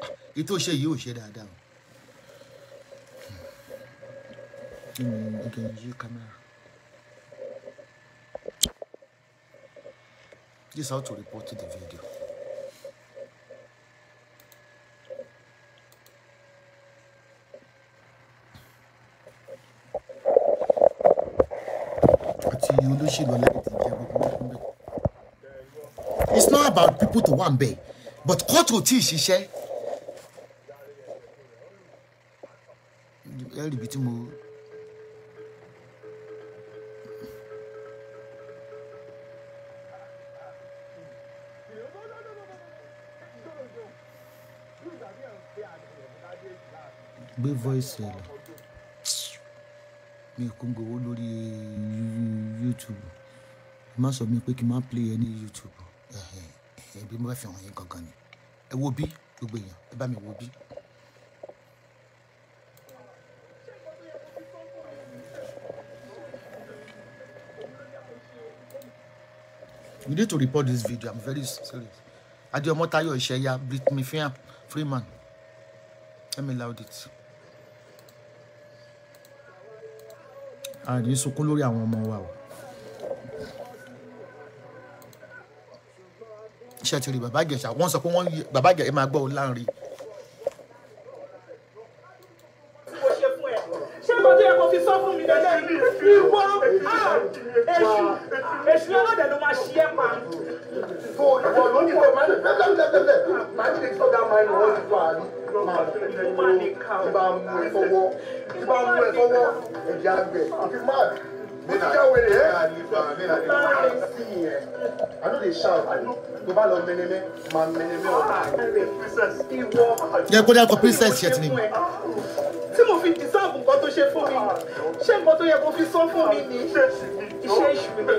ah, ètò ìṣe yìí ò ṣe dáadáa o kí ni yí kámẹ́rà this is how to report to the video. àti olóṣèlú aláìdíjẹ gbogbo mẹ́kúnbẹ̀kún it's not about people to wà ń but kóòtù tí ì ṣiṣẹ́ ẹ rí ibi tí gbé voice ẹ mi kò ń gbowó lórí YouTube má sọ mi pé kí n má play ẹ ní YouTube ẹbí mo fẹ́ fi yín gangan ni ẹ wo bí gbogbo èèyàn ẹ bá mi wo bí. you need to report this video i'm very serious adeomo tayo iseya britney fiam freeman let me loud it a ní sunkún lórí àwọn ọmọ wa o. iṣẹ́ ti rí bàbá Ìjẹ̀ṣà wọ́n sọ pé wọ́n bàbá Ìjẹ̀ṣà máa gbọ́ ọ láàrin. ṣé kò tí ẹ fi sọ fún mi lẹ́lẹ́ ìwọ èṣù èṣù ọlọ́dẹ ló máa ṣí ẹ pa. so ìwọ ló ní ìwọ máa ń lẹ lẹ lẹ máa ń lè sọ dá máa ń wọ́n ti fà á rí máa ń bá mú ẹ fọwọ́ bá mú ẹ fọwọ́ ẹ̀jẹ̀ àgbẹ̀ àfi máa bí ti jáwèrè ẹ̀. I know they shout. I know. Go back My Meneme or I. Princess. He wore her. Yeah, go down for princess yet. Ah, tí mo fi deserve nǹkan tó ṣe fún mi. Ah. Ṣé nǹkan tó yẹ kó fi san fún mi ni? Iṣẹ́ ìṣù ni.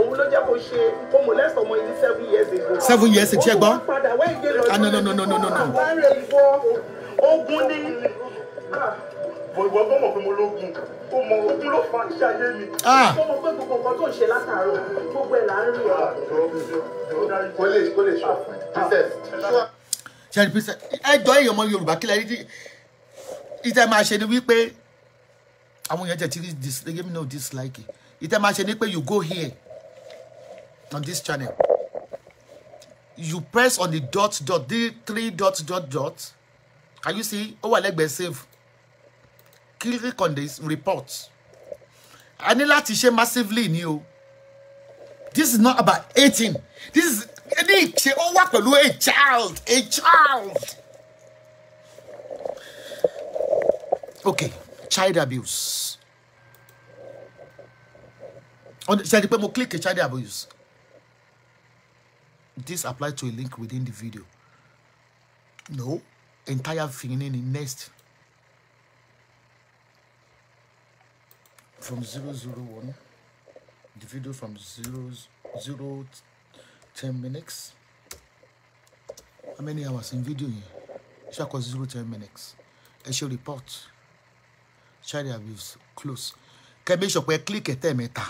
Òun ló jẹ́ kó ṣe kó molest ọmọ yìí seven years ago. Seven years ago, ṣé gbọ́? Ah no no no no no no. Ogun ni. Ah bọ̀ ìwọ gbọ́ mọ̀ pé mo lógun o mọ ogun ló fa iṣẹ́ ayé mi. mo ah! mọ pé gbogbo nǹkan tó ń ṣe látàárọ̀ gbogbo ẹ̀ là ń rí wa. kò lè kò ṣẹ́ni pín ẹjọ́ èèyàn ọmọ Yorùbá kílẹ̀ rí ìtẹ́ máa ṣe ni wípé àwọn èèyàn jẹ́ ti rí dislike me no dislike ìtẹ́ máa ṣe ni pé you go here on this channel you press on the dot dot the three dot dot dot can you see ó wà lẹ́gbẹ̀ẹ́ save click on this report I need láti ṣe massively ni o this is not about eighteen this is ní ìṣe ó wà pẹ̀lú a child a child okay child abuse ṣe ni pé mo click child abuse this apply to a link within the video no entire thing ni next. from 001 the video from zero zero ten minutes how many hours in video yẹn ṣàkọ zero ten minutes I shall report Charlie abuse close Can ṣọpọ ẹ click a ẹtẹ mẹ́ta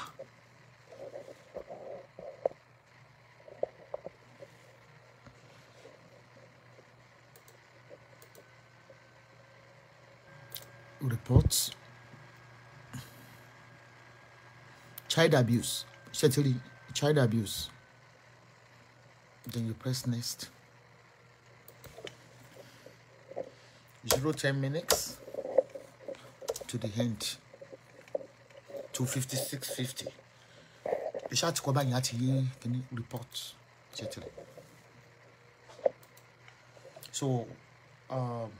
Reports. child abuse Certainly, child abuse then you press next zero ten minutes to the end two fifty six fifty You àtìkọ́ báyìí back yé kíní report ṣe ti rí so. Um,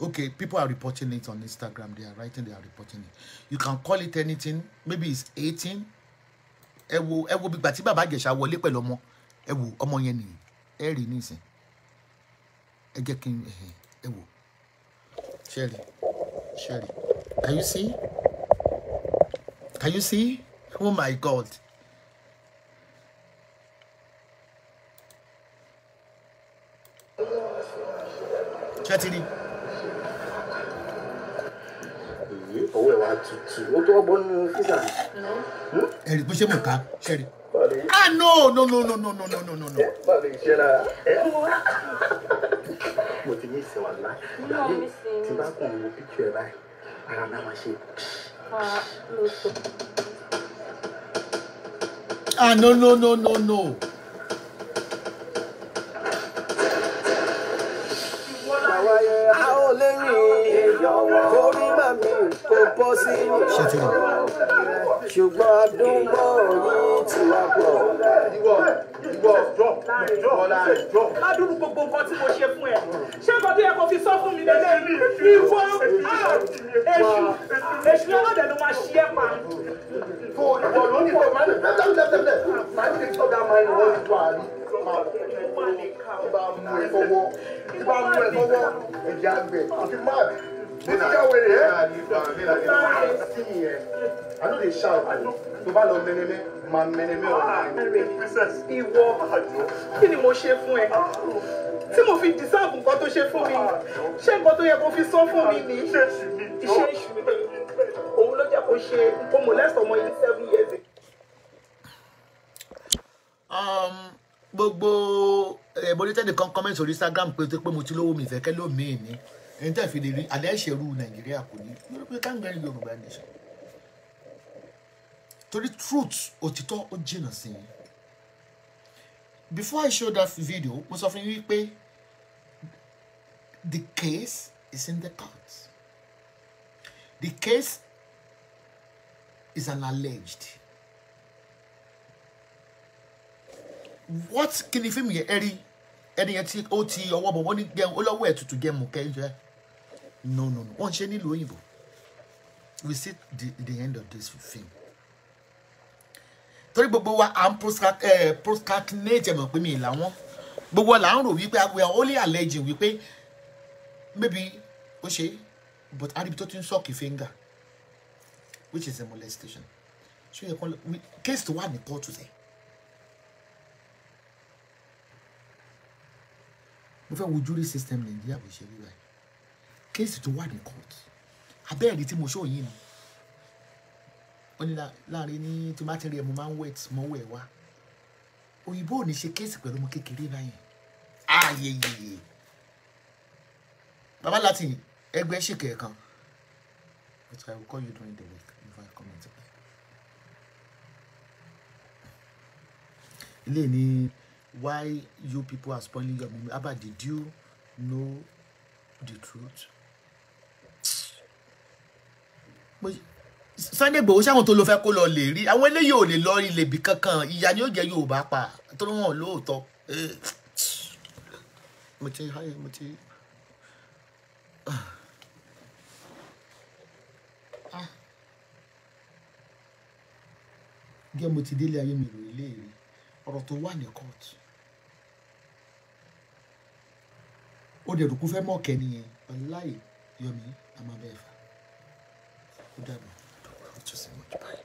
okay people are reporting it on instagram they are writing they are reporting it you can call it anything maybe it's eighteen ẹ wo ẹ wo gbígbà tí bàbá àjẹsà wọlé pẹ̀lú ọmọ ẹ wo ọmọ yẹn nìyí ẹ rí nísìn ẹ jẹ́ kí n ẹ wo ṣẹ́ẹ̀rì ṣẹ́ẹ̀rì can you see can you see oh my god. Chatting owó ẹ̀ wá tutù ó tó ọgbọ́n nínú físà. ẹ̀rí bó ṣe mọ̀ ká ṣẹ́rí. ah no no no no no no no no no no. iṣẹ́ la mo ti ní ìsẹ̀wà ńlá tí bá kàn wo píkì ẹ̀ báyìí ara náà máa ṣe. ah no no no no no. ṣètì. ṣùgbọ́n adúgbò yìí ti wá pọ̀. Ládùúgbò gbogbo nǹkan tí mo ṣe fún ẹ. Ṣé nǹkan tó yẹ kó fi sọ fún mi lélẹ̀? Ìwọ èṣù ah, èṣù ọlọ́dẹ ló máa ṣí ẹ pa. Kò ìwọ ló ní ìwọ máa ń lè tẹ́tẹ́tẹ́tẹ́ máa ń lè tọ́ da máa ń lè wọ́n ti tó àárín ìbá mú ẹ fọwọ́ ìbá mú ẹ fọwọ́ ẹ̀jẹ̀ àgbẹ̀ àti máàbì mo ti yà wèrè ẹ nítorí ẹ i no o tó bá lọ mẹnẹmẹ máa mẹnẹmẹ ọ̀rọ̀ ah, ìwọ kí ni mo ṣe fún ẹ tí mo fi dìsáàbù nǹkan tó ṣe fún mi ṣé nǹkan tó yẹ kó fi sán fún mi ni iṣẹ́ èṣù mi òun ló jẹ́ kó ṣe kó molest ọmọ yìí seven years ago. Um, gbogbo ẹ̀bọ̀n eh, ní tẹ́lẹ̀ kan comment orí Instagram pé pé mo ti lówó mi ìfẹ́kẹ́ lómi-ín ni ẹni tẹ́ fi lè rí àdáìṣerú nàìjíríà kò ní yorùbá káńgbẹ́rin yorùbá nation torí truth òtítọ́ ó jìnnà sí i before I show that video mo sọ fún yín wípé the case is in the court the case is an alleged what kí ni fíìmù yẹn ẹ rí ẹni yẹn tí ó ti ọwọ́ bọ̀ wọ́n ní gbẹ́ ó lọ́wọ́ ẹ̀ tutù jẹ́ mú kẹ́ ń jẹ́ no no no wọ́n ṣe nílùú òyìnbó we see the the end of this film torí gbogbo wa à ń procrastinate eh, pé mi ì làwọn gbogbo wa ń rò wípé we are only alleging wípé maybe ó ṣe but aribi tó ti ń sọ́ọ̀kì fíńgà which is a molestation So yẹ kán lọ case tó wà ní court rẹ̀ mo fẹ́ wo jury system Nàìjíríà bó ṣe rí báyìí kéèsì tó wà ní court abẹ́ẹ̀rí tí mo ṣó yìí ni ó ní láàrin ní tí má ti rí ẹ mo máa ń wẹ̀ tí mo wẹ̀ wá òyìnbó ò ní ṣe kéèsì pẹ̀lú ọmọ kékeré báyìí ayeyeye baba latin ẹgbẹ́ ṣèkè kan I will call you during the week before I come into ilé ni why you people are spoiling your money abba did you know the truth. Sunday Igboho sáwọn tó lọ fẹ́ kó lọ lè rí àwọn eléyìí ò lè lọ ilé ibì kankan ìyá ni ó jẹ Yorùbá pa tó wọn lóòótọ́ mo ti háyè mo ti. (sighs) gẹ́ mo ti délé ayé mi ìròyìn léèrè ọ̀rọ̀ tó wà ní kóòtù ó dẹ̀ rò kó fẹ́ mọ̀ọ́kẹ́ nìyẹn ọláì yọmi àmàbẹ́fà. you Don't worry, i